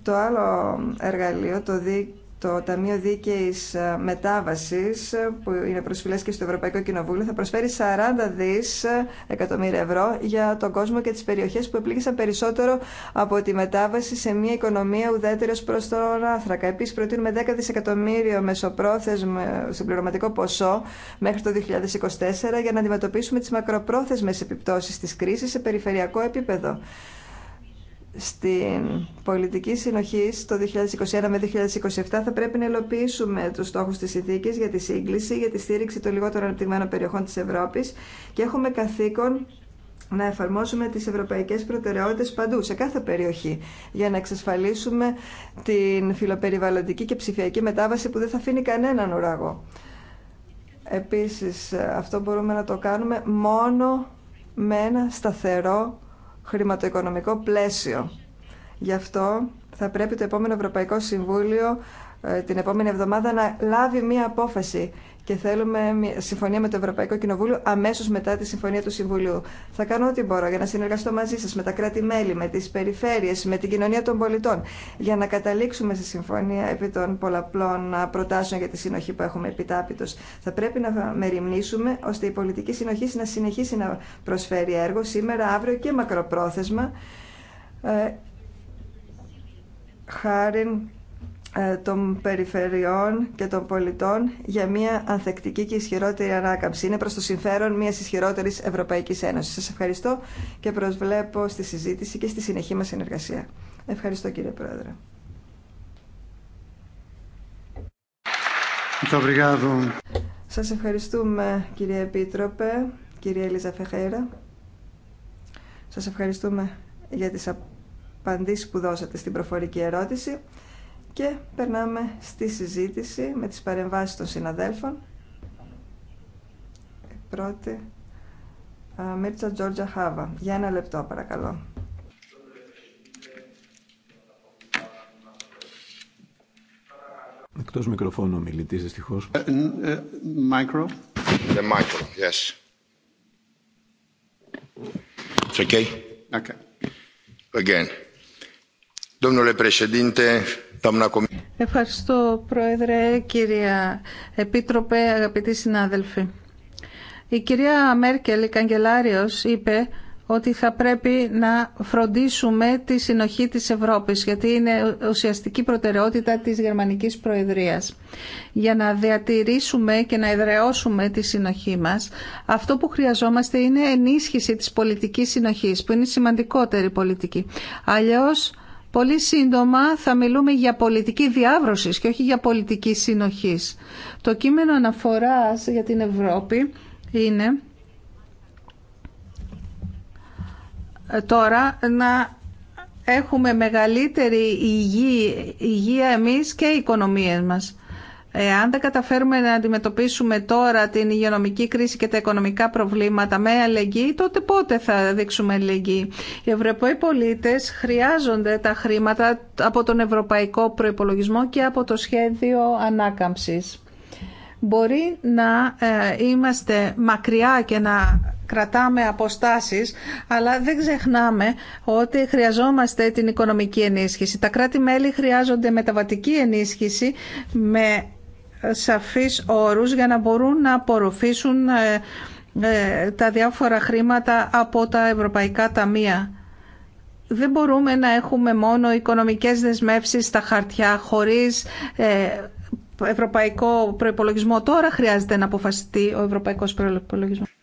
Το άλλο εργαλείο, το δίκτυο, το Ταμείο Δίκαιη ε, μετάβαση, ε, που είναι προσφυλέ και στο Ευρωπαϊκό Κοινοβούλιο θα προσφέρει 40 δι ε, εκατομμύρια ευρώ για τον κόσμο και τις περιοχές που επλήγησαν περισσότερο από τη μετάβαση σε μια οικονομία ουδέτερη προ τον άνθρακα. Επίσης προτείνουμε 10 δισεκατομμύριο μεσοπρόθεσμο συμπληρωματικό ποσό μέχρι το 2024 για να αντιμετωπίσουμε τι μακροπρόθεσμε επιπτώσει τη κρίση σε περιφερειακό επίπεδο στην πολιτική συνοχή το 2021 με 2027 θα πρέπει να υλοποιήσουμε τους στόχους της συνθήκη για τη σύγκληση, για τη στήριξη των λιγότερων αναπτυγμένων περιοχών της Ευρώπης και έχουμε καθήκον να εφαρμόσουμε τις ευρωπαϊκές προτεραιότητες παντού, σε κάθε περιοχή, για να εξασφαλίσουμε την φιλοπεριβαλλοντική και ψηφιακή μετάβαση που δεν θα αφήνει κανέναν ουραγό. Επίσης, αυτό μπορούμε να το κάνουμε μόνο με ένα σταθερό χρηματοοικονομικό πλαίσιο. Γι' αυτό θα πρέπει το επόμενο Ευρωπαϊκό Συμβούλιο ε, την επόμενη εβδομάδα να λάβει μία απόφαση και θέλουμε συμφωνία με το Ευρωπαϊκό Κοινοβούλιο αμέσω μετά τη συμφωνία του Συμβουλίου. Θα κάνω ό,τι μπορώ για να συνεργαστώ μαζί σα, με τα κράτη-μέλη, με τι περιφέρειε, με την κοινωνία των πολιτών, για να καταλήξουμε σε συμφωνία επί των πολλαπλών προτάσεων για τη συνοχή που έχουμε επιτάπητο. Θα πρέπει να μεριμνήσουμε ώστε η πολιτική συνοχή να συνεχίσει να προσφέρει έργο σήμερα, αύριο και μακροπρόθεσμα. Ε, ε, των περιφερειών και των πολιτών για μια ανθεκτική και ισχυρότερη ανάκαμψη. Είναι προς το συμφέρον μιας ισχυρότερης Ευρωπαϊκής Ένωσης. Σας ευχαριστώ και προσβλέπω στη συζήτηση και στη συνεχή μας συνεργασία. Ευχαριστώ κύριε Πρόεδρε. Σας ευχαριστούμε κύριε Επίτροπε, κύριε Ελίζα Φεχέρα. Σας ευχαριστούμε για τις απαντήσεις που δώσατε στην προφορική ερώτηση. Και περνάμε στη συζήτηση με τις παρεμβάσεις των συναδέλφων. Η πρώτη, Μίρτσα Τζόρτζα Χάβα. Για ένα λεπτό παρακαλώ. Εκτός μικροφώνου μιλητής δυστυχώς. Micro. The micro, yes. It's okay. Okay. Again. Domnule președinte, Ευχαριστώ Πρόεδρε, κυρία Επίτροπε, αγαπητοί συνάδελφοι. Η κυρία Μέρκελ, η καγκελάριος, είπε ότι θα πρέπει να φροντίσουμε τη συνοχή της Ευρώπης, γιατί είναι ουσιαστική προτεραιότητα της Γερμανικής Προεδρίας. Για να διατηρήσουμε και να εδραιώσουμε τη συνοχή μας, αυτό που χρειαζόμαστε είναι ενίσχυση της πολιτικής συνοχής, που είναι η σημαντικότερη πολιτική. Αλλιώς Πολύ σύντομα θα μιλούμε για πολιτική διάβρωση και όχι για πολιτική συνοχή. Το κείμενο αναφοράς για την Ευρώπη είναι ε, τώρα να έχουμε μεγαλύτερη υγεία, υγεία εμείς και οι οικονομίες μας αν δεν καταφέρουμε να αντιμετωπίσουμε τώρα την υγειονομική κρίση και τα οικονομικά προβλήματα με αλληλεγγύη, τότε πότε θα δείξουμε αλληλεγγύη. Οι Ευρωπαίοι πολίτε χρειάζονται τα χρήματα από τον Ευρωπαϊκό Προπολογισμό και από το σχέδιο ανάκαμψη. Μπορεί να ε, είμαστε μακριά και να κρατάμε αποστάσεις, αλλά δεν ξεχνάμε ότι χρειαζόμαστε την οικονομική ενίσχυση. Τα κράτη-μέλη χρειάζονται μεταβατική ενίσχυση με σαφείς όρους για να μπορούν να απορροφήσουν ε, ε, τα διάφορα χρήματα από τα ευρωπαϊκά ταμεία. Δεν μπορούμε να έχουμε μόνο οικονομικές δεσμεύσεις στα χαρτιά χωρίς ε, ευρωπαϊκό προϋπολογισμό. Τώρα χρειάζεται να αποφασιστεί ο ευρωπαϊκός προϋπολογισμός.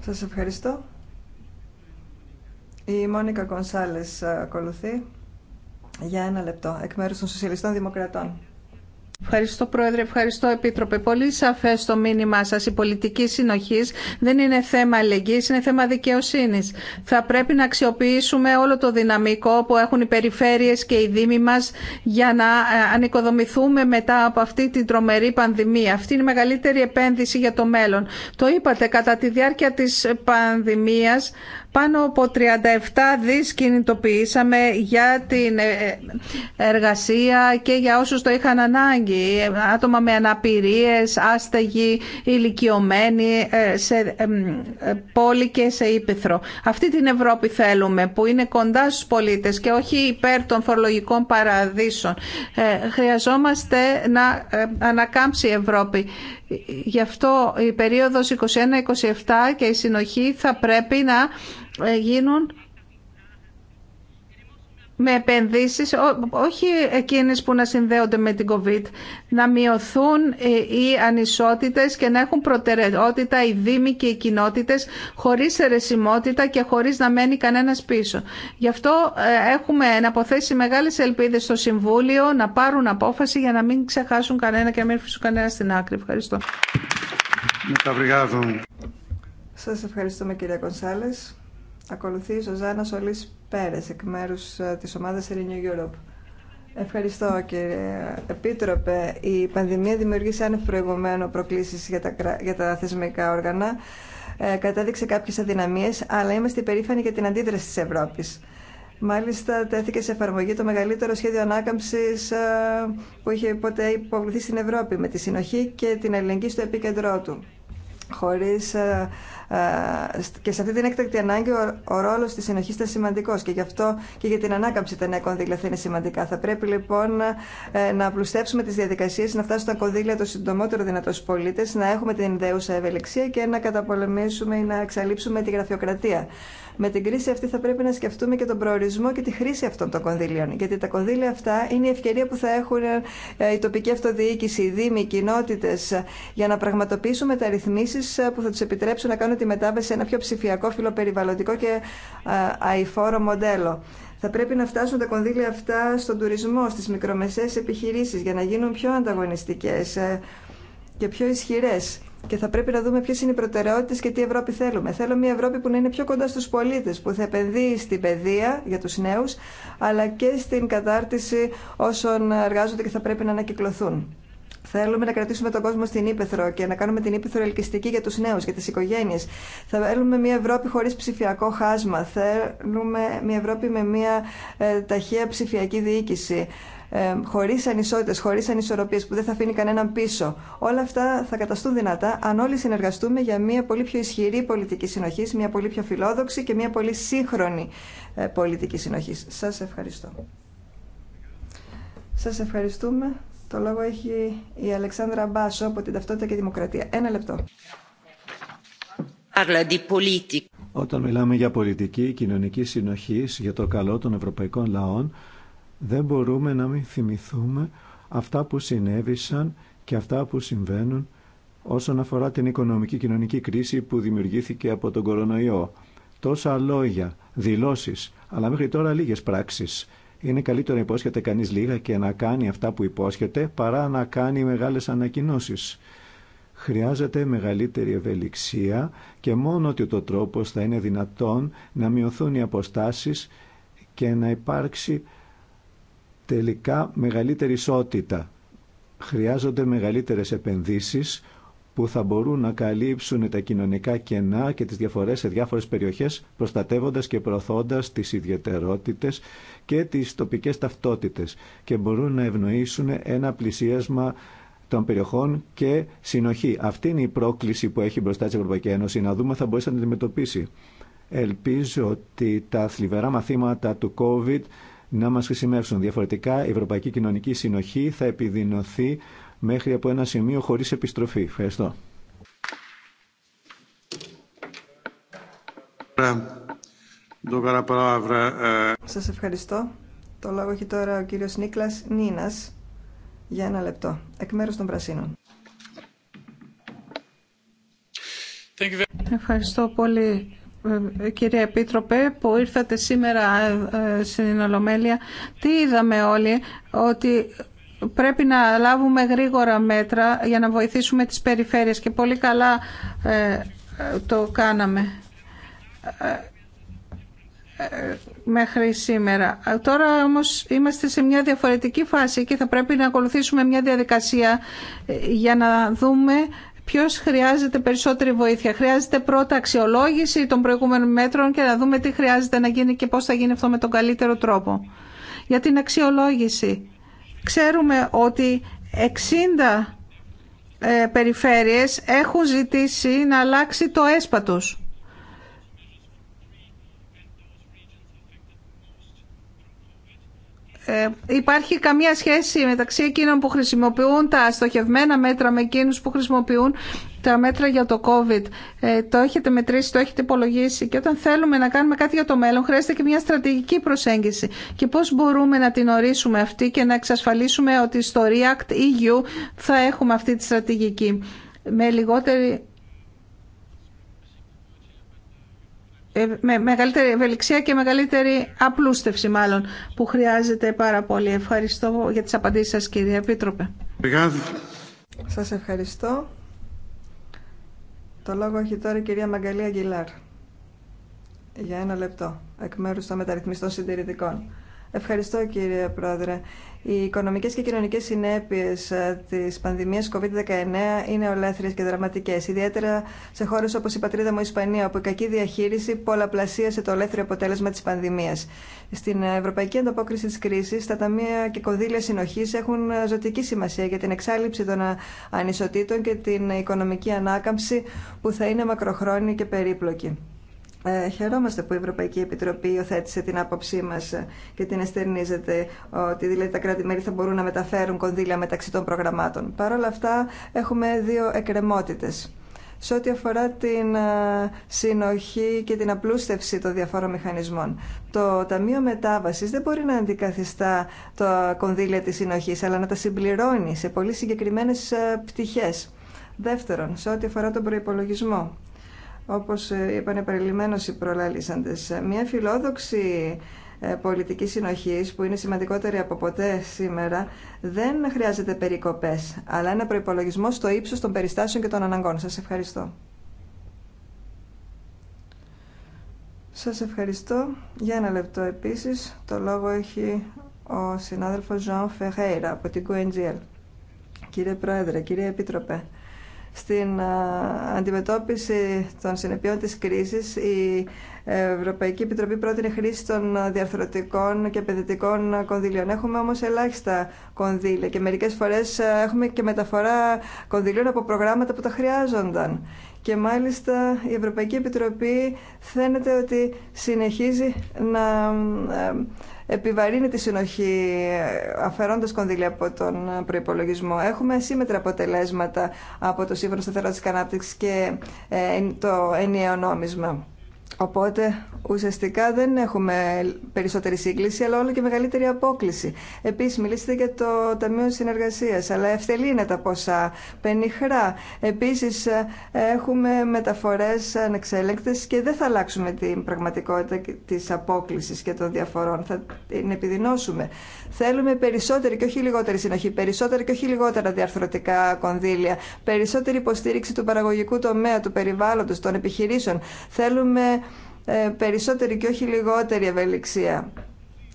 Σας ευχαριστώ. Η Μόνικα Κονσάλες ακολουθεί για ένα λεπτό εκ μέρους των Σοσιαλιστών Δημοκρατών. Ευχαριστώ Πρόεδρε, ευχαριστώ Επίτροπε. Πολύ σαφέ το μήνυμά σα. Η πολιτική συνοχή δεν είναι θέμα αλληλεγγύη, είναι θέμα δικαιοσύνη. Θα πρέπει να αξιοποιήσουμε όλο το δυναμικό που έχουν οι περιφέρειε και οι δήμοι μα για να ε, ανοικοδομηθούμε μετά από αυτή την τρομερή πανδημία. Αυτή είναι η μεγαλύτερη επένδυση για το μέλλον. Το είπατε, κατά τη διάρκεια τη πανδημία πάνω από 37 δις κινητοποιήσαμε για την ε, ε, εργασία και για όσους το είχαν ανάγκη. Ε, άτομα με αναπηρίες, άστεγοι, ηλικιωμένοι σε πόλη και σε ύπηθρο. Αυτή την Ευρώπη θέλουμε που είναι κοντά στους πολίτες και όχι υπέρ των φορολογικών παραδείσων. Χρειαζόμαστε να ανακάμψει η Ευρώπη Γι' αυτό η περίοδος 21-27 και η συνοχή θα πρέπει να ε, γίνουν με επενδύσεις, όχι εκείνες που να συνδέονται με την COVID, να μειωθούν ε, οι ανισότητες και να έχουν προτεραιότητα οι δήμοι και οι κοινότητες χωρίς αιρεσιμότητα και χωρίς να μένει κανένας πίσω. Γι' αυτό ε, έχουμε να αποθέσει μεγάλες ελπίδες στο Συμβούλιο να πάρουν απόφαση για να μην ξεχάσουν κανένα και να μην έρθουν κανένα στην άκρη. Ευχαριστώ. Σας ευχαριστούμε κυρία Κονσάλες. Ακολουθεί η Ζωζάνα Σολής Πέρες εκ μέρους ε, της ομάδας Europe. Ευχαριστώ κύριε Επίτροπε. Η πανδημία δημιουργήσε ένα προηγουμένο προκλήσεις για τα, για τα θεσμικά όργανα. Ε, κατέδειξε κάποιες αδυναμίες, αλλά είμαστε υπερήφανοι για την αντίδραση της Ευρώπης. Μάλιστα, τέθηκε σε εφαρμογή το μεγαλύτερο σχέδιο ανάκαμψη ε, που είχε ποτέ υποβληθεί στην Ευρώπη, με τη συνοχή και την αλληλεγγύη στο επίκεντρό του χωρίς, ε, ε, και σε αυτή την έκτακτη ανάγκη ο, ο ρόλος της συνοχής ήταν σημαντικός και γι' αυτό και για την ανάκαμψη τα νέα κονδύλια θα είναι σημαντικά. Θα πρέπει λοιπόν ε, να απλουστεύσουμε τις διαδικασίες, να φτάσουν τα κονδύλια το συντομότερο δυνατό στους πολίτες, να έχουμε την ιδέουσα ευελιξία και να καταπολεμήσουμε ή να εξαλείψουμε τη γραφειοκρατία. Με την κρίση αυτή θα πρέπει να σκεφτούμε και τον προορισμό και τη χρήση αυτών των κονδύλιων. Γιατί τα κονδύλια αυτά είναι η ευκαιρία που θα έχουν η ε, τοπική αυτοδιοίκηση, οι δήμοι, οι κοινότητε ε, για να πραγματοποιήσουν μεταρρυθμίσει ε, που θα του επιτρέψουν να κάνουν τη μετάβαση σε ένα πιο ψηφιακό, φιλοπεριβαλλοντικό και αηφόρο μοντέλο. Θα πρέπει να φτάσουν τα κονδύλια αυτά στον τουρισμό, στι μικρομεσαίες επιχειρήσει, για να γίνουν πιο ανταγωνιστικέ και πιο ισχυρές. Και θα πρέπει να δούμε ποιε είναι οι προτεραιότητε και τι Ευρώπη θέλουμε. Θέλω μια Ευρώπη που να είναι πιο κοντά στου πολίτε, που θα επενδύει στην παιδεία για του νέου, αλλά και στην κατάρτιση όσων εργάζονται και θα πρέπει να ανακυκλωθούν. Θέλουμε να κρατήσουμε τον κόσμο στην Ήπεθρο και να κάνουμε την Ήπεθρο ελκυστική για του νέου, για τι οικογένειε. Θέλουμε μια Ευρώπη χωρί ψηφιακό χάσμα. Θέλουμε μια Ευρώπη με μια ε, ταχεία ψηφιακή διοίκηση ε, χωρί ανισότητε, χωρί ανισορροπίε, που δεν θα αφήνει κανέναν πίσω. Όλα αυτά θα καταστούν δυνατά αν όλοι συνεργαστούμε για μια πολύ πιο ισχυρή πολιτική συνοχή, μια πολύ πιο φιλόδοξη και μια πολύ σύγχρονη ε, πολιτική συνοχή. Σα ευχαριστώ. Σα ευχαριστούμε. Το λόγο έχει η Αλεξάνδρα Μπάσο από την Ταυτότητα και Δημοκρατία. Ένα λεπτό. Όταν μιλάμε για πολιτική κοινωνική συνοχή για το καλό των ευρωπαϊκών λαών, δεν μπορούμε να μην θυμηθούμε αυτά που συνέβησαν και αυτά που συμβαίνουν όσον αφορά την οικονομική κοινωνική κρίση που δημιουργήθηκε από τον κορονοϊό. Τόσα λόγια, δηλώσεις, αλλά μέχρι τώρα λίγες πράξεις. Είναι καλύτερο να υπόσχεται κανείς λίγα και να κάνει αυτά που υπόσχεται παρά να κάνει μεγάλες ανακοινώσεις. Χρειάζεται μεγαλύτερη ευελιξία και μόνο ότι ο τρόπο θα είναι δυνατόν να μειωθούν οι αποστάσεις και να υπάρξει τελικά μεγαλύτερη ισότητα. Χρειάζονται μεγαλύτερες επενδύσεις που θα μπορούν να καλύψουν τα κοινωνικά κενά και τις διαφορές σε διάφορες περιοχές, προστατεύοντας και προωθώντας τις ιδιαιτερότητες και τις τοπικές ταυτότητες και μπορούν να ευνοήσουν ένα πλησίασμα των περιοχών και συνοχή. Αυτή είναι η πρόκληση που έχει μπροστά της Ευρωπαϊκή Ένωση, να δούμε θα μπορέσει να αντιμετωπίσει. Ελπίζω ότι τα θλιβερά μαθήματα του COVID να μας χρησιμεύσουν. Διαφορετικά η Ευρωπαϊκή Κοινωνική Συνοχή θα επιδεινωθεί μέχρι από ένα σημείο χωρίς επιστροφή. Ευχαριστώ. Σας ευχαριστώ. Το λόγο έχει τώρα ο κύριος Νίκλας Νίνας για ένα λεπτό, εκ μέρους των Πρασίνων. Ευχαριστώ πολύ ε, κύριε Επίτροπε που ήρθατε σήμερα ε, ε, στην Ολομέλεια. Τι είδαμε όλοι ότι πρέπει να λάβουμε γρήγορα μέτρα για να βοηθήσουμε τις περιφέρειες και πολύ καλά το κάναμε μέχρι σήμερα. Τώρα όμως είμαστε σε μια διαφορετική φάση και θα πρέπει να ακολουθήσουμε μια διαδικασία για να δούμε Ποιο χρειάζεται περισσότερη βοήθεια. Χρειάζεται πρώτα αξιολόγηση των προηγούμενων μέτρων και να δούμε τι χρειάζεται να γίνει και πώς θα γίνει αυτό με τον καλύτερο τρόπο. Για την αξιολόγηση. Ξέρουμε ότι 60 ε, περιφέρειες έχουν ζητήσει να αλλάξει το έσπατος. Ε, υπάρχει καμία σχέση μεταξύ εκείνων που χρησιμοποιούν τα στοχευμένα μέτρα με εκείνους που χρησιμοποιούν τα μέτρα για το COVID. Ε, το έχετε μετρήσει, το έχετε υπολογίσει και όταν θέλουμε να κάνουμε κάτι για το μέλλον χρειάζεται και μια στρατηγική προσέγγιση και πώς μπορούμε να την ορίσουμε αυτή και να εξασφαλίσουμε ότι στο React EU θα έχουμε αυτή τη στρατηγική με λιγότερη Ε, με μεγαλύτερη ευελιξία και μεγαλύτερη απλούστευση μάλλον που χρειάζεται πάρα πολύ. Ευχαριστώ για τις απαντήσεις σας κύριε Επίτροπε. Σας ευχαριστώ. Το λόγο έχει τώρα η κυρία Μαγκαλία Γκυλάρ. Για ένα λεπτό, εκ μέρους των μεταρρυθμιστών συντηρητικών. Ευχαριστώ κύριε Πρόεδρε. Οι οικονομικές και κοινωνικές συνέπειες ε, της πανδημίας COVID-19 είναι ολέθριες και δραματικές, ιδιαίτερα σε χώρες όπως η πατρίδα μου η Ισπανία, όπου η κακή διαχείριση πολλαπλασίασε το ολέθριο αποτέλεσμα της πανδημίας. Στην ευρωπαϊκή ανταπόκριση της κρίσης, τα ταμεία και κονδύλια συνοχής έχουν ε, ζωτική σημασία για την εξάλληψη των ε, ανισοτήτων και την οικονομική ανάκαμψη που θα είναι μακροχρόνια και περίπλοκη. Ε, χαιρόμαστε που η Ευρωπαϊκή Επιτροπή υιοθέτησε την άποψή μα και την εστερνίζεται ότι δηλαδή τα κράτη-μέλη θα μπορούν να μεταφέρουν κονδύλια μεταξύ των προγραμμάτων. Παρ' όλα αυτά, έχουμε δύο εκκρεμότητε. Σε ό,τι αφορά την ε, συνοχή και την απλούστευση των διαφόρων μηχανισμών, το Ταμείο Μετάβαση δεν μπορεί να αντικαθιστά τα κονδύλια τη συνοχή, αλλά να τα συμπληρώνει σε πολύ συγκεκριμένε ε, πτυχέ. Δεύτερον, σε ό,τι αφορά τον προπολογισμό όπως ε, είπαν επαρελειμμένως οι προλαλήσαντες. Ε, μια φιλόδοξη ε, πολιτική συνοχή, που είναι σημαντικότερη από ποτέ σήμερα, δεν χρειάζεται περίκοπες, αλλά ένα προπολογισμό στο ύψο των περιστάσεων και των αναγκών. Σα ευχαριστώ. Σας ευχαριστώ. Για ένα λεπτό επίσης, το λόγο έχει ο συνάδελφος Ζωάν Φεχέιρα από την QNGL. Κύριε Πρόεδρε, κύριε Επίτροπε, στην αντιμετώπιση των συνεπειών της κρίσης η ε, Ευρωπαϊκή Επιτροπή πρότεινε χρήση των διαρθρωτικών και επενδυτικών κονδύλιων. Έχουμε όμω ελάχιστα κονδύλια και μερικές φορές έχουμε και μεταφορά κονδύλιων από προγράμματα που τα χρειάζονταν. Και μάλιστα η Ευρωπαϊκή Επιτροπή φαίνεται ότι συνεχίζει να ε, επιβαρύνει τη συνοχή αφαιρώντας κονδύλια από τον προπολογισμό. Έχουμε σύμμετρα αποτελέσματα από το Σύμφωνο Σταθερότητας και και ε, το ενιαίο νόμισμα. Οπότε ουσιαστικά δεν έχουμε περισσότερη σύγκληση, αλλά όλο και μεγαλύτερη απόκληση. Επίση, μιλήσατε για το Ταμείο Συνεργασία, αλλά ευθελή είναι τα ποσά, πενιχρά. Επίση, ε, έχουμε μεταφορέ ανεξέλεγκτε και δεν θα αλλάξουμε την πραγματικότητα τη απόκληση και των διαφορών. Θα την επιδεινώσουμε. Θέλουμε περισσότερη και όχι λιγότερη συνοχή, περισσότερη και όχι λιγότερα διαρθρωτικά κονδύλια, περισσότερη υποστήριξη του παραγωγικού τομέα, του περιβάλλοντο, των επιχειρήσεων. Θέλουμε ε, περισσότερη και όχι λιγότερη ευελιξία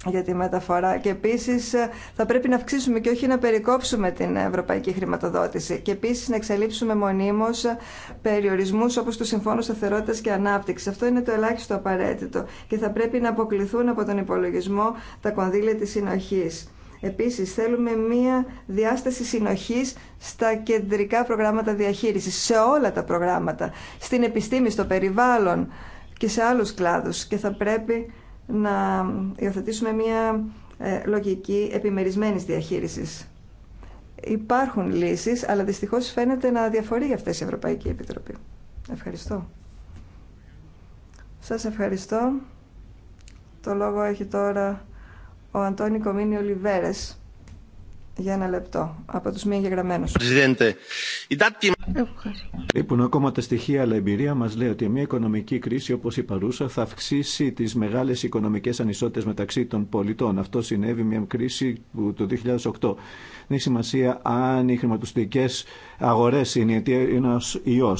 για τη μεταφορά και επίσης ε, θα πρέπει να αυξήσουμε και όχι να περικόψουμε την ευρωπαϊκή χρηματοδότηση και επίσης να εξελίψουμε μονίμως ε, περιορισμούς όπως του Συμφώνου Σταθερότητας και Ανάπτυξης. Αυτό είναι το ελάχιστο απαραίτητο και θα πρέπει να αποκληθούν από τον υπολογισμό τα κονδύλια της συνοχής. Επίσης θέλουμε μία διάσταση συνοχής στα κεντρικά προγράμματα διαχείρισης, σε όλα τα προγράμματα, στην επιστήμη, στο περιβάλλον, και σε άλλους κλάδους και θα πρέπει να υιοθετήσουμε μια ε, λογική επιμερισμένης διαχείρισης. Υπάρχουν λύσεις, αλλά δυστυχώς φαίνεται να διαφορεί για αυτές η Ευρωπαϊκή Επιτροπή. Ευχαριστώ. Σας ευχαριστώ. Το λόγο έχει τώρα ο Αντώνη Κομίνη Ολιβέρες για ένα λεπτό από τους μη εγγεγραμμένους. Λείπουν ακόμα τα στοιχεία, αλλά η εμπειρία μα λέει ότι μια οικονομική κρίση όπω η παρούσα θα αυξήσει τι μεγάλε οικονομικέ ανισότητε μεταξύ των πολιτών. Αυτό συνέβη μια κρίση το 2008. Δεν έχει σημασία αν οι χρηματοστικέ αγορέ είναι ένα ιό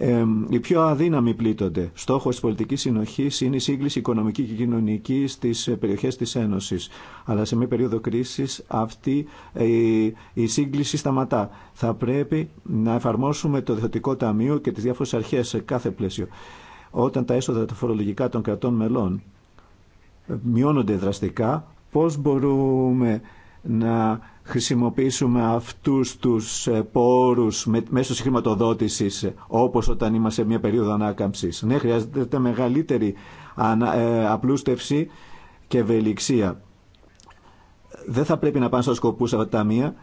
ε, οι πιο αδύναμοι πλήττονται. Στόχο τη πολιτική συνοχής είναι η σύγκληση οικονομική και κοινωνική στι ε, περιοχέ της Ένωσης. Αλλά σε μια περίοδο κρίσης αυτή ε, η, η σύγκληση σταματά. Θα πρέπει να εφαρμόσουμε το διοτικό Ταμείο και τις διάφορες αρχές σε κάθε πλαίσιο. Όταν τα έσοδα τα φορολογικά των κρατών μελών ε, μειώνονται δραστικά, πώ μπορούμε να χρησιμοποιήσουμε αυτούς τους ε, πόρους με, μέσω της χρηματοδότησης ε, όπως όταν είμαστε σε μια περίοδο ανάκαμψης. Ναι, χρειάζεται μεγαλύτερη ανα, ε, απλούστευση και ευελιξία. Δεν θα πρέπει να πάνε στους σκοπούς αυτά τα ταμεία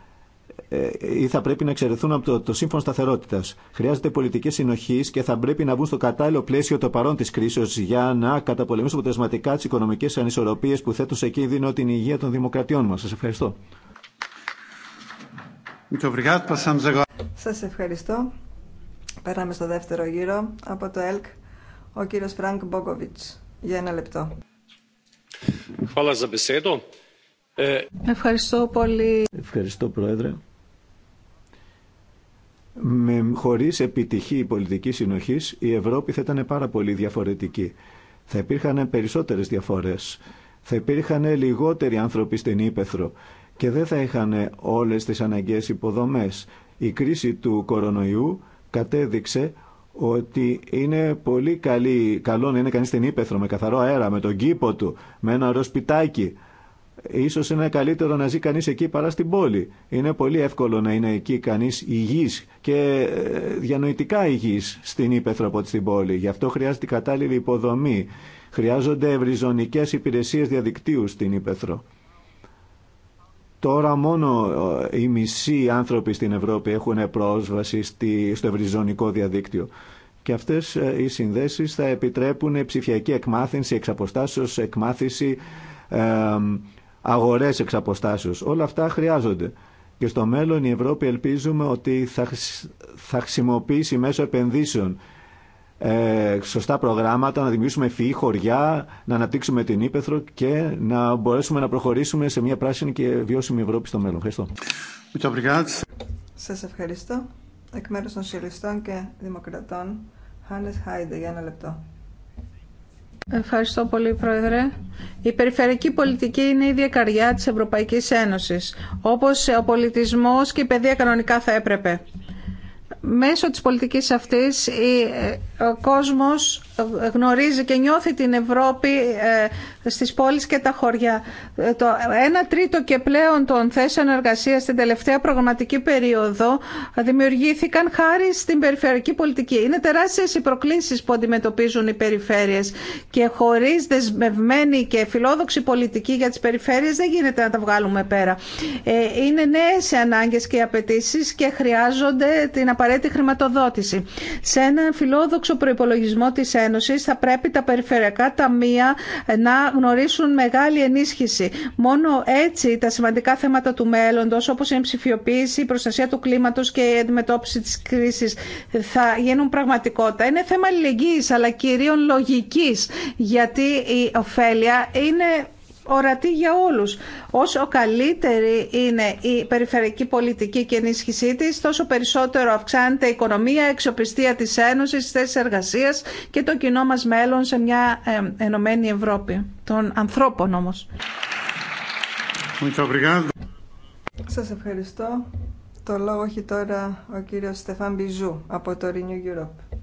ή θα πρέπει να εξαιρεθούν από το, το σύμφωνο σταθερότητα. Χρειάζεται πολιτική συνοχή και θα πρέπει να βγουν στο κατάλληλο πλαίσιο το παρόν τη κρίση για να καταπολεμήσουν αποτελεσματικά τι οικονομικέ ανισορροπίε που θέτουν σε κίνδυνο την υγεία των δημοκρατιών μα. Σα ευχαριστώ. Σας ευχαριστώ. Περάμε στο δεύτερο γύρο από το ΕΛΚ, ο κύριος Φρανκ Μπόγκοβιτς. Για ένα λεπτό. Ε, ευχαριστώ πολύ. Ευχαριστώ, Πρόεδρε. Με, χωρίς επιτυχή πολιτική συνοχής, η Ευρώπη θα ήταν πάρα πολύ διαφορετική. Θα υπήρχαν περισσότερες διαφορές. Θα υπήρχαν λιγότεροι άνθρωποι στην Ήπεθρο και δεν θα είχαν όλες τις αναγκαίες υποδομές. Η κρίση του κορονοϊού κατέδειξε ότι είναι πολύ καλή, καλό να είναι κανείς στην Ήπεθρο με καθαρό αέρα, με τον κήπο του, με ένα ροσπιτάκι. Ίσως είναι καλύτερο να ζει κανείς εκεί παρά στην πόλη. Είναι πολύ εύκολο να είναι εκεί κανείς υγιής και ε, διανοητικά υγιής στην Ήπεθρο από την πόλη. Γι' αυτό χρειάζεται κατάλληλη υποδομή. Χρειάζονται ευρυζωνικές υπηρεσίες διαδικτύου στην Ήπεθρο. Τώρα μόνο ε, οι μισοί άνθρωποι στην Ευρώπη έχουν πρόσβαση στο ευρυζωνικό διαδίκτυο. Και αυτές ε, οι συνδέσεις θα επιτρέπουν ψηφιακή εκμάθηση, εξαποστάσεως, εκμάθηση, αγορές αποστάσεως. Όλα αυτά χρειάζονται. Και στο μέλλον η Ευρώπη ελπίζουμε ότι θα, θα χρησιμοποιήσει μέσω επενδύσεων ε, σωστά προγράμματα, να δημιουργήσουμε ευφυή χωριά, να αναπτύξουμε την Ήπεθρο και να μπορέσουμε να προχωρήσουμε σε μια πράσινη και βιώσιμη Ευρώπη στο μέλλον. Ευχαριστώ. Σας ευχαριστώ. Εκ μέρους των Συλλιστών και Δημοκρατών, Χάνες Χάιντε, για ένα λεπτό. Ευχαριστώ πολύ, Πρόεδρε. Η περιφερειακή πολιτική είναι η διακαριά της Ευρωπαϊκής Ένωσης, όπως ο πολιτισμός και η παιδεία κανονικά θα έπρεπε μέσω της πολιτικής αυτής ε, ο κόσμος ε, γνωρίζει και νιώθει την Ευρώπη ε, στις πόλεις και τα χωριά. Ε, το τρίτο και πλέον των θέσεων εργασίας στην τελευταία προγραμματική περίοδο δημιουργήθηκαν χάρη στην περιφερειακή πολιτική. Είναι τεράστιες οι προκλήσεις που αντιμετωπίζουν οι περιφέρειες και χωρίς δεσμευμένη και φιλόδοξη πολιτική για τις περιφέρειες δεν γίνεται να τα βγάλουμε πέρα. Ε, είναι νέες οι ανάγκες και οι απαιτήσει και χρειάζονται την απαραίτητη χρηματοδότηση. Σε ένα φιλόδοξο προπολογισμό της Ένωσης θα πρέπει τα περιφερειακά ταμεία να γνωρίσουν μεγάλη ενίσχυση. Μόνο έτσι τα σημαντικά θέματα του μέλλοντο, όπω η ψηφιοποίηση, η προστασία του κλίματο και η αντιμετώπιση τη κρίση θα γίνουν πραγματικότητα. Είναι θέμα αλληλεγγύης αλλά κυρίων λογική, γιατί η ωφέλεια είναι ορατή για όλους. Όσο καλύτερη είναι η περιφερειακή πολιτική και ενίσχυσή της, τόσο περισσότερο αυξάνεται η οικονομία, η εξοπιστία της Ένωσης, θέσεις εργασίας και το κοινό μας μέλλον σε μια ε, ενωμένη Ευρώπη. Των ανθρώπων όμως. Σας ευχαριστώ. Το λόγο έχει τώρα ο κύριος Στεφάν Μπιζού από το Renew Europe.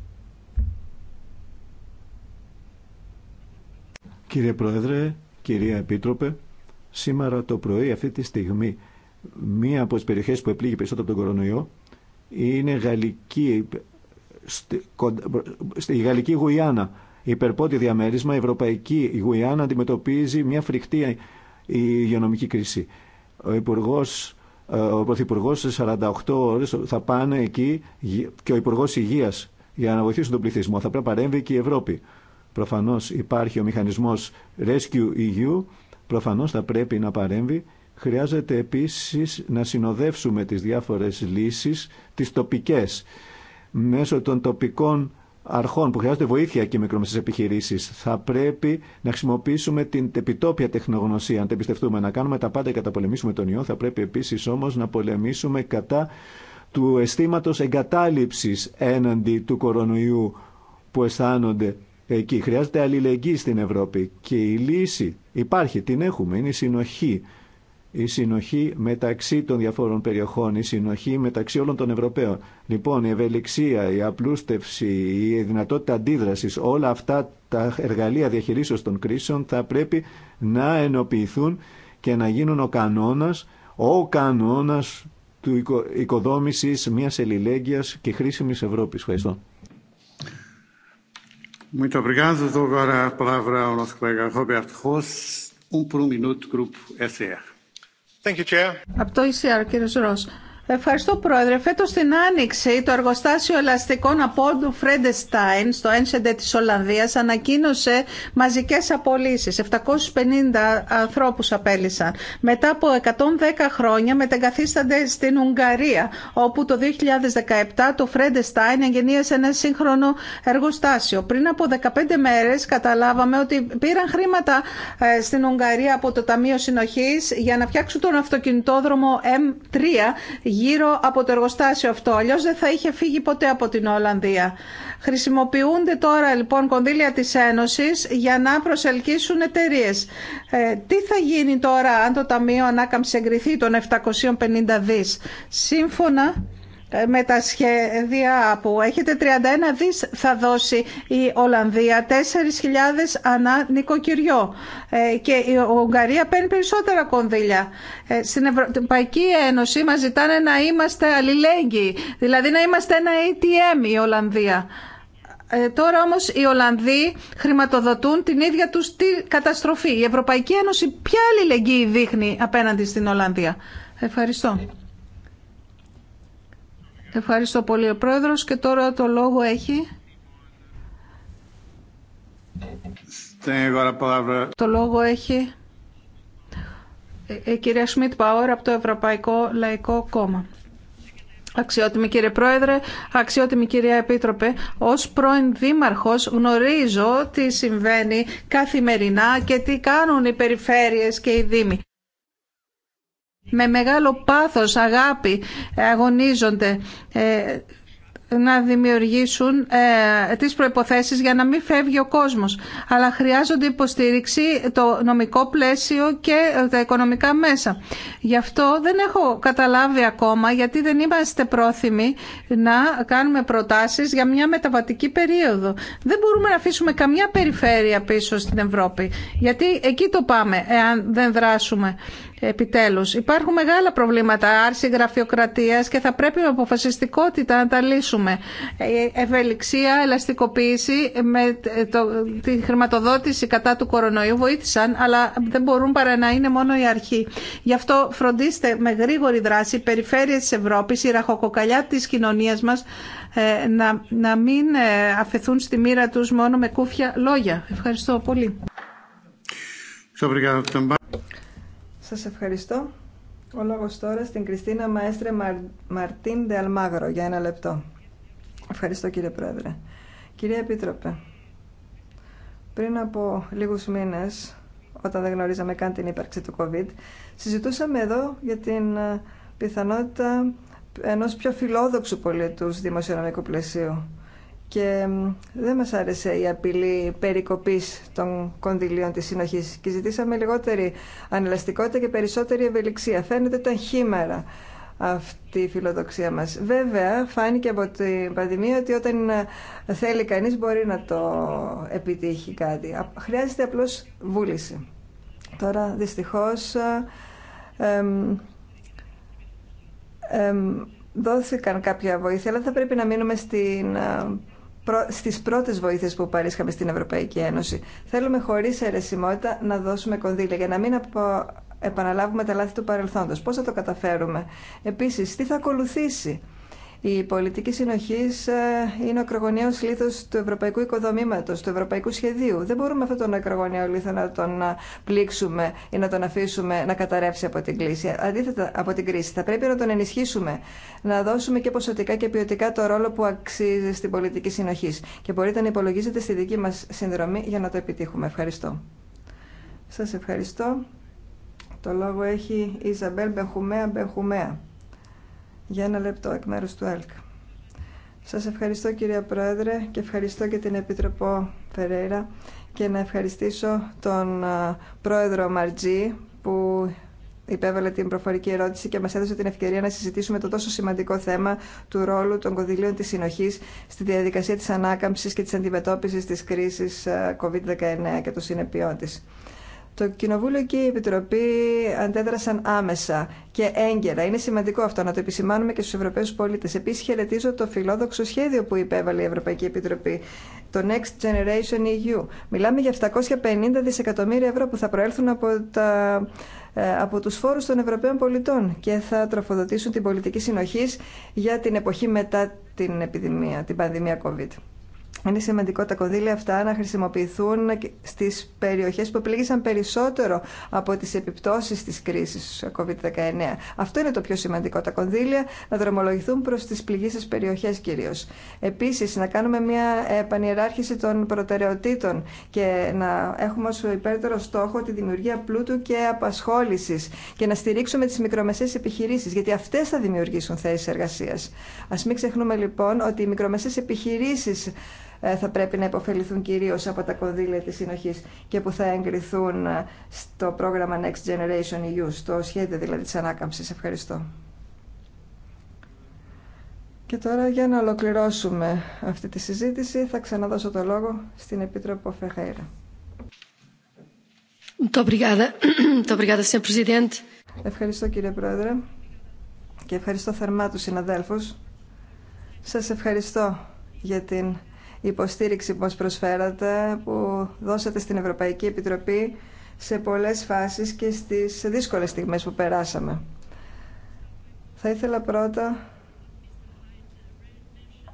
Κύριε Πρόεδρε, Κυρία Επίτροπε, σήμερα το πρωί, αυτή τη στιγμή, μία από τις περιοχές που επλήγει περισσότερο από τον κορονοϊό είναι γαλλική, στη, γαλλική Γουιάννα. Υπερπότη διαμέρισμα, η Ευρωπαϊκή Γουιάννα αντιμετωπίζει μια φρικτή υγειονομική κρίση. Ο Υπουργός ε, ο Πρωθυπουργό σε 48 ώρε θα πάνε εκεί και ο Υπουργό Υγεία για να βοηθήσουν τον πληθυσμό. Θα πρέπει να παρέμβει και η Ευρώπη. Προφανώς υπάρχει ο μηχανισμός Rescue EU, προφανώς θα πρέπει να παρέμβει. Χρειάζεται επίσης να συνοδεύσουμε τις διάφορες λύσεις, τις τοπικές, μέσω των τοπικών αρχών που χρειάζονται βοήθεια και μικρομεσαίες επιχειρήσεις. Θα πρέπει να χρησιμοποιήσουμε την επιτόπια τεχνογνωσία, αν να κάνουμε τα πάντα και να πολεμήσουμε τον ιό. Θα πρέπει επίσης όμως να πολεμήσουμε κατά του αισθήματο εγκατάλειψης έναντι του κορονοϊού που αισθάνονται εκεί. Χρειάζεται αλληλεγγύη στην Ευρώπη και η λύση υπάρχει, την έχουμε, είναι η συνοχή. Η συνοχή μεταξύ των διαφόρων περιοχών, η συνοχή μεταξύ όλων των Ευρωπαίων. Λοιπόν, η ευελιξία, η απλούστευση, η δυνατότητα αντίδραση, όλα αυτά τα εργαλεία διαχειρίσεω των κρίσεων θα πρέπει να ενοποιηθούν και να γίνουν ο κανόνα, ο κανόνας του οικοδόμησης μιας ελληλέγγυας και χρήσιμης Ευρώπης. Ευχαριστώ. Από το ECR, Ρος. Ευχαριστώ Πρόεδρε. Φέτος στην Άνοιξη το εργοστάσιο ελαστικών από του Φρέντεστάιν στο ένσεντε της Ολλανδίας ανακοίνωσε μαζικές απολύσεις. 750 ανθρώπους απέλησαν. Μετά από 110 χρόνια μετεγκαθίστανται στην Ουγγαρία όπου το 2017 το Φρέντεστάιν εγγενίασε ένα σύγχρονο εργοστάσιο. Πριν από 15 μέρες καταλάβαμε ότι πήραν χρήματα ε, στην Ουγγαρία από το Ταμείο Συνοχής για να φτιάξουν τον αυτοκινητόδρομο M3 γύρω από το εργοστάσιο αυτό. Αλλιώ δεν θα είχε φύγει ποτέ από την Ολλανδία. Χρησιμοποιούνται τώρα λοιπόν κονδύλια τη Ένωση για να προσελκύσουν εταιρείε. Ε, τι θα γίνει τώρα αν το Ταμείο Ανάκαμψη εγκριθεί των 750 δι. Σύμφωνα με τα σχέδια που έχετε 31 δις θα δώσει η Ολλανδία 4.000 ανά νοικοκυριό ε, και η Ουγγαρία παίρνει περισσότερα κονδύλια. Ε, στην Ευρωπαϊκή Ένωση μας ζητάνε να είμαστε αλληλέγγυοι, δηλαδή να είμαστε ένα ATM η Ολλανδία. Ε, τώρα όμως οι Ολλανδοί χρηματοδοτούν την ίδια τους τη καταστροφή. Η Ευρωπαϊκή Ένωση ποια αλληλεγγύη δείχνει απέναντι στην Ολλανδία. Ευχαριστώ. Ευχαριστώ πολύ ο Πρόεδρος και τώρα το λόγο έχει... Το λόγο έχει η ε, ε, κυρία Σμιτ Πάουερ από το Ευρωπαϊκό Λαϊκό Κόμμα. Αξιότιμη κύριε Πρόεδρε, αξιότιμη κυρία Επίτροπε, ως πρώην δήμαρχος γνωρίζω τι συμβαίνει καθημερινά και τι κάνουν οι περιφέρειες και οι δήμοι με μεγάλο πάθος, αγάπη ε, αγωνίζονται ε, να δημιουργήσουν ε, τις προϋποθέσεις για να μην φεύγει ο κόσμος. Αλλά χρειάζονται υποστήριξη το νομικό πλαίσιο και τα οικονομικά μέσα. Γι' αυτό δεν έχω καταλάβει ακόμα γιατί δεν είμαστε πρόθυμοι να κάνουμε προτάσεις για μια μεταβατική περίοδο. Δεν μπορούμε να αφήσουμε καμιά περιφέρεια πίσω στην Ευρώπη. Γιατί εκεί το πάμε εάν δεν δράσουμε. Επιτέλους, υπάρχουν μεγάλα προβλήματα, άρση γραφειοκρατίας και θα πρέπει με αποφασιστικότητα να τα λύσουμε. Ε, ευελιξία, ελαστικοποίηση με το, τη χρηματοδότηση κατά του κορονοϊού βοήθησαν, αλλά δεν μπορούν παρά να είναι μόνο η αρχή. Γι' αυτό φροντίστε με γρήγορη δράση περιφέρειες της Ευρώπης, η ραχοκοκαλιά της κοινωνίας μας, ε, να, να μην ε, αφαιθούν στη μοίρα τους μόνο με κούφια λόγια. Ευχαριστώ πολύ. Σας ευχαριστώ. Ο λόγος τώρα στην Κριστίνα Μαέστρε Μαρτίν Δε Αλμάγρο για ένα λεπτό. Ευχαριστώ κύριε Πρόεδρε. Κυρία Επίτροπε, πριν από λίγους μήνες, όταν δεν γνωρίζαμε καν την ύπαρξη του COVID, συζητούσαμε εδώ για την ε, πιθανότητα ενός πιο φιλόδοξου πολίτου δημοσιονομικού πλαισίου και δεν μας άρεσε η απειλή περικοπής των κονδυλίων της συνοχής και ζητήσαμε λιγότερη ανελαστικότητα και περισσότερη ευελιξία. Φαίνεται ήταν χήμερα αυτή η φιλοδοξία μας. Βέβαια, φάνηκε από την πανδημία ότι όταν ε, θέλει κανείς μπορεί να το επιτύχει κάτι. Χρειάζεται απλώς βούληση. Τώρα, δυστυχώς, ε, εμ, δόθηκαν κάποια βοήθεια, αλλά θα πρέπει να μείνουμε στην ε, Στι πρώτε βοήθειε που παρίσχαμε στην Ευρωπαϊκή Ένωση. Θέλουμε χωρί αιρεσιμότητα να δώσουμε κονδύλια για να μην απο... επαναλάβουμε τα λάθη του παρελθόντος. Πώ θα το καταφέρουμε. Επίση, τι θα ακολουθήσει η πολιτική συνοχή ε, είναι ο ακρογωνιαίο λίθο του ευρωπαϊκού οικοδομήματο, του ευρωπαϊκού σχεδίου. Δεν μπορούμε αυτόν τον ακρογωνιαίο λίθο να τον ε, πλήξουμε ή να τον αφήσουμε να καταρρεύσει από την κρίση. Αντίθετα από την κρίση, θα πρέπει να τον ενισχύσουμε, να δώσουμε και ποσοτικά και ποιοτικά το ρόλο που αξίζει στην πολιτική συνοχή. Και μπορείτε να υπολογίζετε στη δική μα συνδρομή για να το επιτύχουμε. Ευχαριστώ. Σα ευχαριστώ. Το λόγο έχει η Ιζαμπέλ Μπεχουμέα Μπεχουμέα για ένα λεπτό εκ μέρου του ΕΛΚ. Σας ευχαριστώ κυρία Πρόεδρε και ευχαριστώ και την Επίτροπο Φεραίρα και να ευχαριστήσω τον Πρόεδρο Μαρτζή που υπέβαλε την προφορική ερώτηση και μας έδωσε την ευκαιρία να συζητήσουμε το τόσο σημαντικό θέμα του ρόλου των κονδυλίων της συνοχής στη διαδικασία της ανάκαμψης και της αντιμετώπισης της κρίσης COVID-19 και των συνεπειών της. Το Κοινοβούλιο και η Επιτροπή αντέδρασαν άμεσα και έγκαιρα. Είναι σημαντικό αυτό να το επισημάνουμε και στου Ευρωπαίου πολίτε. Επίση, χαιρετίζω το φιλόδοξο σχέδιο που υπέβαλε η Ευρωπαϊκή Επιτροπή, το Next Generation EU. Μιλάμε για 750 δισεκατομμύρια ευρώ που θα προέλθουν από, τα, ε, από τους φόρους των Ευρωπαίων πολιτών και θα τροφοδοτήσουν την πολιτική συνοχής για την εποχή μετά την επιδημία, την πανδημία COVID είναι σημαντικό τα κονδύλια αυτά να χρησιμοποιηθούν στις περιοχές που πληγήσαν περισσότερο από τις επιπτώσεις της κρίσης COVID-19. Αυτό είναι το πιο σημαντικό. Τα κονδύλια να δρομολογηθούν προς τις πληγήσεις περιοχές κυρίως. Επίσης, να κάνουμε μια επανειεράρχηση των προτεραιοτήτων και να έχουμε ως υπέρτερο στόχο τη δημιουργία πλούτου και απασχόλησης και να στηρίξουμε τις μικρομεσαίες επιχειρήσεις, γιατί αυτές θα δημιουργήσουν θέσεις εργασίας. Ας μην ξεχνούμε λοιπόν ότι οι μικρομεσαίες επιχειρήσεις ε, θα πρέπει να υποφεληθούν κυρίως από τα κονδύλια της συνοχής και που θα εγκριθούν ε, στο πρόγραμμα Next Generation EU, στο σχέδιο δηλαδή της ανάκαμψης. Ευχαριστώ. Και τώρα για να ολοκληρώσουμε αυτή τη συζήτηση θα ξαναδώσω το λόγο στην Επίτροπο Φεχαίρα. Ευχαριστώ κύριε Πρόεδρε και ευχαριστώ θερμά τους συναδέλφους. Σας ευχαριστώ για την υποστήριξη που μας προσφέρατε, που δώσατε στην Ευρωπαϊκή Επιτροπή σε πολλές φάσεις και στις δύσκολες στιγμές που περάσαμε. Θα ήθελα πρώτα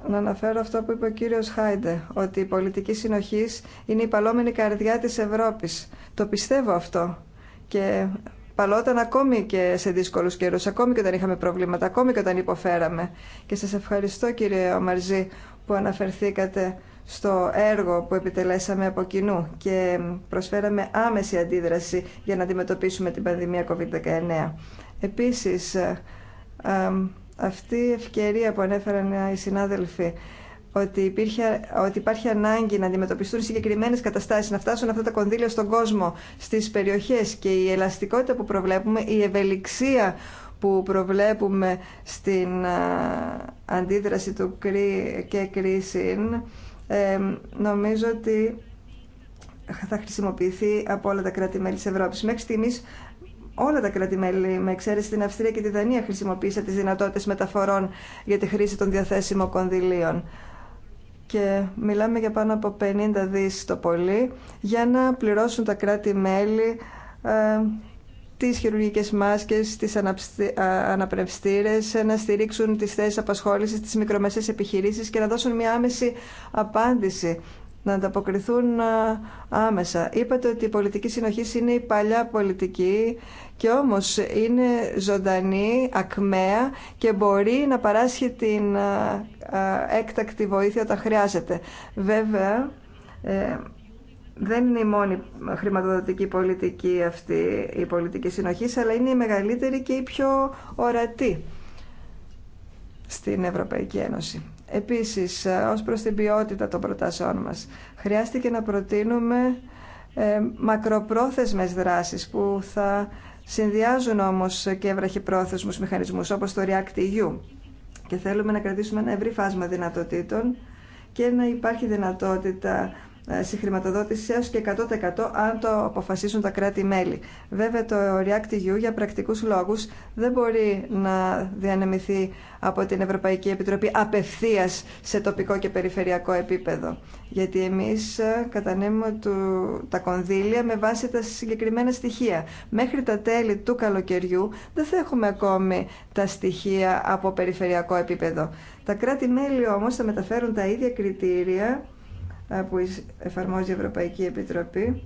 να αναφέρω αυτό που είπε ο κύριος Χάιντε, ότι η πολιτική συνοχής είναι η παλόμενη καρδιά της Ευρώπης. Το πιστεύω αυτό και παλόταν ακόμη και σε δύσκολους καιρούς, ακόμη και όταν είχαμε προβλήματα, ακόμη και όταν υποφέραμε. Και σας ευχαριστώ κύριε Ομαρζή που αναφερθήκατε στο έργο που επιτελέσαμε από κοινού και προσφέραμε άμεση αντίδραση για να αντιμετωπίσουμε την πανδημία COVID-19. Επίσης, αυτή η ευκαιρία που ανέφεραν οι συνάδελφοι ότι, ότι υπάρχει ανάγκη να αντιμετωπιστούν συγκεκριμένε καταστάσει, να φτάσουν αυτά τα κονδύλια στον κόσμο, στι περιοχέ και η ελαστικότητα που προβλέπουμε, η ευελιξία που προβλέπουμε στην αντίδραση του κρί και κρίσιν ε, νομίζω ότι θα χρησιμοποιηθεί από όλα τα κράτη-μέλη της Ευρώπης. Μέχρι στιγμής όλα τα κράτη-μέλη, με εξαίρεση την Αυστρία και τη Δανία, χρησιμοποίησαν τις δυνατότητες μεταφορών για τη χρήση των διαθέσιμων κονδυλίων. Και μιλάμε για πάνω από 50 δις το πολύ για να πληρώσουν τα κράτη-μέλη ε, τις χειρουργικές μάσκες, τις αναπνευστήρες, να στηρίξουν τις θέσεις απασχόλησης, τις μικρομεσαίες επιχειρήσεις και να δώσουν μια άμεση απάντηση να ανταποκριθούν άμεσα. Είπατε ότι η πολιτική συνοχή είναι η παλιά πολιτική και όμως είναι ζωντανή, ακμαία και μπορεί να παράσχει την έκτακτη βοήθεια όταν χρειάζεται. Βέβαια, ε, δεν είναι η μόνη χρηματοδοτική πολιτική αυτή η πολιτική συνοχή, αλλά είναι η μεγαλύτερη και η πιο ορατή στην Ευρωπαϊκή Ένωση. Επίσης, ε, ως προς την ποιότητα των προτάσεών μας, χρειάστηκε να προτείνουμε ε, μακροπρόθεσμες δράσεις που θα συνδυάζουν όμως και βραχυπρόθεσμους μηχανισμούς όπως το React-EU και θέλουμε να κρατήσουμε ένα ευρύ φάσμα δυνατοτήτων και να υπάρχει δυνατότητα ε, χρηματοδότηση έως και 100% αν το αποφασίσουν τα κράτη-μέλη. Βέβαια το react e για πρακτικούς λόγους δεν μπορεί να διανεμηθεί από την Ευρωπαϊκή Επιτροπή απευθείας σε τοπικό και περιφερειακό επίπεδο. Γιατί εμείς ε, κατανέμουμε τα κονδύλια με βάση τα συγκεκριμένα στοιχεία. Μέχρι τα τέλη του καλοκαιριού δεν θα έχουμε ακόμη τα στοιχεία από περιφερειακό επίπεδο. Τα κράτη-μέλη όμως θα μεταφέρουν τα ίδια κριτήρια που εφαρμόζει η Ευρωπαϊκή Επιτροπή,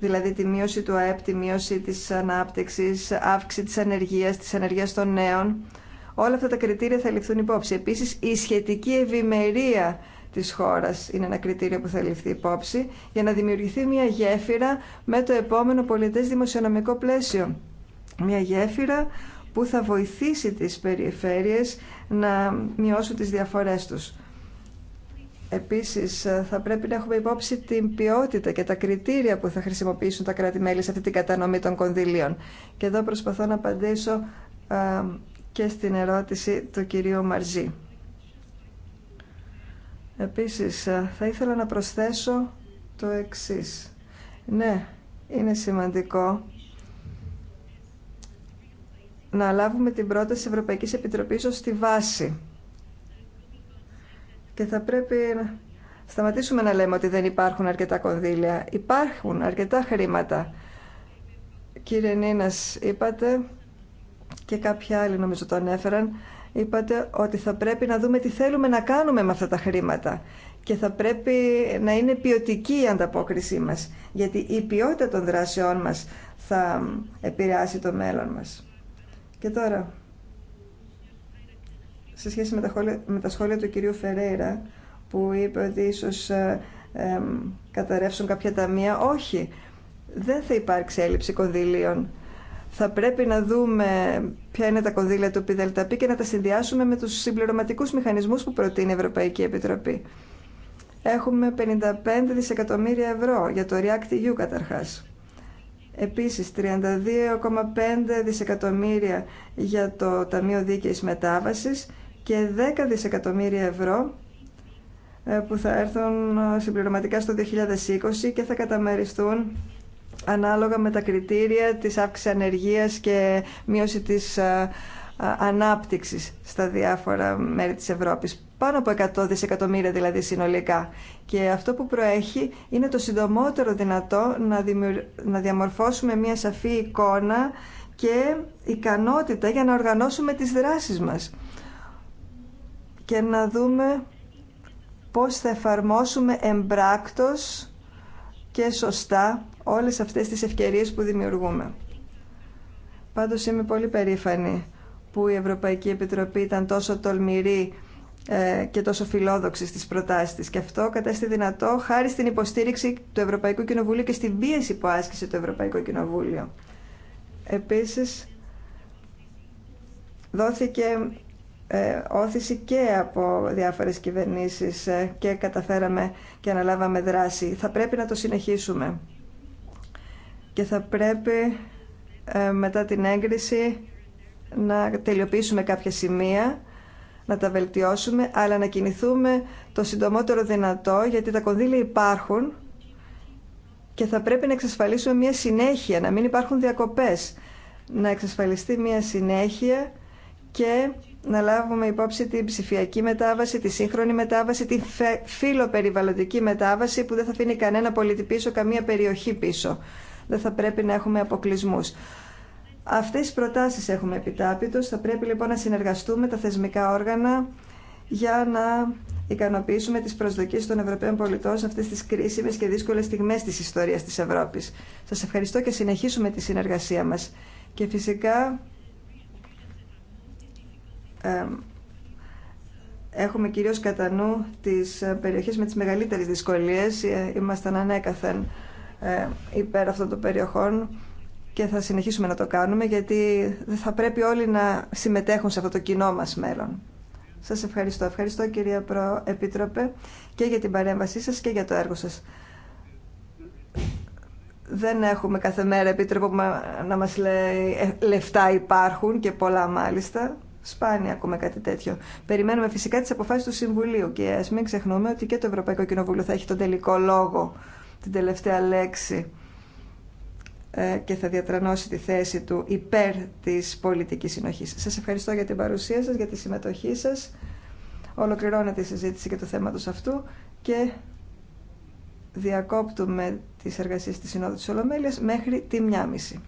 δηλαδή τη μείωση του ΑΕΠ, τη μείωση της ανάπτυξης, αύξηση της ανεργίας, της ανεργίας των νέων. Όλα αυτά τα κριτήρια θα ληφθούν υπόψη. Επίσης, η σχετική ευημερία της χώρας είναι ένα κριτήριο που θα ληφθεί υπόψη για να δημιουργηθεί μια γέφυρα με το επόμενο πολιτές δημοσιονομικό πλαίσιο. Μια γέφυρα που θα βοηθήσει τις περιφέρειες να μειώσουν τις διαφορές τους. Επίσης, ε, θα πρέπει να έχουμε υπόψη την ποιότητα και τα κριτήρια που θα χρησιμοποιήσουν τα κράτη-μέλη σε αυτή την κατανομή των κονδυλίων. Και εδώ προσπαθώ να απαντήσω ε, και στην ερώτηση του κυρίου Μαρζή. Επίσης, ε, θα ήθελα να προσθέσω το εξής. Ναι, είναι σημαντικό να λάβουμε την πρόταση Ευρωπαϊκής Επιτροπής ως τη βάση και θα πρέπει να σταματήσουμε να λέμε ότι δεν υπάρχουν αρκετά κονδύλια. Υπάρχουν αρκετά χρήματα. Κύριε Νίνας, είπατε και κάποιοι άλλοι νομίζω το ανέφεραν, είπατε ότι θα πρέπει να δούμε τι θέλουμε να κάνουμε με αυτά τα χρήματα και θα πρέπει να είναι ποιοτική η ανταπόκρισή μας, γιατί η ποιότητα των δράσεών μας θα επηρεάσει το μέλλον μας. Και τώρα, σε σχέση με τα, σχόλια, του κυρίου Φερέρα που είπε ότι ίσως ε, καταρρεύσουν κάποια ταμεία. Όχι, δεν θα υπάρξει έλλειψη κονδυλίων. Θα πρέπει να δούμε ποια είναι τα κονδύλια του ΠΔΕΛΤΑΠΗ και να τα συνδυάσουμε με τους συμπληρωματικούς μηχανισμούς που προτείνει η Ευρωπαϊκή Επιτροπή. Έχουμε 55 δισεκατομμύρια ευρώ για το React-EU καταρχάς. Επίσης 32,5 δισεκατομμύρια για το Ταμείο Δίκαιης Μετάβασης και 10 δισεκατομμύρια ευρώ ε, που θα έρθουν ε, συμπληρωματικά στο 2020 και θα καταμεριστούν ανάλογα με τα κριτήρια της αύξησης ανεργίας και μείωση της ε, ανάπτυξης στα διάφορα μέρη της Ευρώπης. Πάνω από 100 δισεκατομμύρια δηλαδή συνολικά. Και αυτό που προέχει είναι το συντομότερο δυνατό να, να διαμορφώσουμε μια σαφή εικόνα και ικανότητα για να οργανώσουμε τις δράσεις μας και να δούμε πώς θα εφαρμόσουμε εμπράκτος και σωστά όλες αυτές τις ευκαιρίες που δημιουργούμε. Πάντως είμαι πολύ περήφανη που η Ευρωπαϊκή Επιτροπή ήταν τόσο τολμηρή ε, και τόσο φιλόδοξη στις προτάσεις της. Και αυτό κατέστη δυνατό χάρη στην υποστήριξη του Ευρωπαϊκού Κοινοβουλίου και στην πίεση που άσκησε το Ευρωπαϊκό Κοινοβούλιο. Επίσης, δόθηκε ε, όθηση και από διάφορες κυβερνήσεις ε, και καταφέραμε και αναλάβαμε δράση. Θα πρέπει να το συνεχίσουμε και θα πρέπει ε, μετά την έγκριση να τελειοποιήσουμε κάποια σημεία, να τα βελτιώσουμε, αλλά να κινηθούμε το συντομότερο δυνατό γιατί τα κονδύλια υπάρχουν και θα πρέπει να εξασφαλίσουμε μια συνέχεια, να μην υπάρχουν διακοπές, να εξασφαλιστεί μια συνέχεια και να λάβουμε υπόψη την ψηφιακή μετάβαση, τη σύγχρονη μετάβαση, τη φιλοπεριβαλλοντική μετάβαση που δεν θα αφήνει κανένα πολίτη πίσω, καμία περιοχή πίσω. Δεν θα πρέπει να έχουμε αποκλεισμού. Αυτές οι προτάσεις έχουμε επιτάπητος. Θα πρέπει λοιπόν να συνεργαστούμε τα θεσμικά όργανα για να ικανοποιήσουμε τις προσδοκίες των Ευρωπαίων πολιτών σε αυτές τις κρίσιμες και δύσκολες στιγμές της ιστορίας της Ευρώπης. Σας ευχαριστώ και συνεχίσουμε τη συνεργασία μας. Και φυσικά έχουμε κυρίως κατά νου τις ε, περιοχές με τις μεγαλύτερες δυσκολίες. Ε, ήμασταν ανέκαθεν ε, υπέρ αυτών των περιοχών και θα συνεχίσουμε να το κάνουμε γιατί θα πρέπει όλοι να συμμετέχουν σε αυτό το κοινό μας μέλλον. Σας ευχαριστώ. Ευχαριστώ κυρία Προεπίτροπε και για την παρέμβασή σας και για το έργο σας. Δεν έχουμε κάθε μέρα επίτροπο να μας λέει λεφτά υπάρχουν και πολλά μάλιστα. Σπάνια ακούμε κάτι τέτοιο. Περιμένουμε φυσικά τι αποφάσει του Συμβουλίου και α μην ξεχνούμε ότι και το Ευρωπαϊκό Κοινοβούλιο θα έχει τον τελικό λόγο, την τελευταία λέξη ε, και θα διατρανώσει τη θέση του υπέρ της πολιτικής συνοχής. Σας ευχαριστώ για την παρουσία σας, για τη συμμετοχή σας. Ολοκληρώνεται η συζήτηση και του αυτού και διακόπτουμε τις εργασίες της Συνόδου της Ολομέλειας μέχρι τη 1.30.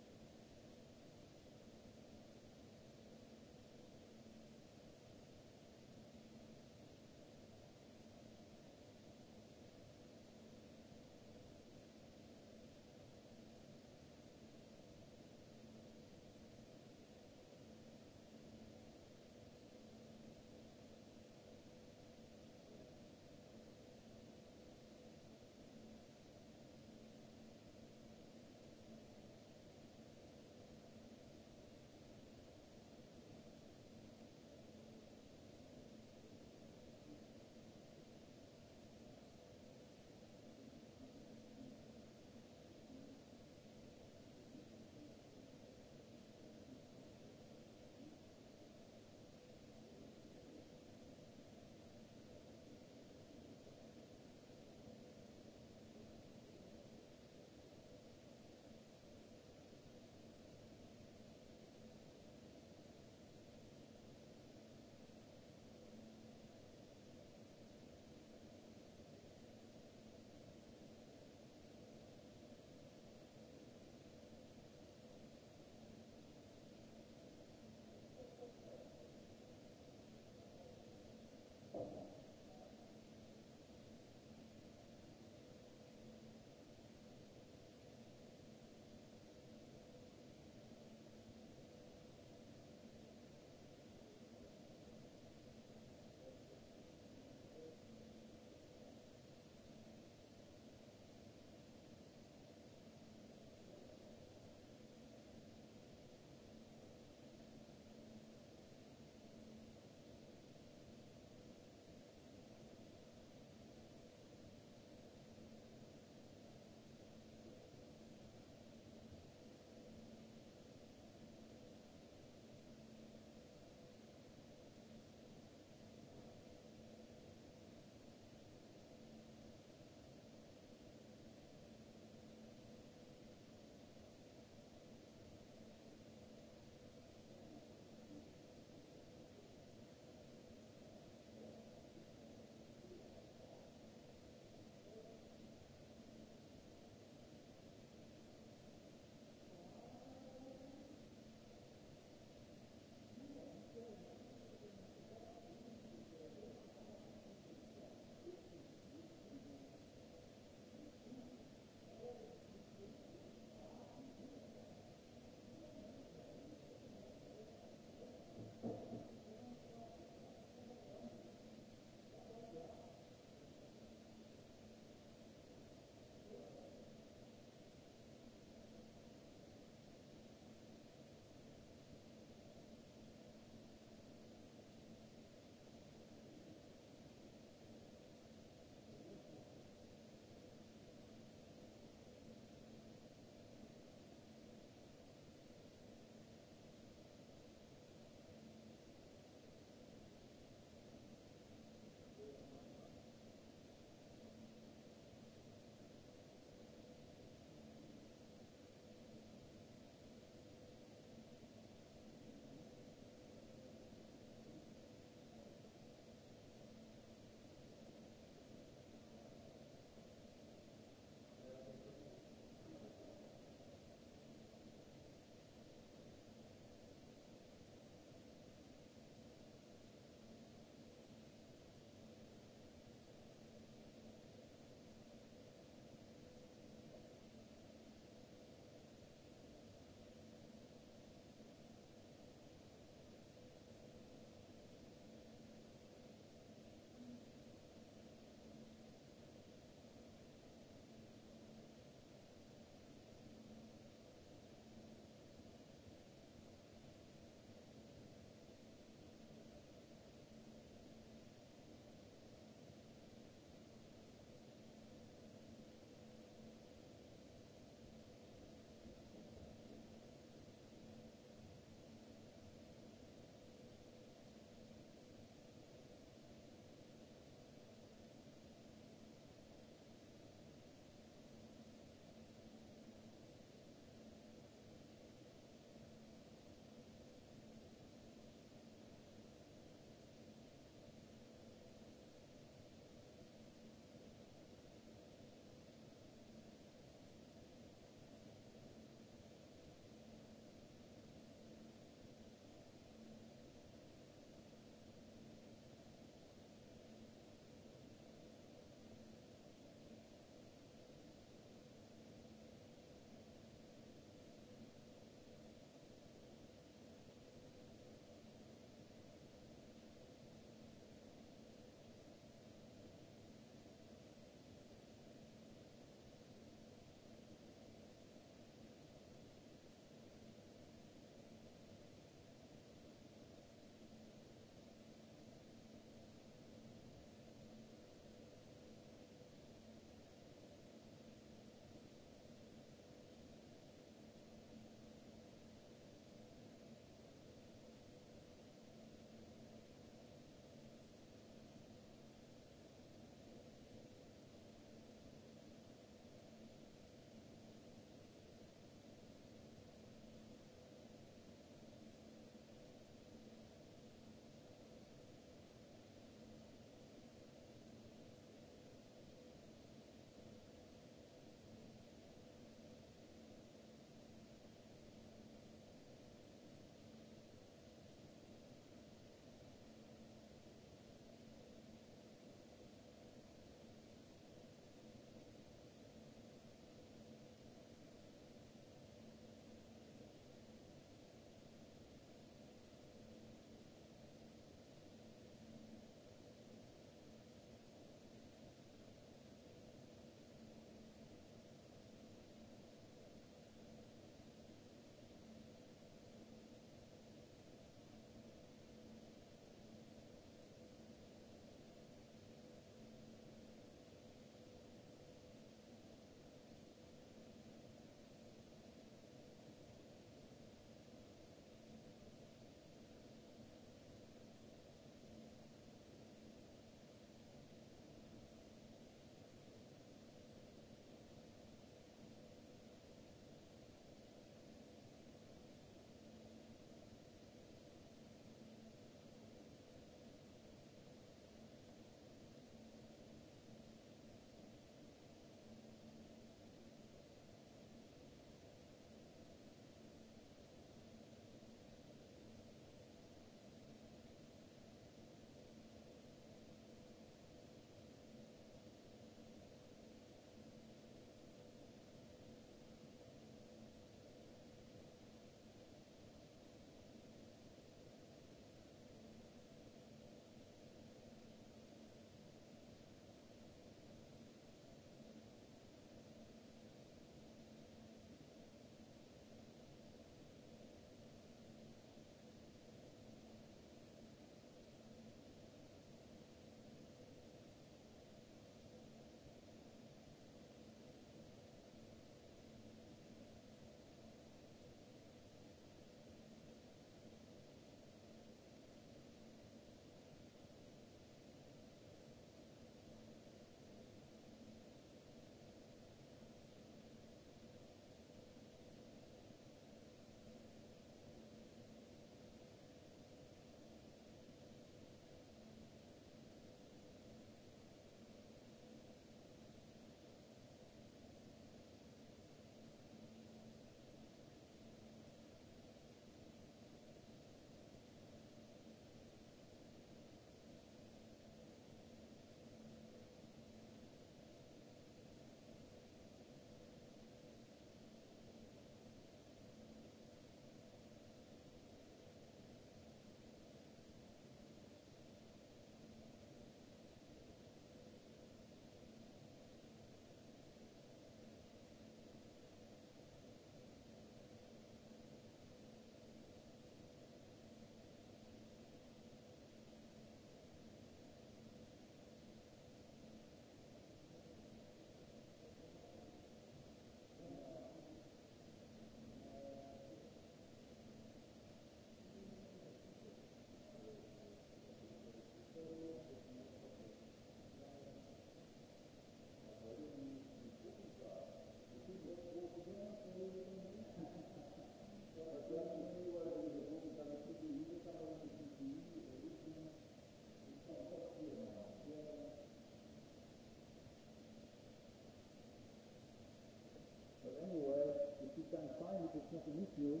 to meet you,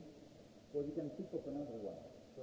or you can pick up another one. So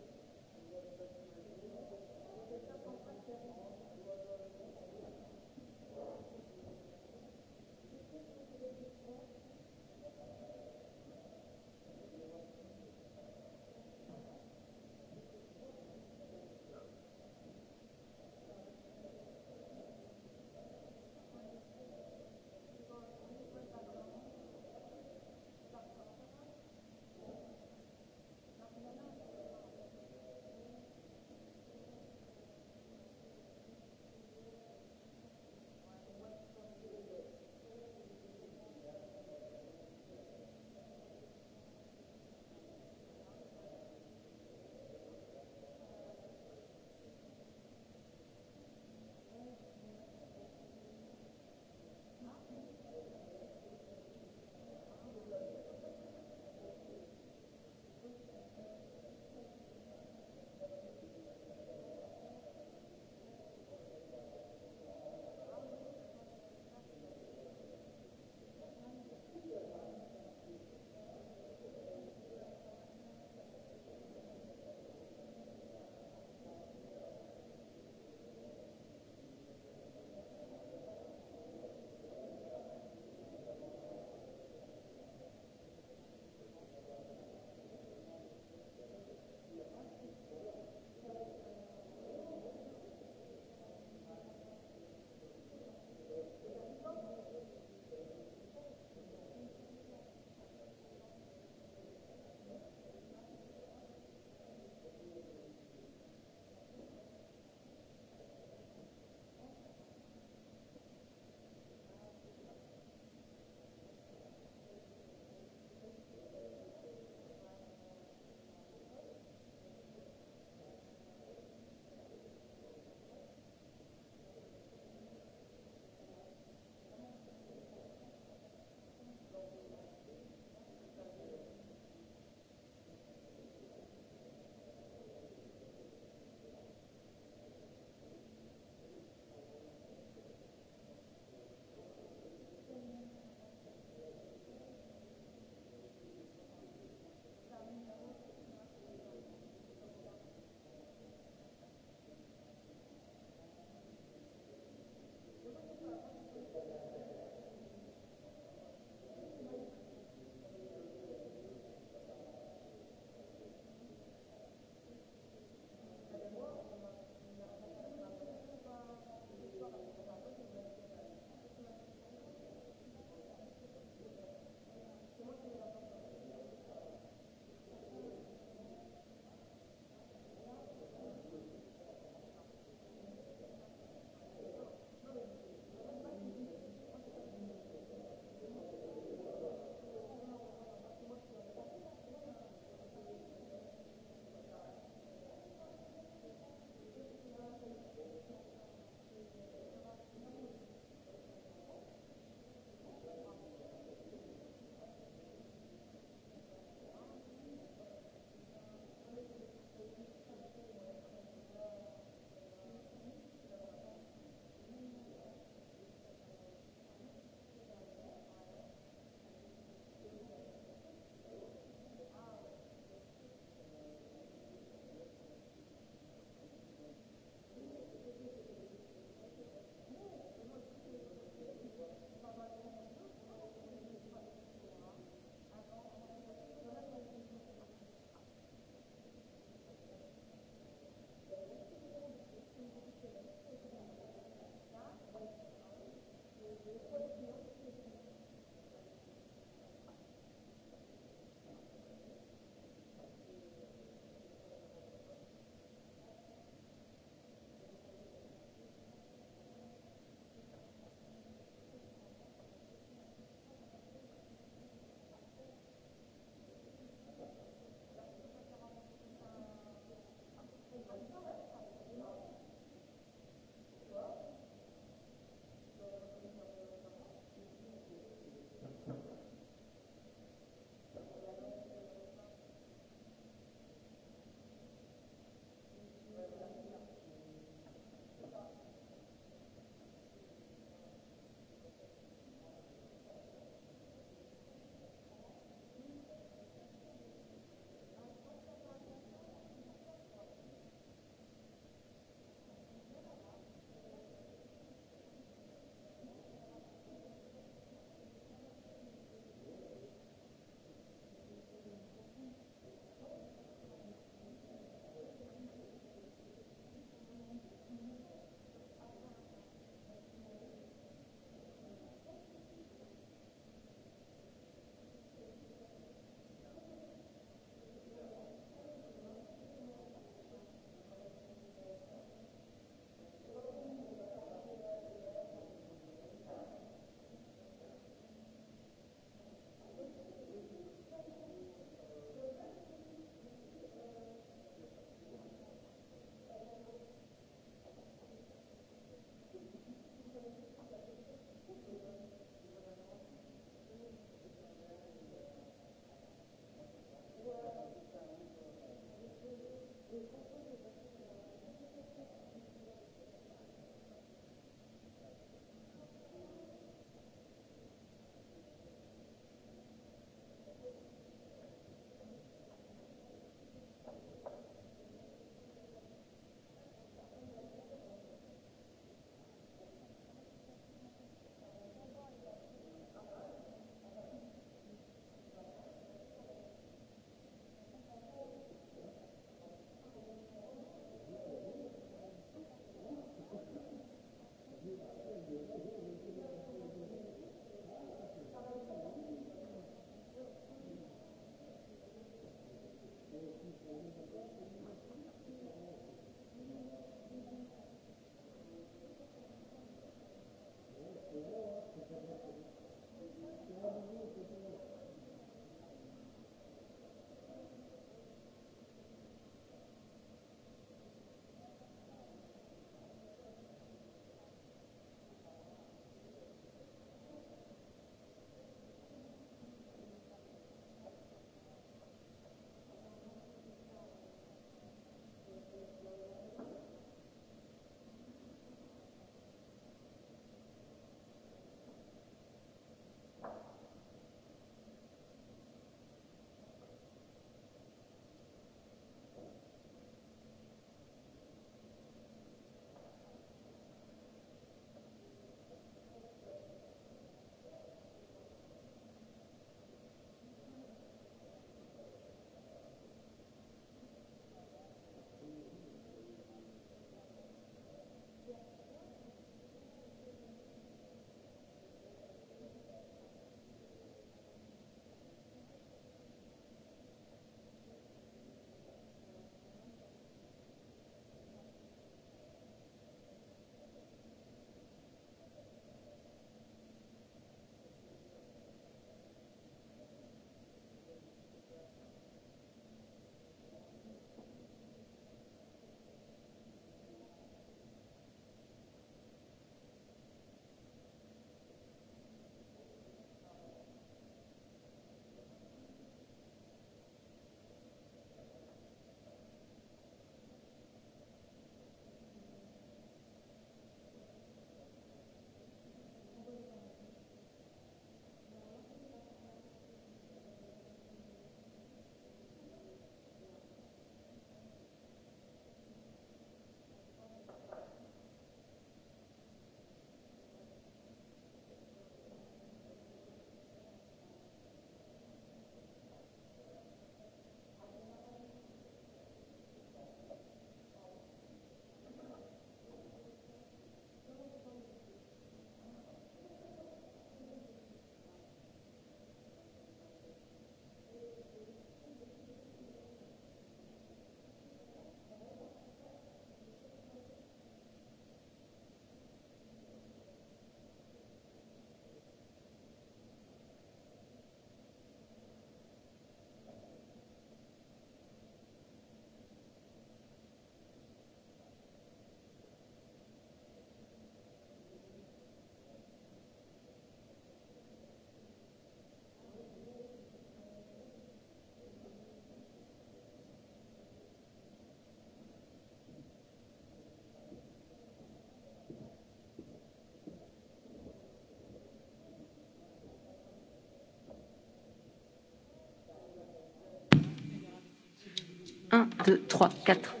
1, 2, 3, 4.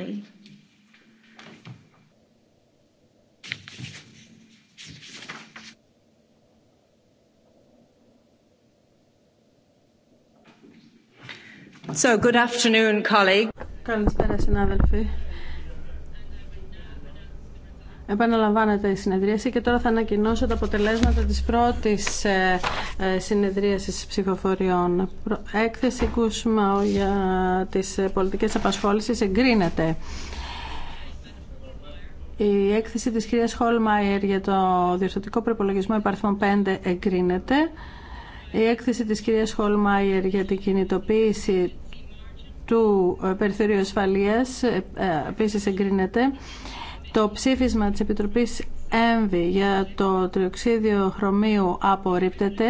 okay. So, good afternoon, colleague. Καλησπέρα συνάδελφοι. Επαναλαμβάνεται η συνεδρίαση και τώρα θα ανακοινώσω τα αποτελέσματα της πρώτης ε, ε, συνεδρίασης ψηφοφοριών. Έκθεση κούσμα για τις ε, πολιτικές απασχόλησεις εγκρίνεται. Η έκθεση της κυρίας Χόλμαϊερ για το διορθωτικό προπολογισμό υπαρθμών 5 εγκρίνεται. Η έκθεση της κυρίας Χόλμαϊερ για την κινητοποίηση του περιθωρίου ασφαλείας επίσης εγκρίνεται. Το ψήφισμα της Επιτροπής ΕΜΒΗ για το τριοξίδιο χρωμίου απορρίπτεται.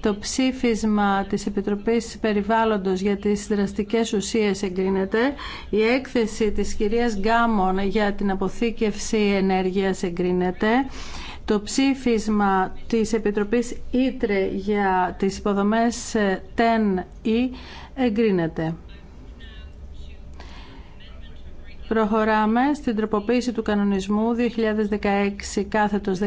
Το ψήφισμα της Επιτροπής Περιβάλλοντος για τις δραστικές ουσίες εγκρίνεται. Η έκθεση της κυρίας Γκάμον για την αποθήκευση ενέργειας εγκρίνεται. Το ψήφισμα της Επιτροπής Ήτρε για τις υποδομές TEN-E ε, εγκρίνεται. Προχωράμε στην τροποποίηση του κανονισμού 2016 κάθετος 1628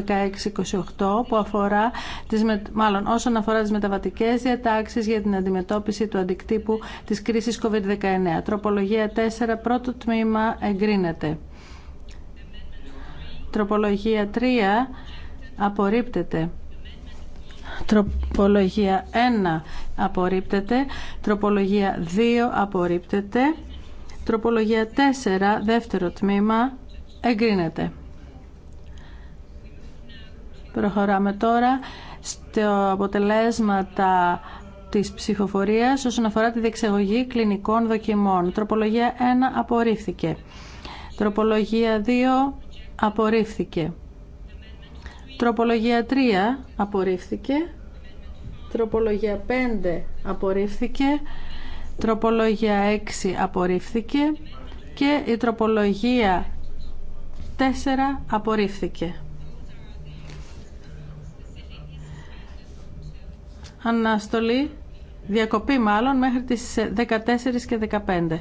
που αφορά τις, μάλλον όσον αφορά τις μεταβατικές διατάξεις για την αντιμετώπιση του αντικτύπου της κρίσης COVID-19. Τροπολογία 4 πρώτο τμήμα εγκρίνεται. Τροπολογία 3 απορρίπτεται. Τροπολογία 1 απορρίπτεται. Τροπολογία 2 απορρίπτεται. Τροπολογία 4, δεύτερο τμήμα, εγκρίνεται. Προχωράμε τώρα στο αποτελέσματα της ψηφοφορίας όσον αφορά τη διεξαγωγή κλινικών δοκιμών. Τροπολογία 1 απορρίφθηκε. Τροπολογία 2 απορρίφθηκε. Τροπολογία 3 απορρίφθηκε. Τροπολογία 5 απορρίφθηκε. Τροπολογία 6 απορρίφθηκε και η τροπολογία 4 απορρίφθηκε. Αναστολή, διακοπή μάλλον, μέχρι τις 14 και 15.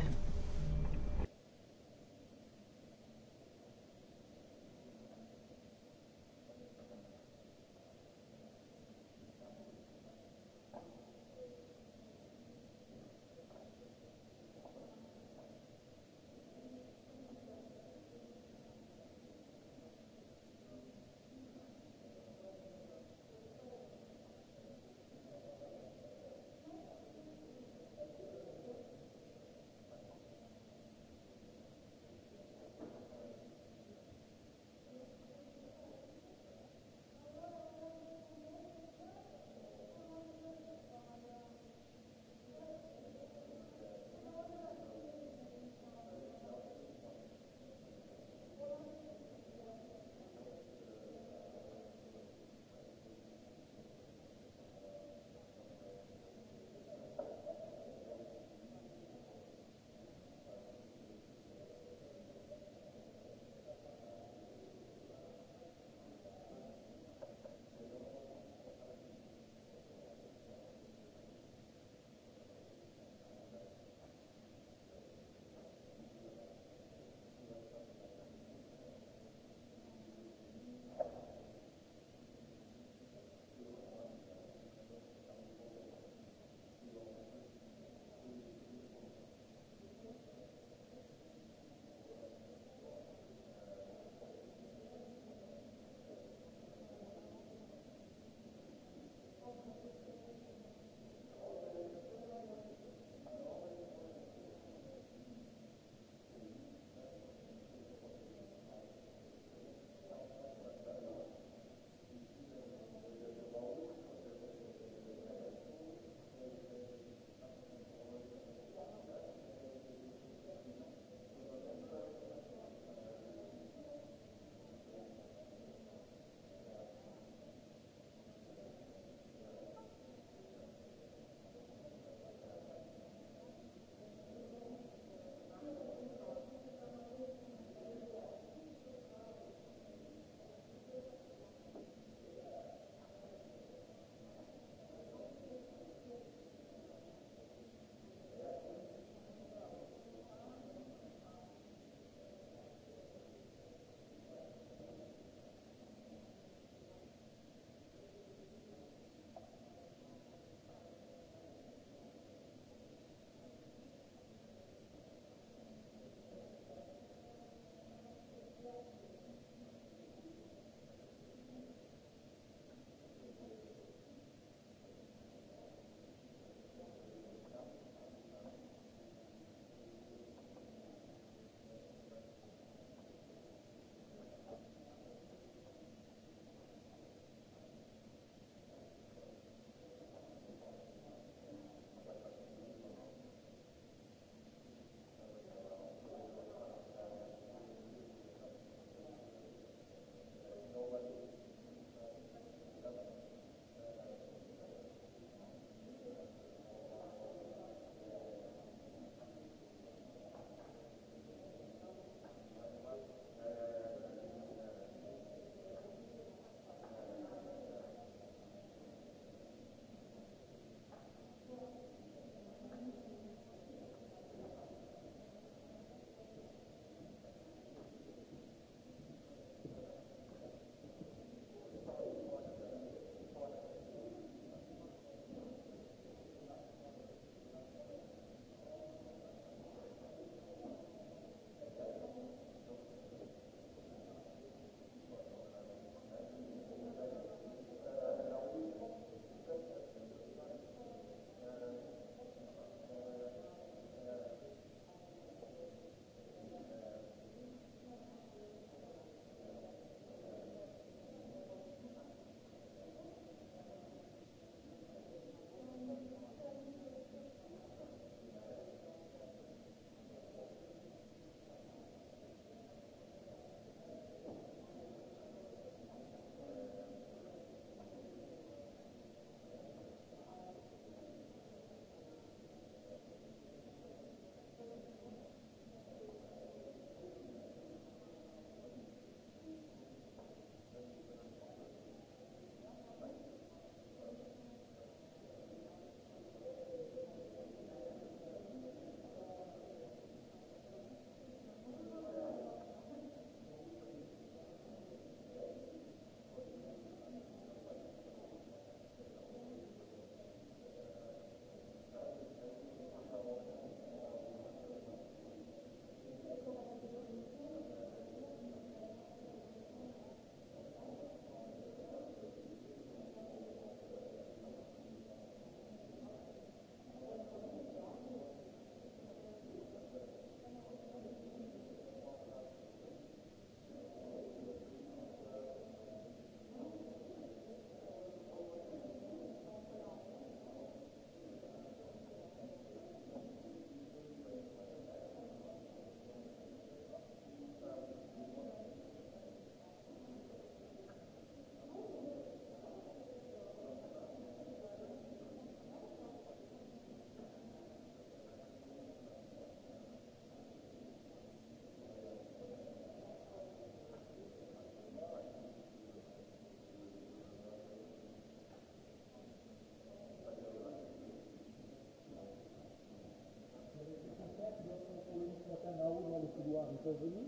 revenu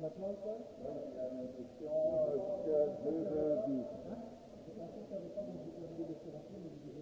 Maintenant, quoi Je pensais que ça n'avait pas mais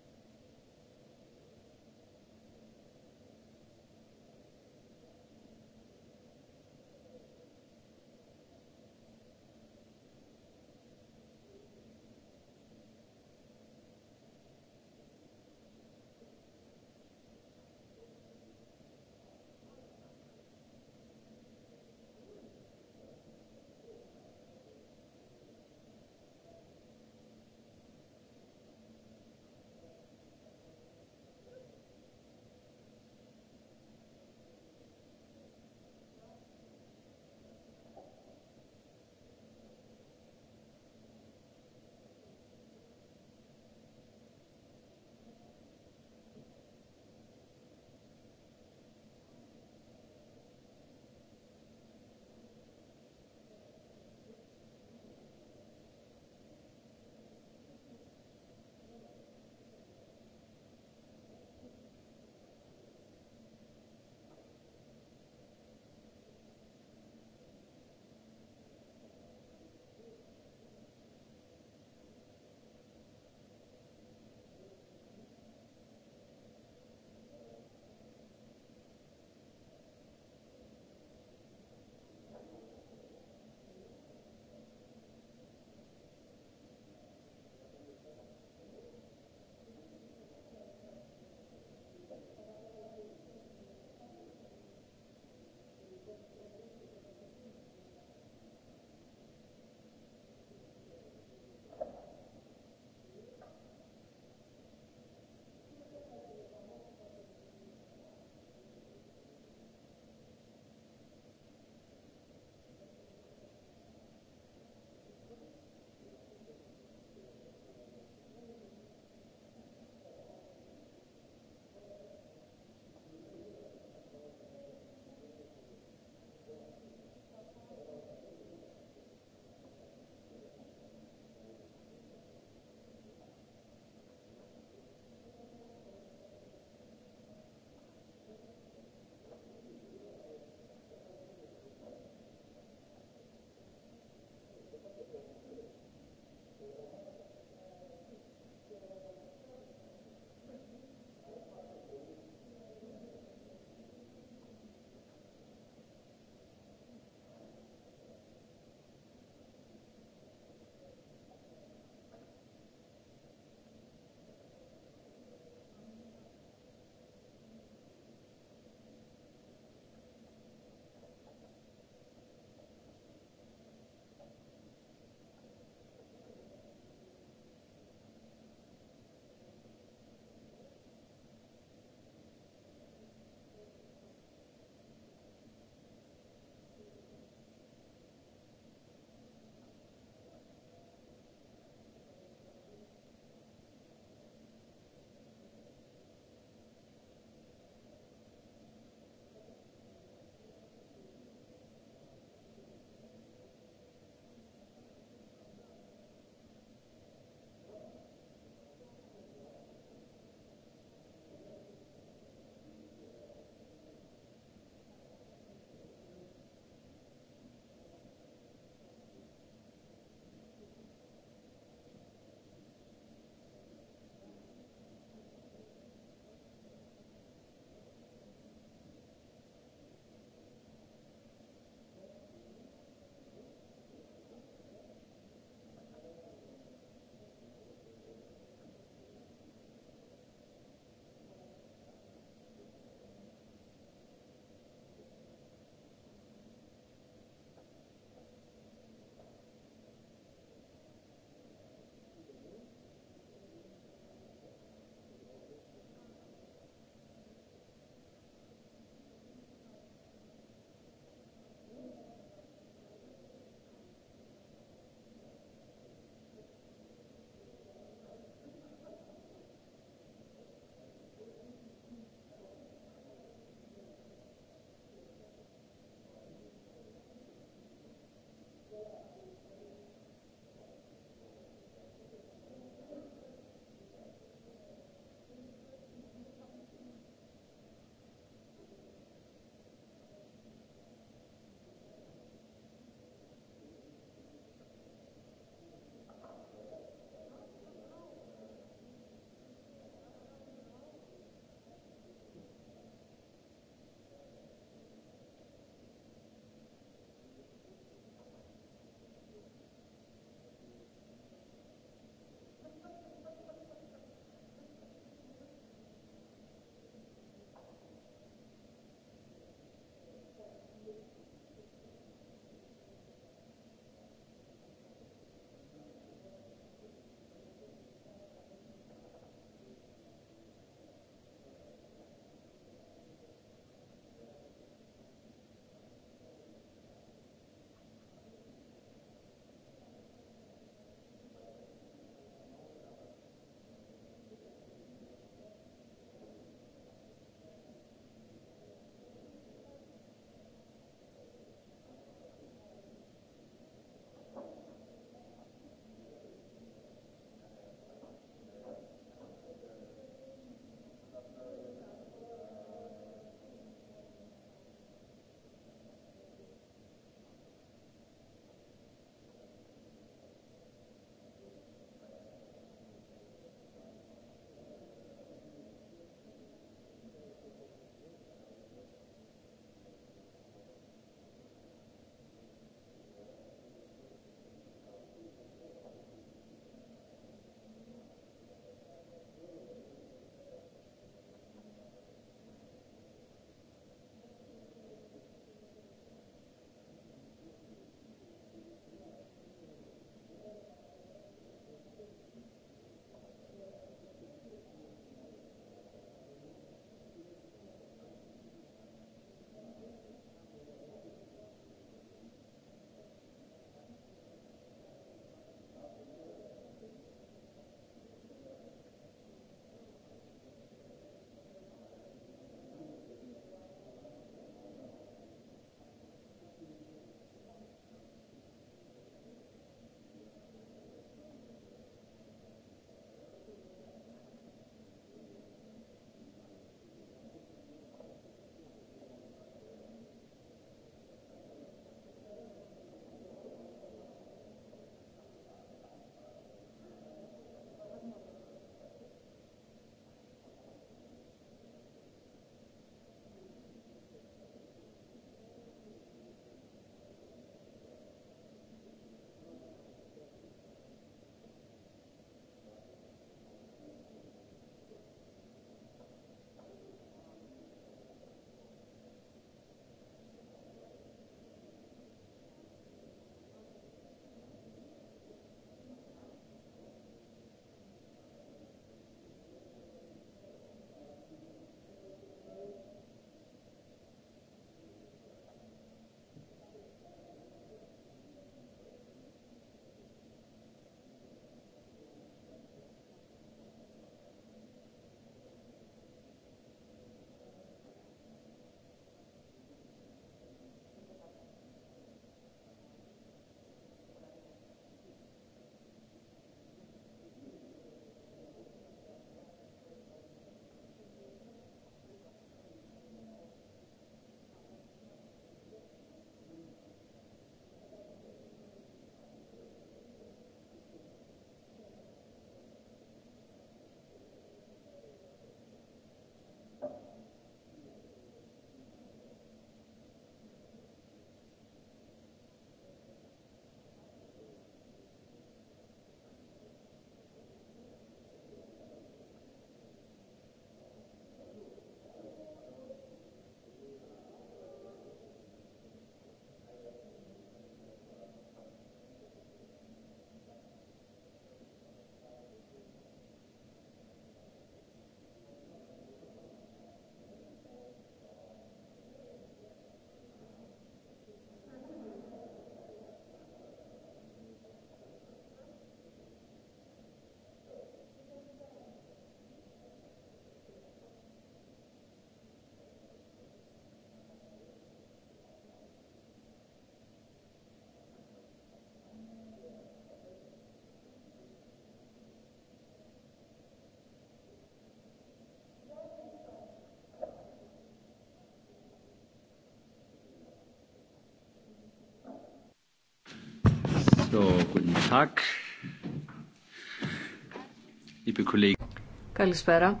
Καλησπέρα,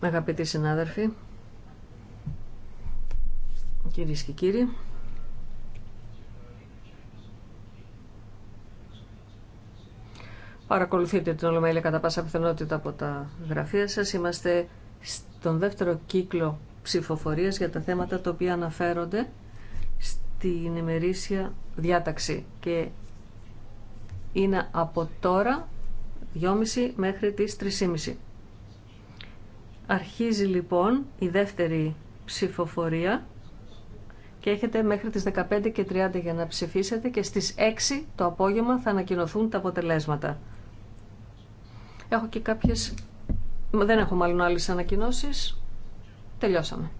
αγαπητοί συνάδελφοι, κυρίε και κύριοι. Παρακολουθείτε την Ολομέλεια κατά πάσα πιθανότητα από τα γραφεία σας. Είμαστε στον δεύτερο κύκλο ψηφοφορίας για τα θέματα τα οποία αναφέρονται στην ημερήσια διάταξη και είναι από τώρα 2,5 μέχρι τις 3,5. Αρχίζει λοιπόν η δεύτερη ψηφοφορία και έχετε μέχρι τις 15 και 30 για να ψηφίσετε και στις 6 το απόγευμα θα ανακοινωθούν τα αποτελέσματα. Έχω και κάποιες... Δεν έχω μάλλον άλλες ανακοινώσεις. Τελειώσαμε.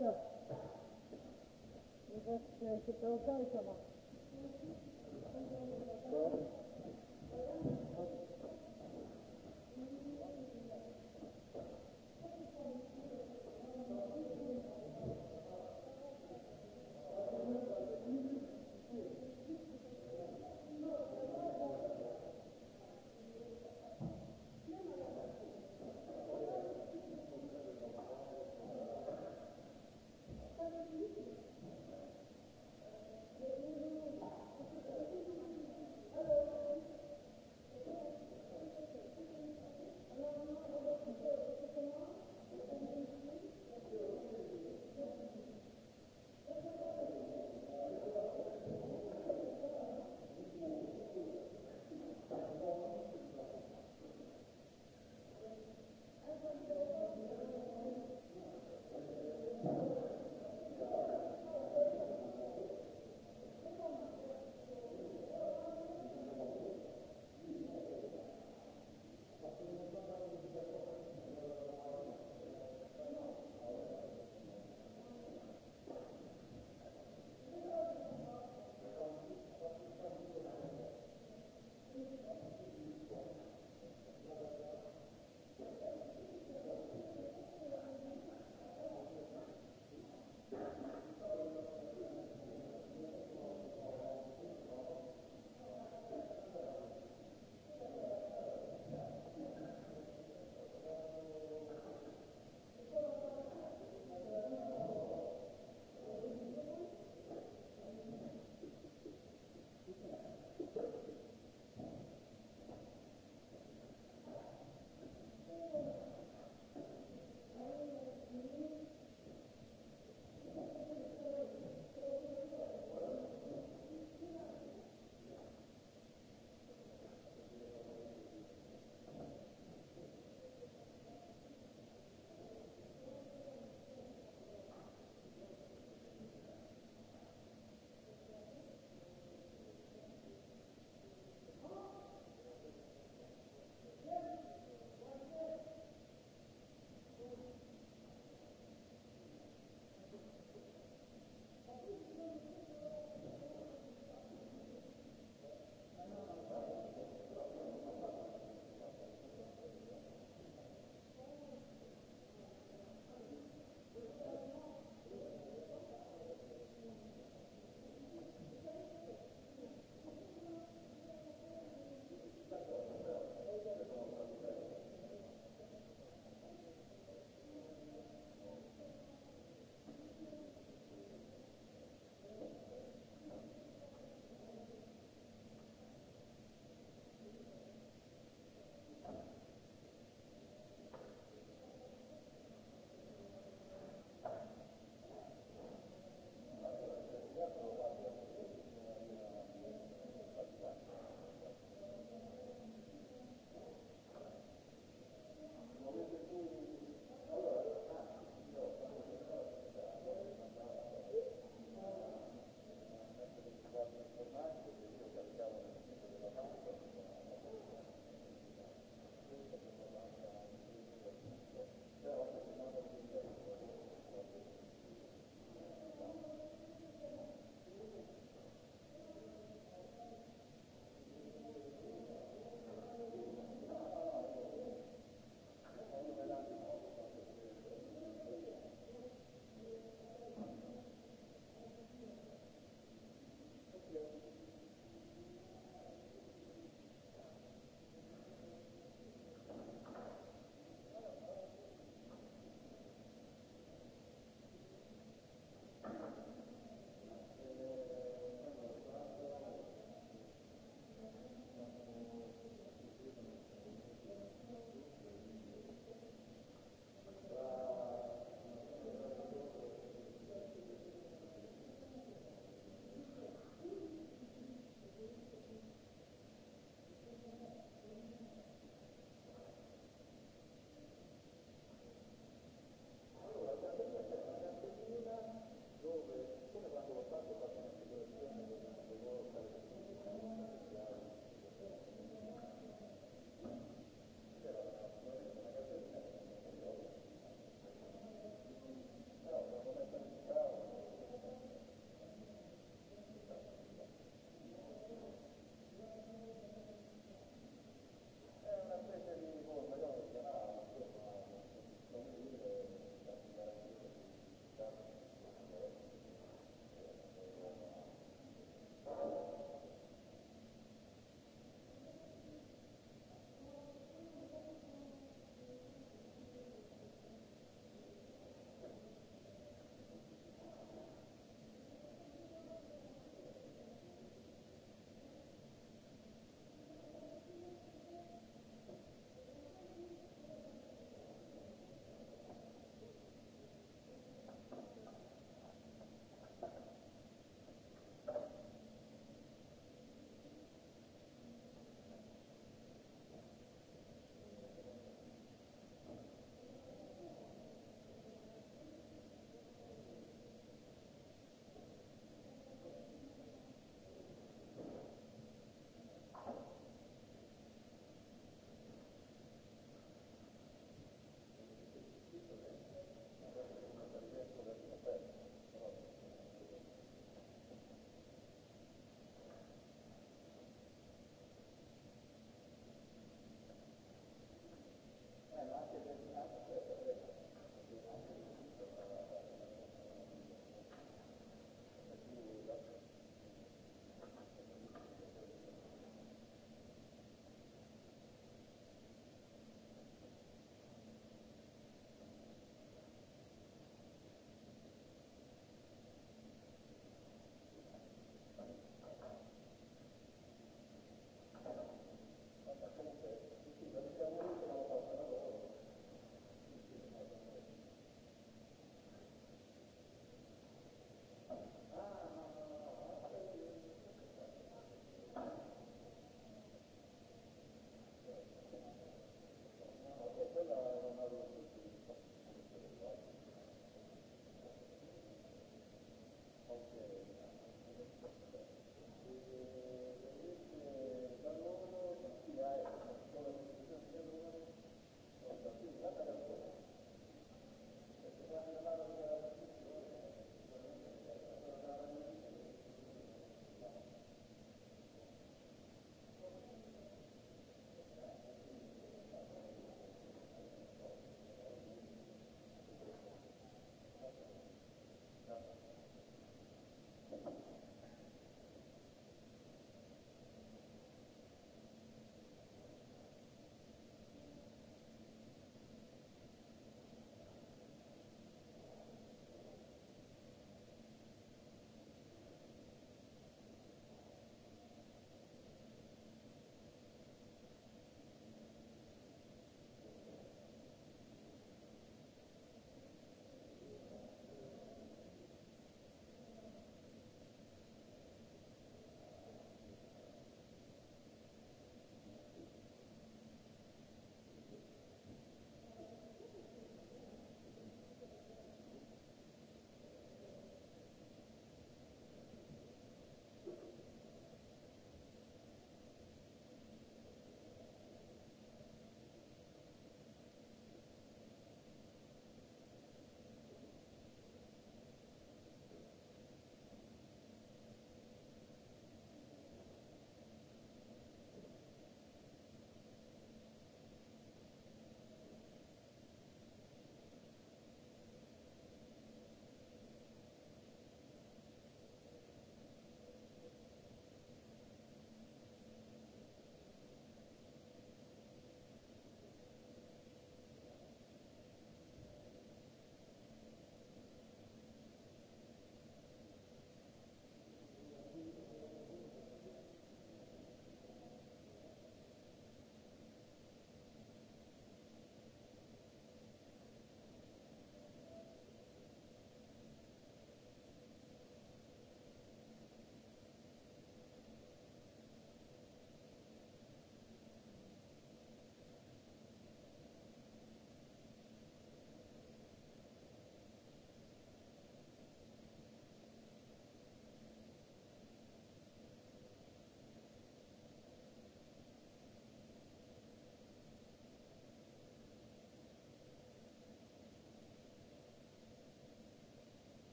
Ευχαριστώ. Ευχαριστώ. Ευχαριστώ.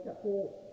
Ευχαριστώ.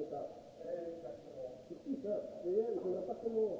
μετά. Ε, εντάξει. Ναι,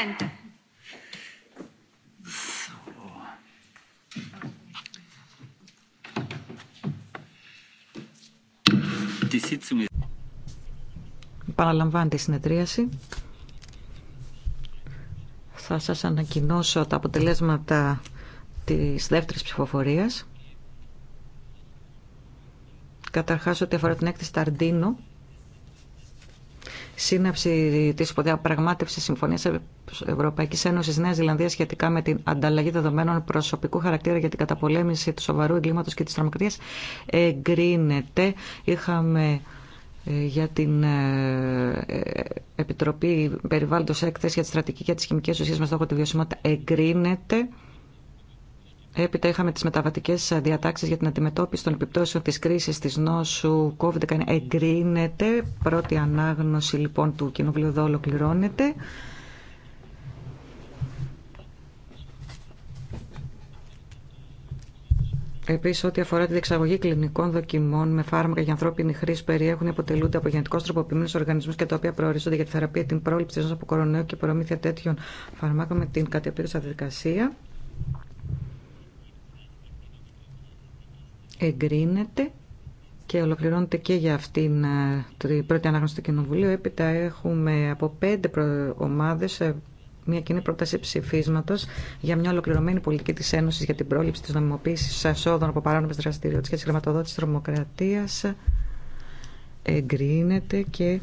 Presidente. So. η συνεδρίαση. Θα σας ανακοινώσω τα αποτελέσματα της δεύτερης ψηφοφορία. Καταρχάς, ό,τι αφορά την έκθεση σύναψη τη υποδιαπραγμάτευση Συμφωνία Ευρωπαϊκή Ένωση Νέα Ζηλανδία σχετικά με την ανταλλαγή δεδομένων προσωπικού χαρακτήρα για την καταπολέμηση του σοβαρού εγκλήματο και τη τρομοκρατία εγκρίνεται. Είχαμε ε, για την ε, ε, Επιτροπή Περιβάλλοντος Έκθεση για τη Στρατηγική και τις Χημικές Ουσίες με στόχο τη βιωσιμότητα εγκρίνεται. Έπειτα είχαμε τις μεταβατικές διατάξεις για την αντιμετώπιση των επιπτώσεων της κρίσης της νόσου COVID-19. Εγκρίνεται. Πρώτη ανάγνωση λοιπόν του Κοινοβουλίου εδώ ολοκληρώνεται. Επίση, ό,τι αφορά τη διεξαγωγή κλινικών δοκιμών με φάρμακα για ανθρώπινη χρήση, περιέχουν ή αποτελούνται από γενετικώ τροποποιημένου οργανισμού και τα οποία προορίζονται για τη θεραπεία, την πρόληψη τη από κορονοϊό και προμήθεια τέτοιων φαρμάκων με την κατεπίδουσα διαδικασία. εγκρίνεται και ολοκληρώνεται και για αυτήν ε, την πρώτη ανάγνωση του Κοινοβουλίου. Έπειτα έχουμε από πέντε ομάδες ε, μια κοινή πρόταση ψηφίσματο για μια ολοκληρωμένη πολιτική τη Ένωση για την πρόληψη τη νομιμοποίηση εσόδων από παράνομε δραστηριότητε και τη χρηματοδότηση τρομοκρατία. Εγκρίνεται και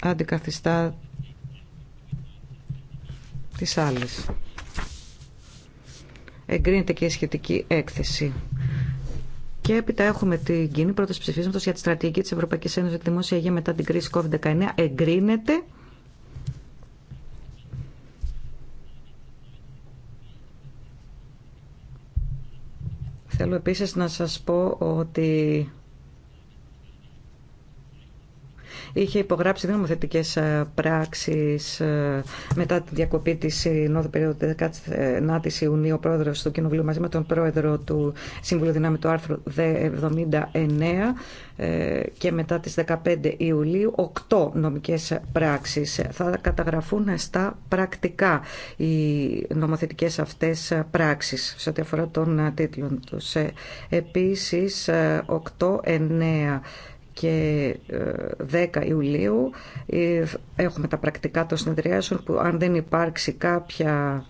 αντικαθιστά τις άλλες εγκρίνεται και η σχετική έκθεση. Και έπειτα έχουμε την κοινή πρόταση ψηφίσματο για τη στρατηγική τη Ευρωπαϊκή Ένωση για τη Δημόσια Υγεία μετά την κρίση COVID-19. Εγκρίνεται. Θέλω επίσης να σας πω ότι είχε υπογράψει δύο νομοθετικέ ε, πράξει ε, μετά τη διακοπή τη Συνόδου περίοδου 19η Ιουνίου, ο πρόεδρο του Κοινοβουλίου μαζί με τον πρόεδρο του Σύμβουλου Δυνάμει του άρθρου 79 και μετά τις 15 Ιουλίου οκτώ νομικές πράξεις θα καταγραφούν στα πρακτικά οι νομοθετικές αυτές πράξεις σε ό,τι αφορά των τίτλων του ε, Επίσης 8, 9, και 10 ε, Ιουλίου. Ε, έχουμε τα πρακτικά των συνεδριάσεων που αν δεν υπάρξει κάποια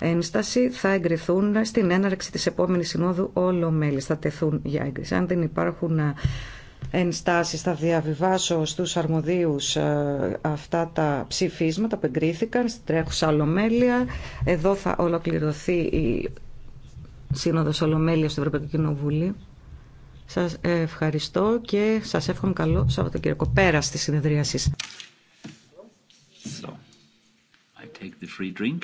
ένσταση θα εγκριθούν στην έναρξη της επόμενης συνόδου όλο μέλη. Θα τεθούν για έγκριση. Αν δεν υπάρχουν ε, ενστάσεις θα διαβιβάσω στους αρμοδίους αυτά τα ψηφίσματα που εγκρίθηκαν στην τρέχουσα ολομέλεια. Εδώ θα ολοκληρωθεί η Σύνοδος Ολομέλειας του Ευρωπαϊκού Κοινοβουλίου. Σας ευχαριστώ και σας εύχομαι καλό Σαββατοκύριακο πέρα στη συνεδρίαση. So, I take the free drink.